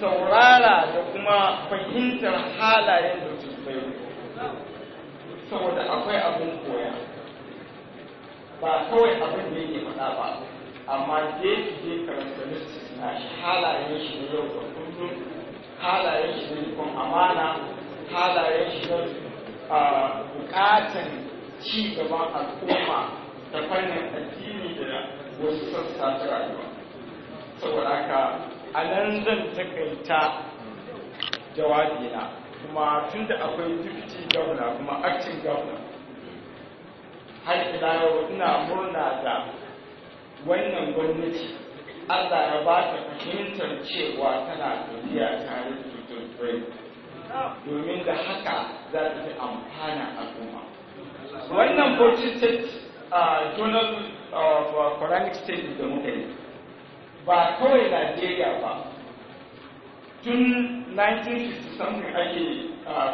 saurara da kuma fahimtar halayen da su bai saboda akwai abin koya ba kawai abin da yake faɗa ba amma je su je karanta na shi halayen shi na yau da kullum halayen shi na amana halayen shi a bukatan ci gaban al'umma da fannin addini da wasu sassa ta rayuwa saboda haka a nan zan takaita jawabina kuma tun da akwai dukci gauna kuma aktin gauna har ila yau ina murna da wannan gwamnati Allah ya ba ta fahimtar cewa tana tafiya tare da tuturai domin da haka za ta fi amfana al'umma wannan bauchi state journal quranic state da muka yi ba kawai najeriya ba tun 1950 something ake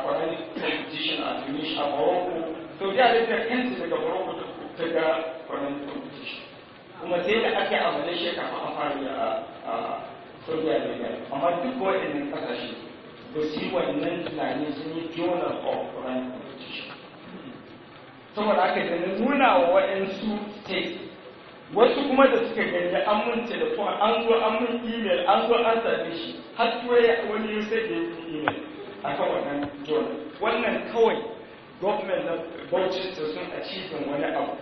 quranic competition a tunisia morocco saudi arabia kansu daga morocco ta ga quranic competition kuma sai da ake a malaysia kafin a fara a saudi arabia amma duk waɗannan ƙasashe to shi wannan tunani sun yi jona of rank competition saboda aka yi nuna wa waɗansu state wasu kuma da suka gani an mun telefon an zo an mun email an zo an same shi har turai wani ya sai da yi email a kan wannan jona wannan kawai gwamnan na bauchi sun a cikin wani abu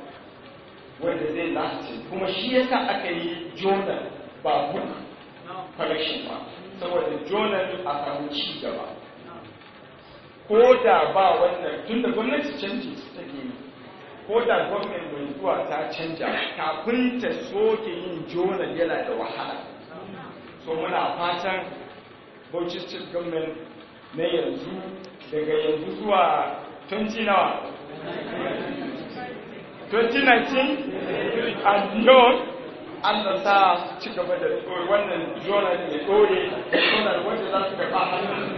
wanda zai lasting kuma shi yasa aka yi jona ba book collection ba saboda dole a samu ci gaba ko da ba wannan tun da gwamnati canji su take yi ko da gwamnati mai zuwa ta canja kafin ta soke yin jona yana da wahala so muna fatan bauchi state government na yanzu daga yanzu zuwa 20 nawa 2019 and beyond Allah sa ci gaba da wannan da ya dore da wanda za su gaba hannun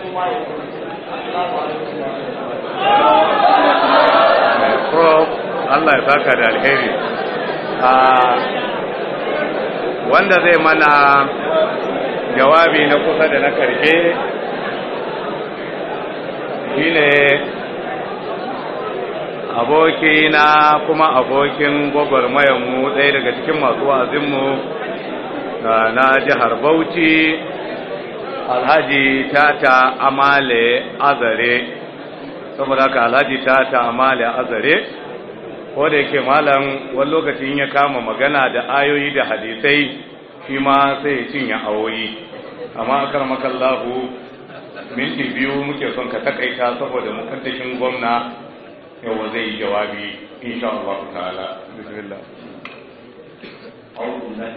kuma ya Allah ya baka da alheri ah, wanda zai mana jawabi na kusa da na karke ne. abokina kuma abokin gwagwarmayarmu ɗaya daga cikin masu wa'azinmu na jihar bauchi alhaji tata amale azare saboda ka alhaji tata amale azare ko da yake malam wani lokacin ya kama magana da ayoyi da hadisai shi ma sai ya cinye awoyi amma akar minti biyu muke son ka takaita saboda mukaddashin gwamna Yawon zai yi jawabi insha Allah ta'ala bismillah أعوذ بالله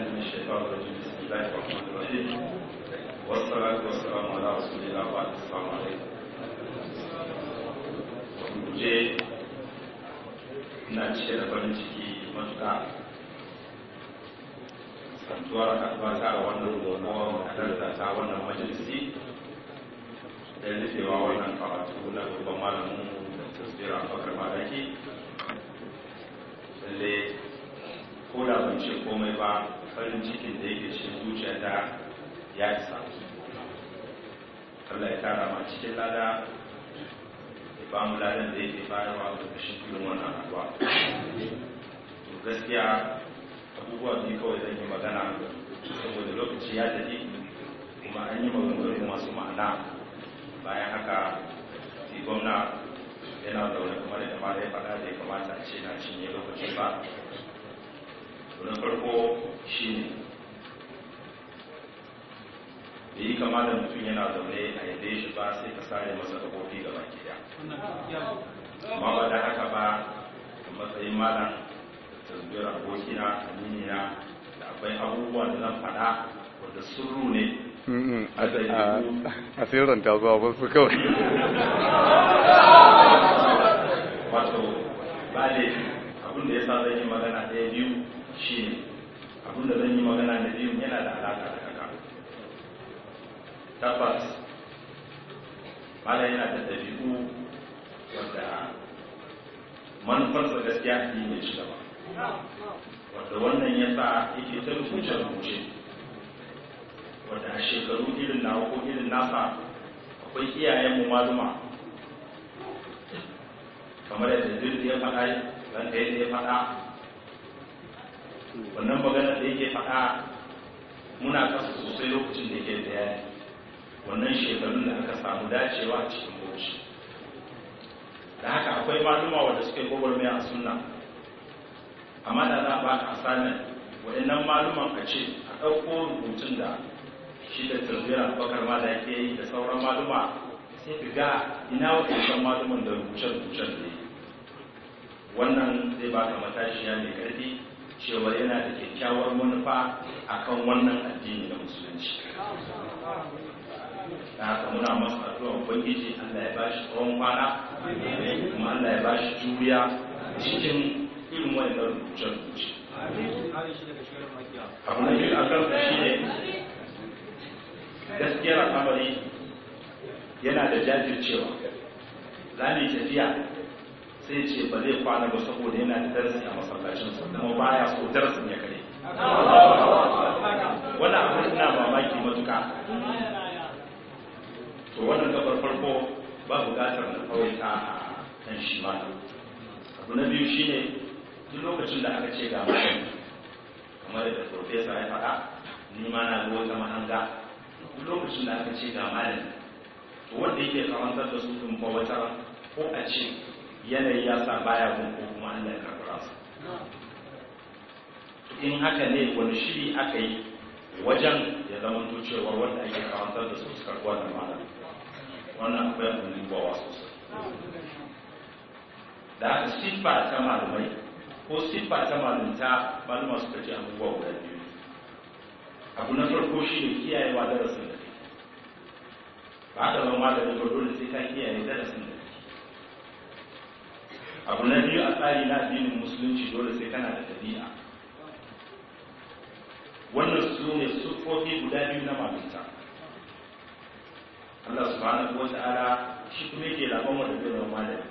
da farin ciki matuƙa ta a wannan da ta wannan majalisi da nufewa wannan na malamin jira abakar malaki lalle ko da ban ce komai ba farin cikin da yake cikin zuciya ta ya isa Allah ya tara ma cikin lada ya ba mu ladan da yake bayarwa da kashin wannan abuwa to gaskiya abubuwa biyu kawai zan yi magana saboda lokaci ya tafi kuma an yi maganganu masu ma'ana bayan haka gwamna yana da wani kuma da dama ya faɗa da ya kamata a ce na cinye lokacin ba na farko shi ne da yi kama da mutum yana zaune a yadda shi ba sai ka sare masa ga ga gida amma ba da haka ba a matsayin malam da zuwa abokina aminina da akwai abubuwan da zan faɗa wadda sirru ne a sirranta zuwa wasu kawai wato ba abun da ya sa zan yi magana ɗaya biyu shi ne abin da zan yi magana da biyu yana da alaƙa da kaka. tabbas malam yana da ɗabi'u wanda manufarsa gaskiya addini ne shi gaba wanda wannan ya sa yake ta rubuce rubuce wanda a shekaru irin na ko irin nasa akwai iyayen mu maluma kamar yadda zirgin ya faɗa zan da ya faɗa wannan magana da yake faɗa muna kasa sosai lokacin da yake bayani wannan shekarun da aka samu dacewa a cikin bauchi da haka akwai maluma wanda suke gwagwarmaya a sunna amma da za a ba ka asanin waɗannan maluman a ce a ɗauko rubutun da shi da tarbiyar bakar ma da yake yi da sauran maluma sai ka ga ina wakancan maluman da rubuce-rubucen da yi wannan zai ba ka matashiya mai karfi cewa yana da kyakkyawar manufa a kan wannan addini na musulunci da haka muna masa addu'a ubangiji Allah ya bashi tsawon kwana kuma Allah ya bashi juriya cikin irin wannan rubuce-rubuce abu na biyu akan shi ne gaskiyar al'amari yana da jajircewa za mu tafiya sai ce ba zai kwana ba saboda yana da darasi a masallacin su, kuma baya so darasin ya kare wannan abin ina mamaki matuka to wannan gabar farko ba bukatar na kawai ta kan shi ma abu na biyu shine duk lokacin da aka ce ga mutum kamar da profesa ya faɗa ni ma na ga wata mahanga lokacin da aka ce ga malami wanda yake karantar da su din ba wata ko a ce yanayi ya sa baya gun ko kuma Allah ya karɓa su in haka ne wani shiri aka yi wajen ya zama cewa wanda ake karantar da su su karɓa da malami wannan akwai abin dubawa sosai da haka siffa ta malamai ko siffa ta malunta malama suka ce abubuwa guda biyu abu na farko shi ne kiyayewa darasin da ba ka zama da ba dole sai ka kiyaye darasin da abu na biyu a tsari na addinin musulunci dole sai kana da tabi'a wannan su ne siffofi guda biyu na malinta Allah subhanahu wa ta'ala shi kuma yake labar wa da bin malami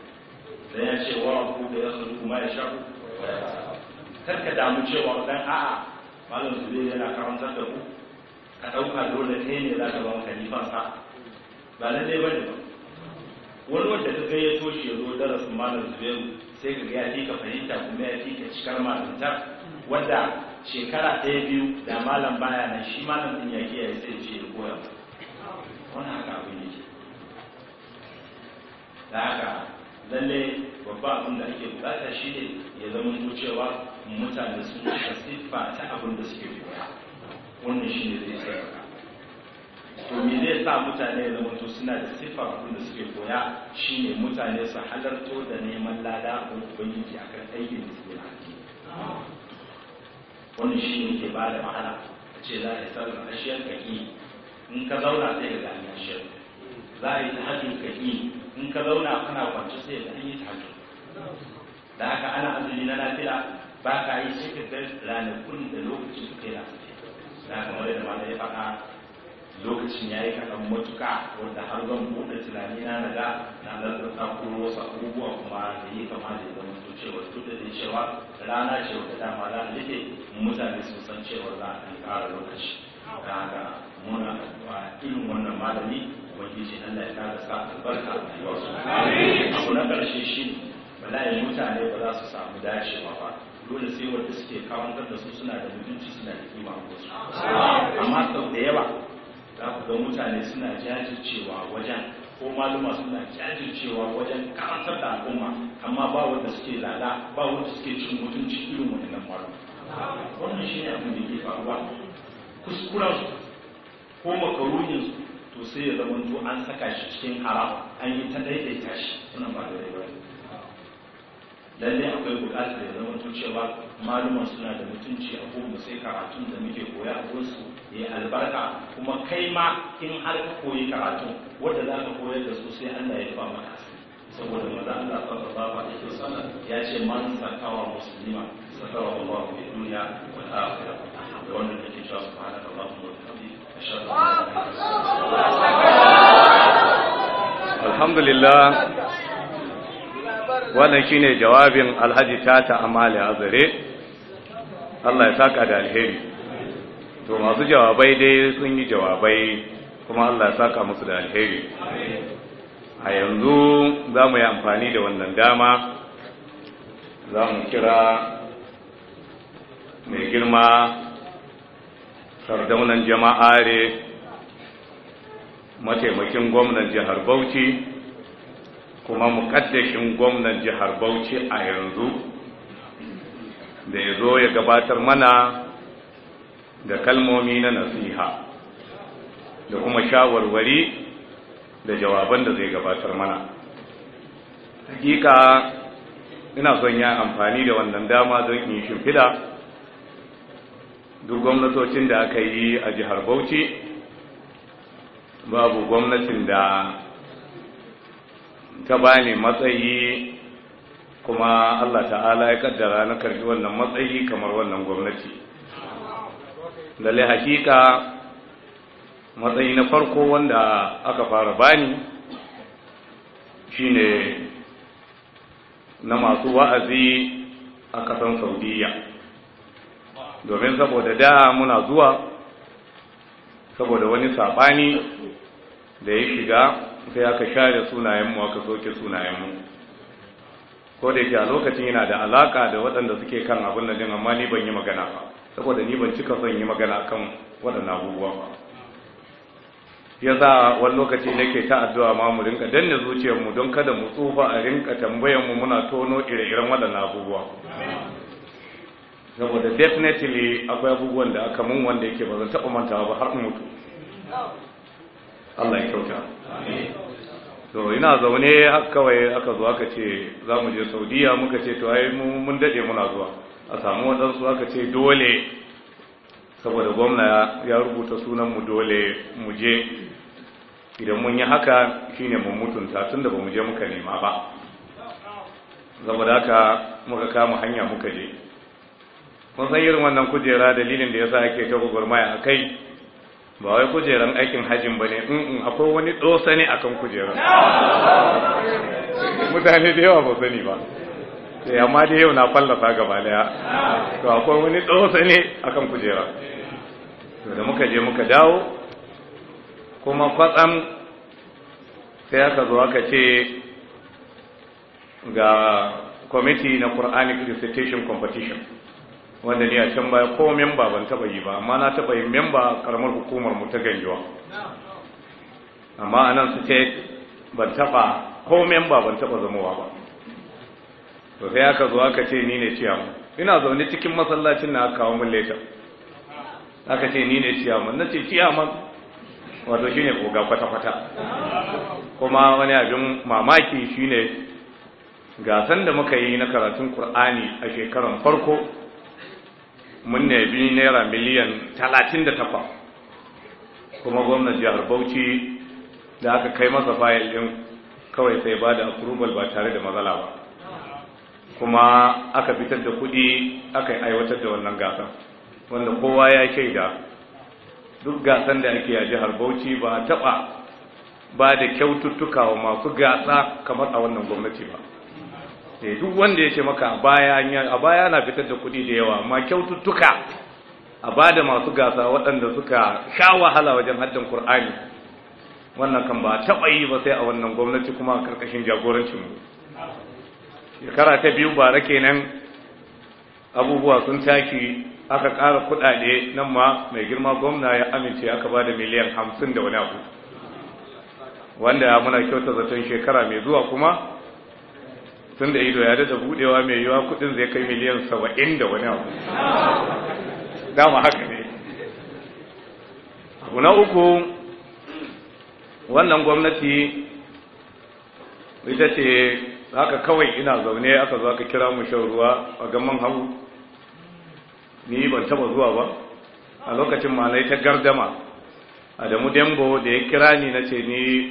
dan ya ce wa ku da sun kuma ya shaku wa ya karka damu cewa dan a'a malam zubairu yana karantar da ku ka ɗauka dole kai ne za ka zama khalifan sa ba na zai bane ba wani wanda ka ya toshe ya zo darasin malam zai sai ka ya fi ka fahimta kuma ya fi ka cikar malamta wanda shekara ɗaya biyu da malam baya na shi malam ɗin ya kiyaye sai ce ya koya wani haka abin yake da haka lalle babba abin da ake bukata shi ne ya zama cewa mutane sun ka siffa ta abin da suke koya wannan shi ne zai taimaka to me zai sa mutane ya mutu suna da siffa abin da suke koya shi ne mutane su halarto da neman lada a ubangiji a kan aikin da suke haƙi wannan shi ne ke ba da ma'ana a ce za a yi sallar ashiyar kaƙi in ka zauna sai ka gani ashiyar za a yi ta hajjin kaƙi in ka zauna kana kwanci sai ka yi ta hajjin da haka ana azumi na lafiya ba ka yi sai da ga ranakun da lokacin suka yi na kamar yadda ma ya faɗa lokacin ya yi kakan matuka wanda har zan buɗe tunani na na ga na lalata kuro wasu abubuwa kuma da yi kama da ya zama cewa su da cewa rana ce wata dama za a rike mutane sun san cewa za a ɗan ƙara lokaci ta haka muna a irin wannan malami ubangiji Allah ya kara sa albarka a wasu abu na ƙarshe shi ne bala'in mutane ba za su samu dacewa ba dole sai wanda suke kawantar da su suna da mutunci suna da kima su amma sau da yawa za ku ga mutane suna jajircewa wajen ko maluma suna jajircewa wajen karantar da al'umma amma ba wanda suke lada ba wanda suke cin mutunci irin wannan malum wannan shi ne abin da ke faruwa su ko su to sai ya zama an saka shi cikin haram an yi ta daidaita shi suna ba da lallai akwai bukatar ya zama cewa maluman suna da mutunci a gurin sai karatun da muke koya a gurinsu ya yi albarka kuma kai ma in har ka koyi karatun wanda za ka koyar da su sai Allah ya fa maka saboda maza Allah sallallahu alaihi wasallam ya ce man sakawa muslima sakawa ba fi yi wal akhirah da wannan da ke cewa subhanallahi wa bihamdihi ashhadu an la ilaha illa Allah alhamdulillah wannan shine jawabin alhaji tata amali azare Allah ya saka da alheri to masu jawabai dai sun yi jawabai kuma Allah ya saka musu da alheri a yanzu za mu yi amfani da wannan dama za mu kira mai girma sardaunan jama'are mataimakin gwamnan jihar bauchi kuma mukaddashin gwamnan jihar bauchi a yanzu da ya zo ya gabatar mana da kalmomi na nasiha da kuma shawarwari da jawaban da zai gabatar mana hakika ina son ya amfani da wannan dama don in shimfida duk gwamnatocin da aka yi a jihar bauchi babu gwamnatin da ka bani matsayi kuma Allah ta'ala ya kaddara na karfi wannan matsayi kamar wannan gwamnati lalle hakika matsayi na farko wanda aka fara bani shine na masu wa'azi a kasan saudiya domin saboda da muna zuwa saboda wani saɓani da ya shiga sai aka share sunayenmu aka soke sunayenmu ko da yake a lokacin yana da alaka da waɗanda suke kan abin da amma ni ban yi magana ba saboda ni ban cika son yi magana kan waɗannan abubuwa ba ya za wani lokaci nake ta addu'a ma mu rinka danne zuciyarmu don kada mu tsufa a rinka tambayarmu muna tono ire-iren waɗannan abubuwa saboda definitely akwai abubuwan da aka mun wanda yake ba zan taɓa mantawa ba har mutu Allah ya kyauta to ina zaune kawai aka zo aka ce za mu je saudiya muka ce to ai mun dade muna zuwa a samu waɗansu aka ce dole saboda gwamna ya rubuta sunan mu dole mu je idan mun yi haka shine mun mutunta tunda ba mu je muka nema ba saboda haka muka kama hanya muka je mun san irin wannan kujera dalilin da yasa ake ta gwagwarmaya a kai ba wai kujeran aikin hajjin ba ne in akwai wani tsosa ne akan kujeran mutane da yawa ba sani ba sai eh, amma da yau na fallasa gaba daya to akwai wani tsosa ne akan kujeran to da muka je muka dawo kuma kwatsam sai aka zo aka ce ga kwamiti na Quranic recitation competition wanda ni a can baya ko memba ban taba yi ba amma na taba yi memba karamar hukumar mu ta ganjuwa amma anan su ce ban taba ko memba ban taba zamowa ba to sai aka zo aka ce ni ne ciya mu ina zaune cikin masallacin na aka kawo mun leta aka ce ni ne ciya mu na ce mu wato shine koga kwata-kwata kuma wani abin mamaki shine gasan da muka yi na karatun Kur'ani a shekaran farko mun ne bi naira miliyan talatin da takwa kuma gwamnan jihar bauchi da aka kai masa fayil ɗin kawai sai ba da approval ba tare da matsala ba kuma aka fitar da kuɗi aka aiwatar da wannan gasar wanda kowa ya shaida duk gasar da ake a jihar bauchi ba taɓa ba da kyaututtuka wa masu gasa kamar a wannan gwamnati ba eh duk wanda ya ce maka a baya a baya na fitar da kuɗi da yawa amma kyaututtuka a bada masu gasa waɗanda suka sha wahala wajen haddan Qur'ani wannan kan ba taɓa yi ba sai a wannan gwamnati kuma a ƙarƙashin jagorancin mu shekara ta biyu bara kenan abubuwa sun taki aka ƙara kuɗaɗe nan ma mai girma gwamna ya amince aka ba da miliyan hamsin da wani abu wanda muna kyauta zaton shekara mai zuwa kuma tun da ido ya da budewa mai yiwa kudin zai kai miliyan saba'in da wani abu dama haka ne abu na uku wannan gwamnati ita ce haka kawai ina zaune aka zo aka kira mu shan ruwa a gaman hau ni ban taba zuwa ba a lokacin ma ta gardama adamu dembo da ya kira ni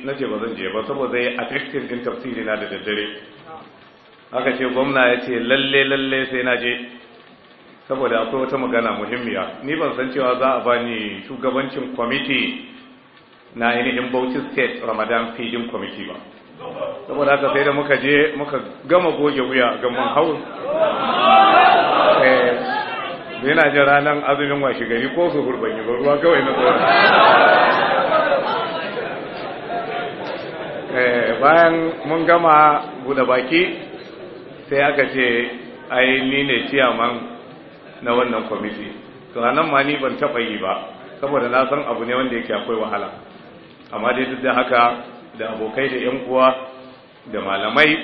na ce ba zan je ba saboda ya affecting din tafsiri na da daddare aka ce gwamna ya ce lalle lalle sai na je saboda akwai wata magana muhimmiya ni ban san cewa za a bani shugabancin kwamiti na ainihin Bauchi State Ramadan Feeding Committee ba saboda haka sai da muka je muka gama goge wuya ga mun hau yana eh, jin ranar azumin washe gari ko su hurban ba ruwa kawai na tsoron eh, bayan mun gama buɗe baki sai aka ce ai ni ne ciyaman na wannan kwamiti to a nan ma ni ban taɓa yi ba saboda na san abu ne wanda yake akwai wahala amma dai duk da haka da abokai da yan uwa da malamai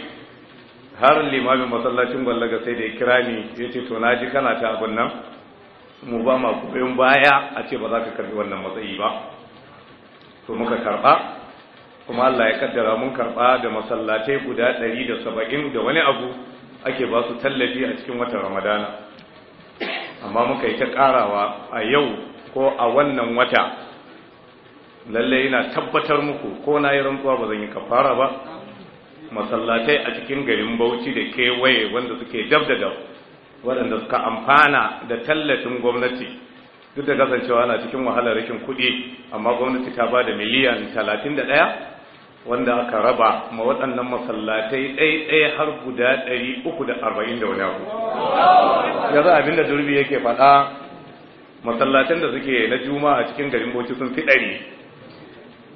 har limamin masallacin gwallaga sai da ya kira ni ya ce to na ji kana ta abin nan mu ba ma baya a ce ba za ka karbi wannan matsayi ba to muka karɓa kuma Allah ya kaddara mun karɓa da masallatai guda ɗari da saba'in da wani abu ake ba su tallafi a cikin watan ramadana amma muka yi ta karawa a yau ko a wannan wata lallai yana tabbatar muku ko na yi rantsuwa ba zan yi kafara ba masallatai a cikin garin bauchi da kewaye wanda suke dab da dab waɗanda suka amfana da tallafin gwamnati duk da kasancewa na cikin wahalar rikin kuɗi amma gwamnati ta ba da miliyan talatin da ɗaya wanda aka raba ma waɗannan masallatai ɗaiɗai har guda ɗari uku da arba'in da wani abu ya za abinda durbi yake faɗa masallatan da suke na juma a cikin garin boci sun fi ɗari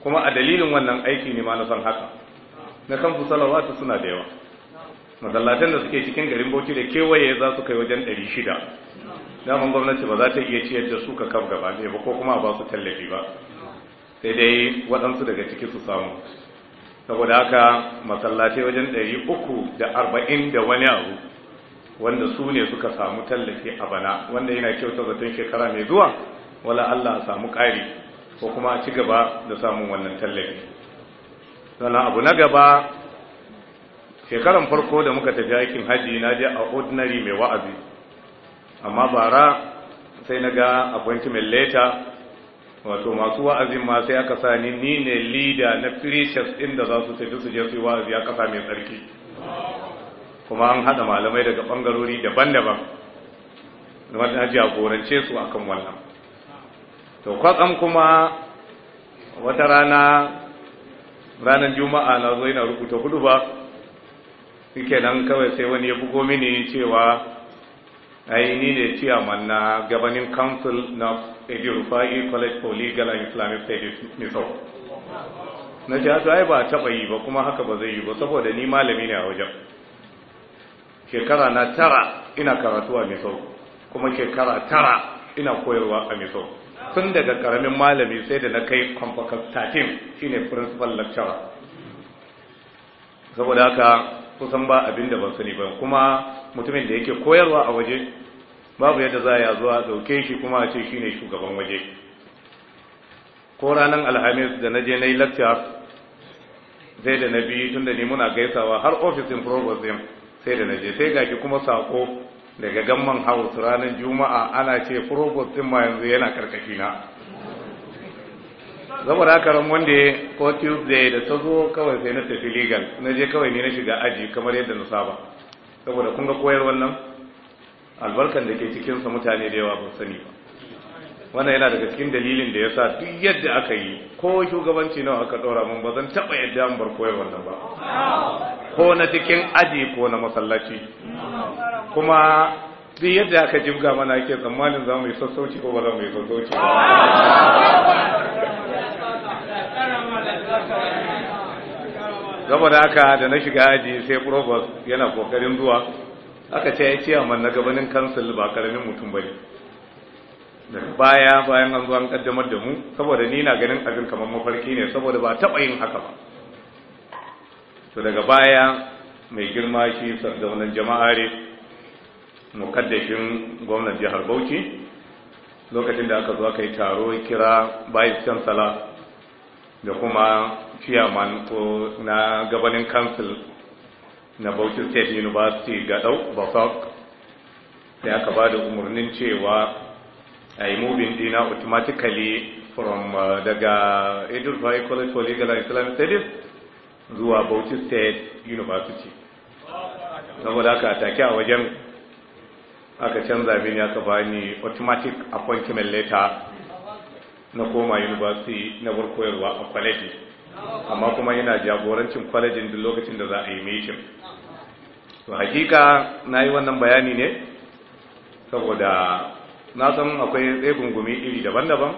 kuma a dalilin wannan aiki ne ma na san haka na kan fusalawatu suna da yawa masallatan da suke cikin garin boci da kewaye za su kai wajen ɗari shida daman gwamnati ba za ta iya ciyar da su ka kaf gaba ɗaya ba ko kuma ba su tallafi ba sai dai waɗansu daga ciki su samu saboda haka masallatai wajen ɗari uku da arba'in da wani abu wanda su ne suka samu tallafi a bana wanda yana kyauta zaton shekara mai zuwa wala Allah a samu ƙari ko kuma a ci gaba da samun wannan tallafi sannan abu na gaba shekaran farko da muka tafi aikin hajji na je a ordinary mai wa'azi amma bara sai na ga appointment letter wato masu wa'azin ma sai aka sani ni ne Lida na preachers din da za su tafi su je su yi wa'azi a kasa mai tsarki kuma an haɗa malamai daga ɓangarori daban-daban a jagorance su akan wannan to kwatsam kuma wata rana ranar juma'a na zo yana rubuta hudu ba suke nan kawai sai wani ya bugo mini cewa aini ni ne chairman na governing council na Ebi College for Legal and Islamic Studies Misau na ji haka ai ba taɓa yi ba kuma haka ba zai yi ba saboda ni malami ne a wajen shekara na tara ina karatu a Misau kuma shekara tara ina koyarwa a Misau tun daga karamin malami sai da na kai kwamfakastatin shine principal lecturer saboda haka kusan ba abin da ban sani ba kuma mutumin da yake koyarwa a waje babu yadda za ya zuwa dauke shi kuma a ce shi ne shugaban waje ko ranar alhamis da na je na yi lakta sai da na biyu tun da muna gaisawa har ofisin provost din sai da na je sai gashi kuma sako daga gamman house ranar juma'a ana ce provost din ma yanzu yana karkashi na saboda haka ran ya ko tuesday da ta zo kawai sai na tafi legal na je kawai ne na shiga aji kamar yadda na saba saboda kun ga koyar wannan albarkan da ke cikinsa mutane da yawa ban sani ba wannan yana daga cikin dalilin da ya sa duk yadda aka yi ko shugabanci nawa aka ɗora mun ba zan taɓa yadda an bar koyar wannan ba ko na cikin aji ko na masallaci kuma duk yadda aka jibga mana ake tsammanin za mu yi sassauci ko ba za mu yi sassauci saboda haka da na shiga aji sai probos yana kokarin zuwa aka ce ya ce na gabanin kansil ba karamin mutum ba ne daga baya bayan an zo an kaddamar da mu saboda ni na ganin abin kamar mafarki ne saboda ba taɓa yin haka ba to daga baya mai girma shi sardaunan jama'a mukaddashin gwamnan jihar Bauchi lokacin da aka zo kai taro kira bayan chancellor da kuma chairman ko na governing council na Bauchi State University Gadau Basok da aka ba da umarnin cewa a yi bin dina automatically from uh, daga Edinburgh College for Legal and Islamic Studies zuwa Bauchi State University. Saboda haka take a wajen aka canza mini aka bani automatic appointment letter na koma university na bar a kwaleji amma kuma yana jagorancin kwalejin duk lokacin da za a yi meeting to hakika na yi wannan bayani ne saboda na san akwai tsaye gungumi iri daban-daban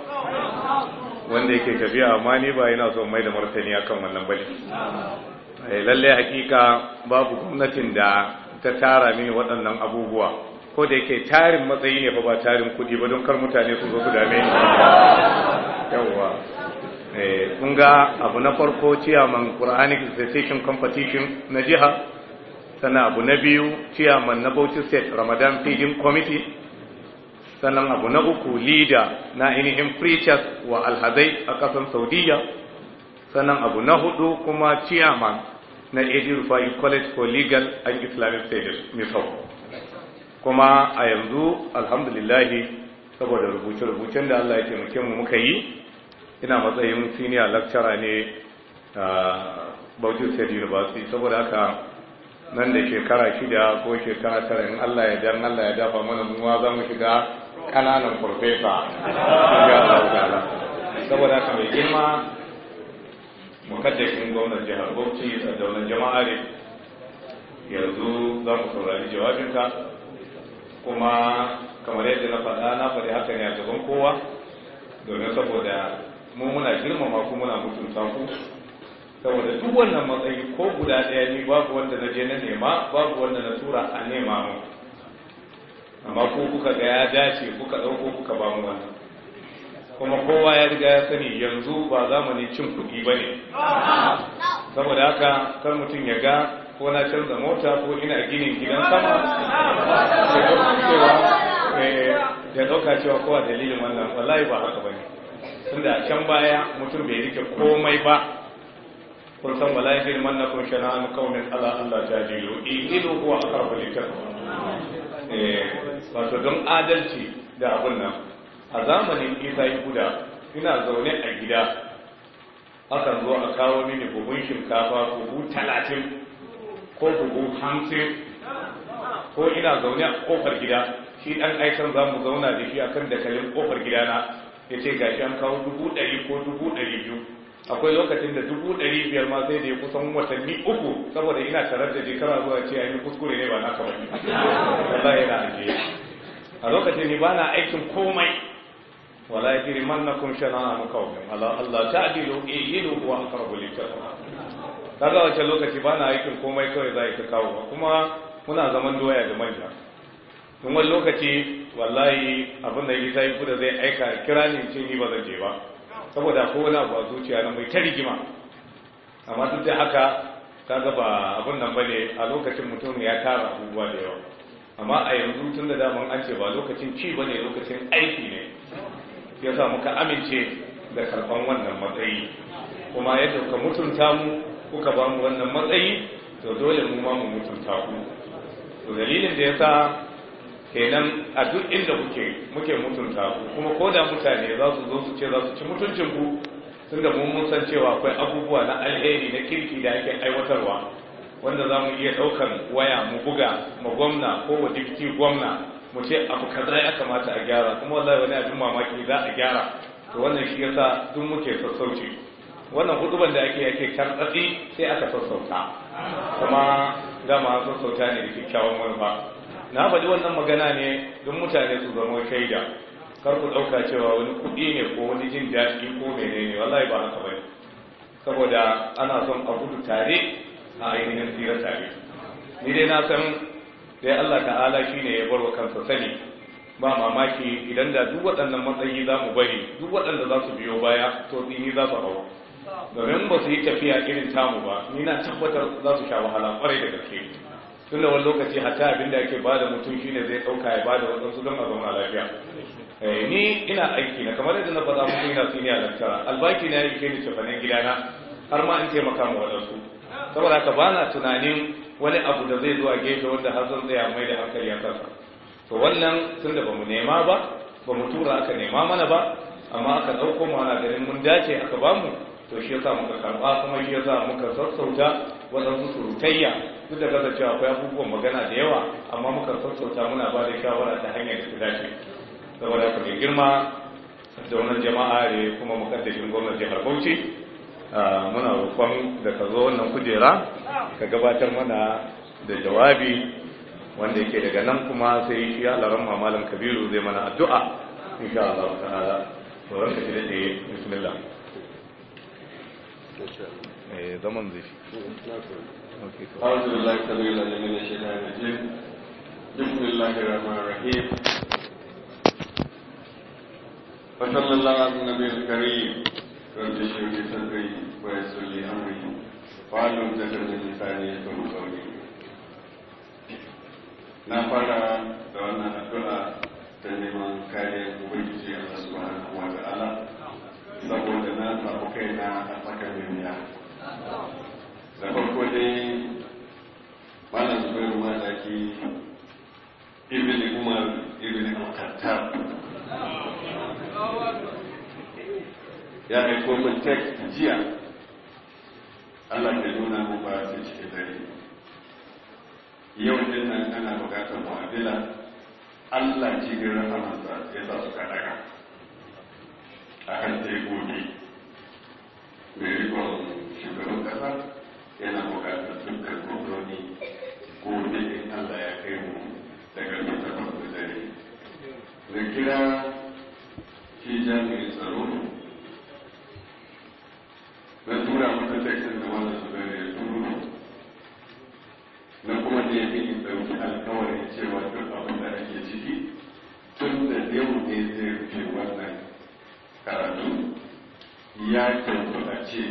wanda yake tafiya amma ni ba yana son mai da martani akan wannan bane eh, lalle hakika babu gwamnatin da ta tara mini waɗannan abubuwa ko da yake tarin matsayi ne ba tarin kudi ba don kar mutane su zo su dame ni yawwa eh, kun ga abu na farko ciyaman quranic recitation competition na jiha sannan abu na biyu ciyaman na bauchi state ramadan feeding committee sannan abu na uku leader na inihin preachers wa alhazai a kasan saudiya sannan abu na hudu kuma ciyaman na edi college for legal and islamic studies misau kuma a yanzu alhamdulillahi saboda rubuce-rubucen da Allah ya taimake mu muka yi ina matsayin senior lecturer ne a Bauchi State University saboda haka nan da shekara shida ko shekara tara in Allah ya dan Allah ya dafa mana mu za mu shiga kananan professor saboda haka mai girma mukaddashin gwamnan jihar Bauchi da jama'a jama'a yanzu za mu saurari jawabinka kuma kamar yadda na faɗa na faɗi haka ne a gaban kowa domin saboda mu muna girmama ku muna mutunta ku saboda duk wannan matsayi ko guda ɗaya ni babu wanda na je na nema babu wanda na tura a nema mu amma ko kuka ga ya dace kuka ɗauko kuka ba mu wannan kuma kowa ya riga ya sani yanzu ba zamani cin kuɗi ba ne saboda haka kar mutum ya ga ko na canza mota ko ina ginin gidan sama da ɗauka cewa eh, kowa dalilin wannan wallahi ba haka ba ne a can baya mutum bai rike komai ba kun san wala manna ko shana an qaumin ala Allah jiyo ilu huwa aqrabu litaqwa eh wato don adalci da abun nan a zamanin Isa guda ina zaune a gida akan zo a kawo mini buhun shinkafa ko talatin ko buhu hamsin ko ina zaune a kofar gida shi ɗan aikan za mu zauna da shi kan dakalin kofar gidana ya ce gashi an kawo dubu ɗari ko dubu ɗari biyu akwai lokacin da dubu ɗari biyar ma sai da ya kusan watanni uku saboda ina tarar da shekara zuwa ce a yi kuskure ne ba na kawai wala yana ajiye a lokacin ne ba na aikin komai wala ya jiri na shana na mukawmin ala Allah ta'dilu iyilu wa aqrabu littaqwa kaga a lokaci ba na aikin komai kawai za a yi ta kawo kuma muna zaman doya da manja in wani lokaci wallahi abin da ya yi da zai aika kira ne cin ni ba zan je ba saboda ko wani abu a zuciya na mai ta rigima amma duk da haka ga ba abin nan bane a lokacin mutum ya tara abubuwa da yawa amma a yanzu tun da daman an ce ba lokacin ci ba ne lokacin aiki ne ya sa muka amince da karban wannan matsayi kuma yadda ka mutunta mu kuka ba mu wannan matsayi to dole mu ma mu mutunta ku to dalilin da yasa kenan a duk inda kuke muke mutunta ku kuma ko da mutane za su zo su ce za su ci mutuncin ku tunda mun mun san cewa akwai abubuwa na alheri na kirki da ake aiwatarwa wanda za mu iya ɗaukan waya mu buga ma gwamna ko wa dikti gwamna mu ce abu kaza ya kamata a gyara kuma wallahi wani abin mamaki za a gyara to wannan shi yasa duk muke sassauci wannan hudubar da ake ake tsatsi sai aka sassauta kuma dama sassauta ne da kyakkyawan manufa na faɗi wannan magana ne don mutane su zama shaida kar ku ɗauka cewa wani kuɗi ne ko wani jin daɗi ko menene wallahi ba haka bane saboda ana son a gudu tare a ainihin tsira tare ni dai na san dai Allah ta'ala shine ya bar wa kansa sani ba mamaki idan da duk waɗannan matsayi za mu bari duk waɗanda za su biyo baya to tsini za su hau domin ba su yi tafiya irin tamu ba ni na tabbatar za su sha wahala kwarai da gaske tun da wani lokaci hatta abin da ake bada mutum shine zai ɗauka ya bada su don a zama lafiya eh, ni ina aiki na kamar yadda na faɗa muku ina sun a lantara albaki na yake ni cefanen gidana har ma in taimaka ma waɗansu saboda haka ba na tunanin wani abu da zai zo a gefe wanda har zan tsaya mai da hankali a kansa to wannan tun da bamu nema ba ba tura aka nema mana ba amma aka ɗauko mu ana ganin mun dace aka bamu to shi yasa muka karba kuma shi yasa muka sassauta waɗansu surutayya duk da kasa cewa akwai abubuwan magana da yawa amma muka sassauta muna ba da shawara ta hanyar da ta dace saboda ku girma da wannan jama'a da kuma mukaddashin gwamnati jihar Bauchi muna roƙon da ka zo wannan kujera ka gabatar mana da jawabi wanda yake daga nan kuma sai shi alaran malam kabiru zai mana addu'a insha Allah ta'ala to ranka shi da bismillah zaman zai fi أعوذ بالله السميع العليم من الشيطان الرجيم بسم الله الرحمن الرحيم وصلى الله على النبي الكريم رب اشرح لي صدري ويسر لي أمري وعلم عقدة من لساني يفقه قولي na fara da wannan addu'a ta neman kariyar ubangiji Allah subhanahu wa ta'ala saboda na samu kaina a tsakanin ya da farko dai ke ibi ne kuma ibi ne mutattar ya aiko kuma tek jiya Allah ke nuna mu ba su cikin dare yau din nan ana bukatar mu'adila Allah cikin rahamansa ya sa su kaɗaka. akan kan mai rikon shugaban kasa yana bukatar dukkan gwamnoni gobe in allah ya kai mu daga nuna da dare da kira shi jami'in tsaro na tura mata tekstin da wanda su gane ya turu na kuma da ya fi ɗauki alkawarin cewa duk abin da ake ciki tun da yau ne zai rufe wannan karatu ya kyautu a ce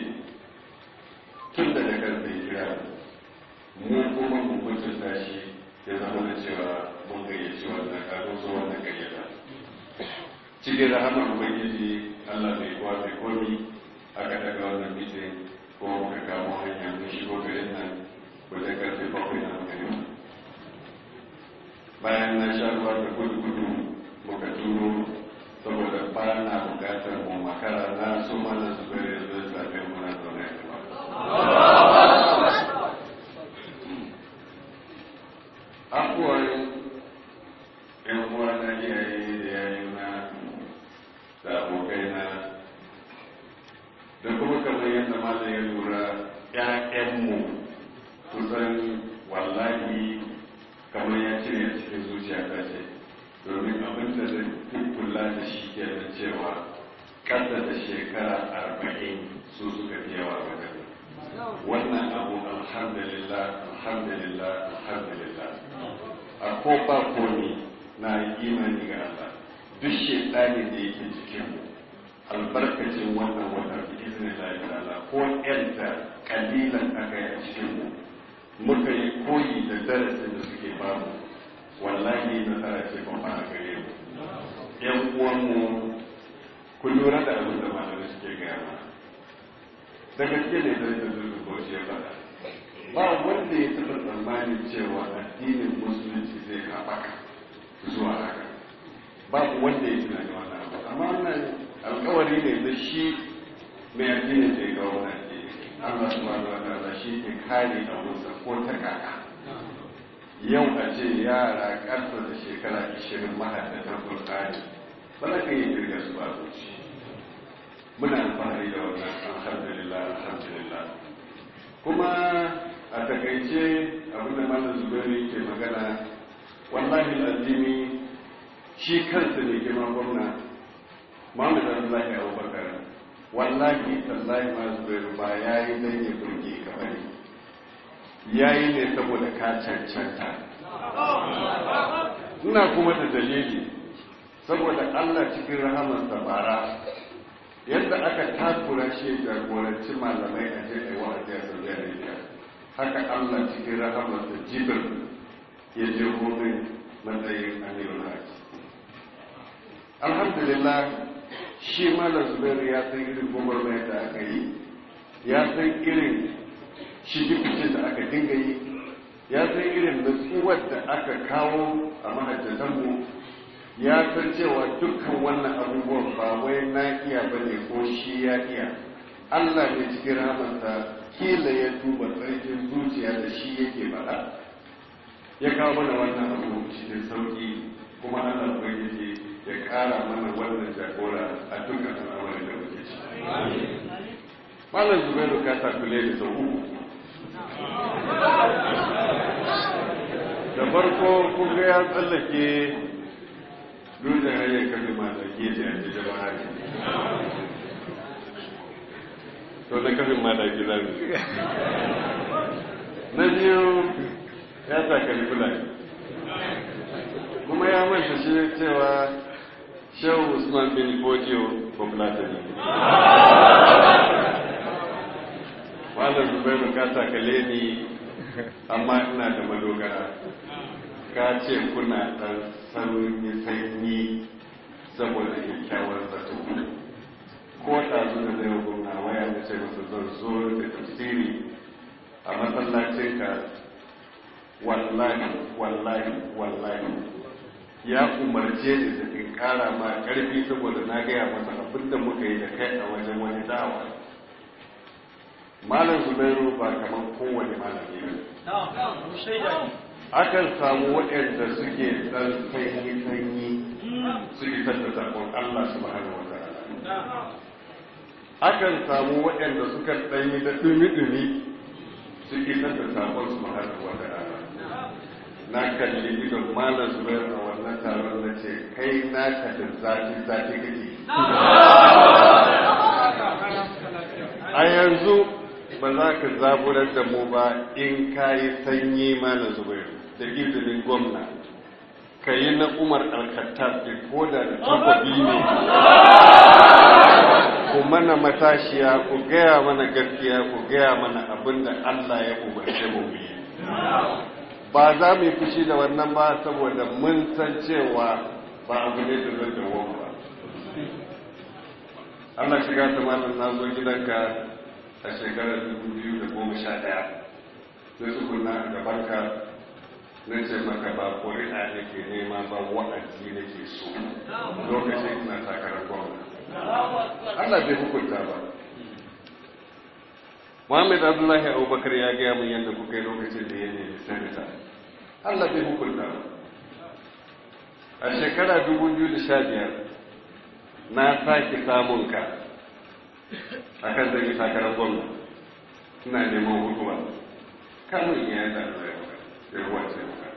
tun da ya karfe kira mu kuma hukuncin tashi ya zama da cewa mun gayyaci wannan karo zuwa wannan gayyata cikin rahamar ubangiji allah mai kuwa mai komi aka daga wannan mitin ko muka kamo hanya mun shigo garin nan wajen karfe bakwai na makarim bayan na sha ruwa da gudu-gudu muka turo saboda bayan na bukatar mu makara na su mana su bere zo ya same mu na zaune ba. Afuwar ‘yan uwa na da yayi na da na da kuma kamar yadda malam ya lura ‘ya'yanmu kusan wallahi kamar ya cire cikin zuciya ta ce domin abin da zai tuttula da shi da cewa kasa da shekara arba'in su suka fi yawa ga gani wannan abu alhamdulillah alhamdulillah alhamdulillah a ko ba na imani ga Allah duk shekari da yake cikinmu albarkacin wannan wata bi izinin ta'ala ko yanta kalilan aka yi a cikinmu muka yi koyi da darasin da suke bamu wallahi nasara ce kuma a gare mu yan uwanmu kun lura da abin da da suke gaya mana da gaske ne da zuwa bauchi ya faɗa ba wanda ya taɓa tsammanin cewa addinin musulunci zai haɓaka zuwa haka babu wanda ya tunani wannan abu amma wannan alkawari ne da shi mai addinin kawo na ke An ba su subhanahu da ta'ala shi ke kare a wurinsa ko ta kaka yau a ce yara ƙarfa da shekara 20 mahaifatar kurkani ba na kan yi girgar su ba zuci muna alfahari da wannan alhamdulillah alhamdulillah kuma a takaice abinda mana zubairu ke magana wallahi lardini shi kansa ne girman gwamna muhammad abdullahi abubakar wallahi tallahi ma zubairu ba ya yi don yi burge kamar ya yi ne saboda ka cancanta ina kuma da dalili saboda allah cikin rahamar sabara yadda aka takura shi jagoranci malamai a jirgin wa'adiyar saudi arabia haka allah cikin da jibir ya je homin matsayin amirul alhamdulillah shi malam zubairu ya san irin mai da aka yi ya san irin shige-fice da aka dinga yi ya san irin nutsuwar da aka kawo a mahajjatanmu ya san cewa dukkan wannan abubuwan ba wai na iya ba ne ko shi ya iya allah ne cikin rahamarsa kila ya duba tsarkin zuciya da shi yake bada ya kawo mana wannan abu cikin sauki kuma allah ko yake ya kara mana wannan jagora a dukkan al'amarin da muke malam zubairu ka takule da sau uku da farko kun ga ya tsallake dutsen hanyar kan mataki da ke yanzu jama'a ne to na kafin da ke mu na biyu ya takali fulani kuma ya manta shi cewa shehu usman bin fodiyo ko platinum zubairu ka takale ni amma ina da madogara ka ce kuna ɗan sanyi sanyi saboda kyakkyawar zato ko zuwa da yau gona waya da ce masu zan zo da tafsiri a matsalacin ka wallahi wallahi wallahi ya umarce ni da in kara ma karfi saboda na gaya masa abin da muka yi da kai a wajen wani dawa malam zubairu ba kamar kowane malami ne akan samu waɗanda suke ɗan sanyi sanyi mm. su isar da zakon allah su mahaɗa wata akan samu waɗanda suka ɗanyi da ɗumi-ɗumi su isar da sakon su mahaɗa wata na kalli idon malam zubairu a wannan taron na ce kai na kalli zafi zafi kake a yanzu ba za ka zaburar da mu ba in ka yi sanyi malam zubairu da izinin gwamna ka yi na umar alkattar da koda da takobi ne ku mana matashiya ku gaya mana gaskiya ku gaya mana abin da allah ya umarce mu yi ba za mu yi fushi da wannan ba saboda mun san cewa ba a ne da zai dawo ba Allah shiga ta malam na zo gidanka a shekarar 2011 na tukuna da barka na ce maka ba a da ke nema ba wa'azi da ke so lokacin na takarar gwamna ana bai hukunta ba muhammadu Abdullahi Abubakar ya gaya mun yadda kuka yi lokacin da ya nemi sanata Allah bai hukunta ba a shekara 2015 na sake samun ka a kan zai yi takarar gwamna suna neman hukuma kamun ya yi a ya ruwa sai muka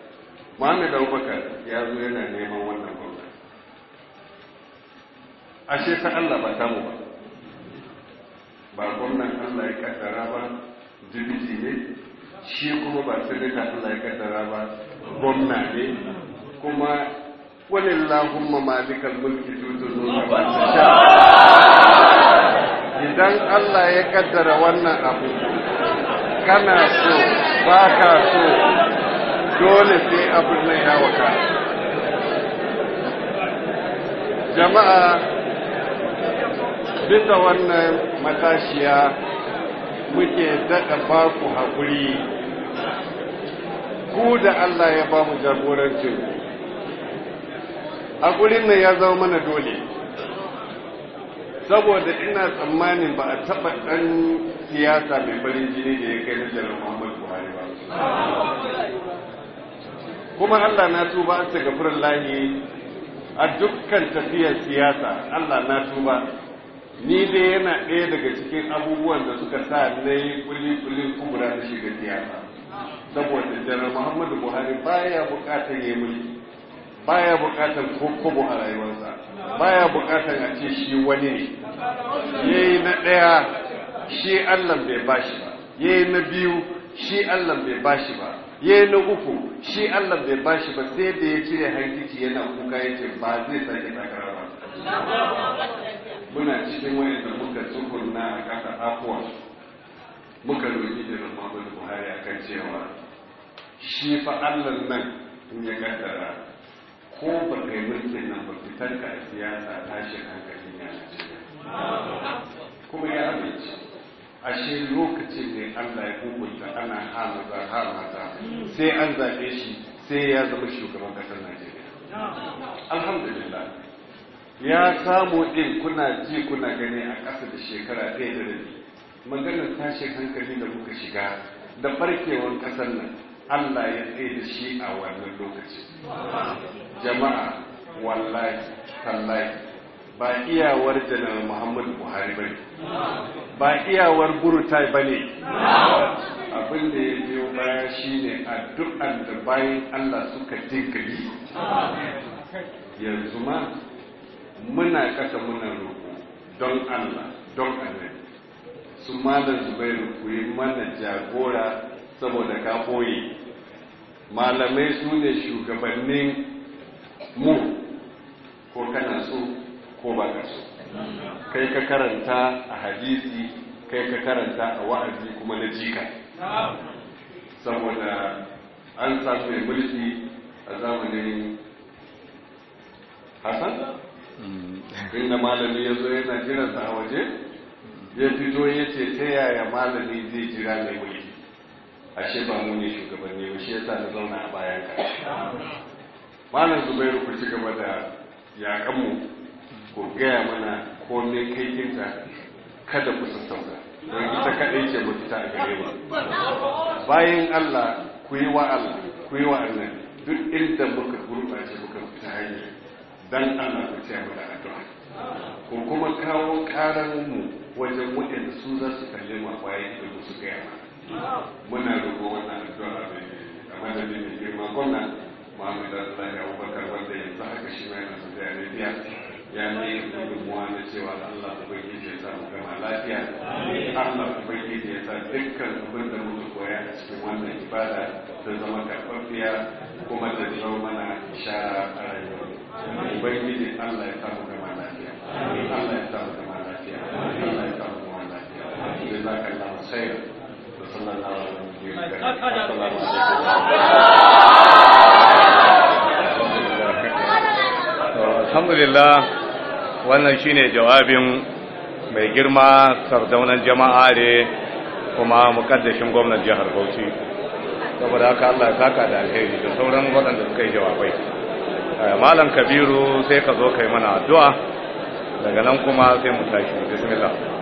muhammad abubakar ya zo yana neman wannan gwamna ashe ta allah ba tamu ba ba gwamnan allah ya kaddara ba jibiti ne shi kuma ba ta allah ya kaddara ba gwamna ne kuma walillahumma malikal mulki tutun nuna ba ta sha idan Allah ya kaddara wannan abu kana so ba ka so dole sai abu nan ya waka jama'a bisa wannan matashiya muke daɗa ba ku haƙuri ku da Allah ya ba mu jagorancin haƙurin ne ya zama mana dole saboda ina tsammanin ba a taɓa ɗan siyasa mai farin jini da ya kai na jalar muhammadu buhari ba kuma allah na tuba an ta gafirin lahi a dukkan tafiyar siyasa allah na tuba ni dai yana ɗaya daga cikin abubuwan da suka sa na yi kuli-kulin kubura da shiga siyasa saboda jalar muhammadu buhari baya bukatar ya mulki baya bukatar kokobo a rayuwarsa baya bukatar a ce shi wani ne yi na ɗaya shi allan bai bashi ba ya yi na biyu shi allan bai bashi ba ya yi na uku shi allan bai bashi ba sai da ya cire hankici yana kuka yace ba zai sake takara ba muna cikin wani wayanda muka tsukunna na kasa afuwa muka roƙi da Muhammadu Buhari akan cewa shi fa Allah nan in ya gaddara ko ba kai mulkin nan ba fitarka a siyasa tashin hankali yana kuma ya amince shi lokacin ne allah ya hukunta ana halaza halata sai an zaɓe shi sai ya zama shugaban ƙasar najeriya alhamdulillah ya samu ɗin kuna ji kuna gani a ƙasa da shekara ɗaya da rabi maganar tashin hankali da muka shiga da farkewar ƙasar nan Allah ya tsaye da shi a wannan lokaci jama'a wallahi tallahi ba iyawar janar muhammadu buhari ba ba iyawar burutai ba ne abin da ya biyo baya shine addu'an da bayan Allah suka dinka yi yanzu ma muna kasa muna roƙo don Allah don Allah. su da zubairu ku yi mana jagora saboda ka ɓoye malamai su ne shugabannin mu ko kana so ko ba ka so kai ka karanta a hadisi kai ka karanta a wa'azi kuma na jika saboda an samu mai mulki a zamanin hassan mm. inda malami ya zo yana jiransa a waje ya fito ya ce ta yaya malami zai jira mai mulki ashe ba mu ne shugabanni ba shi yasa na zauna a bayan ka malam zubairu ku ci gaba da ya mu ku gaya mana ko me kai kinta kada ku sassauka don ita kaɗai ce mafita a gare mu bayan allah ku yi wa allah ku yi wa allah duk inda muka gurɓace muka fita hanyar dan allah ku ce mana addu'a ku kuma kawo karar mu wajen waɗanda su za su kalli ma bayan da su gaya mana muna roƙo wannan addu'a a madadin mai girma gwamna Muhammad Abdullahi ubakar wanda yanzu haka shi ma da tafiya Arabia ya ne gudunmuwa na cewa Allah Ubangiji ya sa mu gama lafiya Allah Ubangiji ya sa dukkan abin da muke koya a cikin wannan ibada ta zama karfafiya kuma ta zama mana ishara a rayuwar Ubangiji Allah ya sa mu gama lafiya Allah ya sa mu gama lafiya Allah ya sa mu gama lafiya Jazakallahu khairan alhamdulillah wannan shine jawabin mai girma sardaunan jama'a ne kuma mukaddashin gwamnan jihar Bauchi saboda haka Allah ya saka da alheri da sauran waɗanda suka yi jawabai eh, malam kabiru sai ka zo kai mana addu'a daga nan kuma sai mu tashi bismillah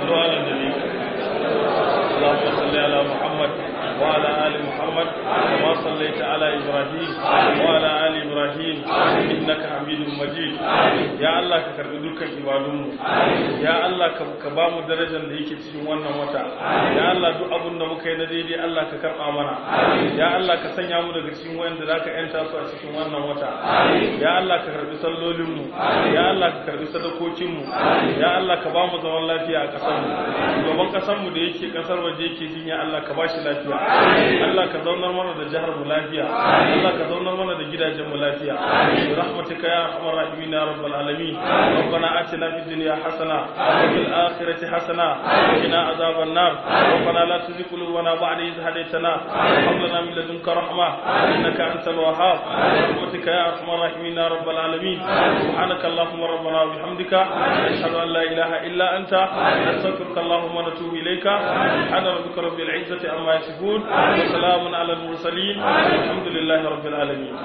صلوا على النبي وعلى آل محمد كما صليت على إبراهيم وعلى آل إبراهيم إنك حميد مجيد يا الله كرب دكان عبادهم يا الله كبام درجة ليك cikin wannan wata ya Allah duk abun da muka yi na daidai Allah ka karɓa mana ya Allah ka sanya mu daga cikin wanda zaka yanta su a cikin wannan wata ya Allah ka karbi sallolin mu ya Allah ka karbi sadakokin mu ya Allah ka bamu zaman lafiya a kasar mu gaban kasar mu da yake kasar waje yake jin ya Allah ka ba shi lafiya Allah ka zaunar da jihar mu lafiya zaunar mana da gidajen mu lafiya bi rahmatika ya arhamar rahimin ya rabbal alamin rabbana atina fid dunya hasana wa fil akhirati hasana wa rahma innaka antal wahhab bi rahmatika ya arhamar rahimin ya rabbal alamin subhanaka allahumma المرسلون وسلام على المرسلين الحمد لله رب العالمين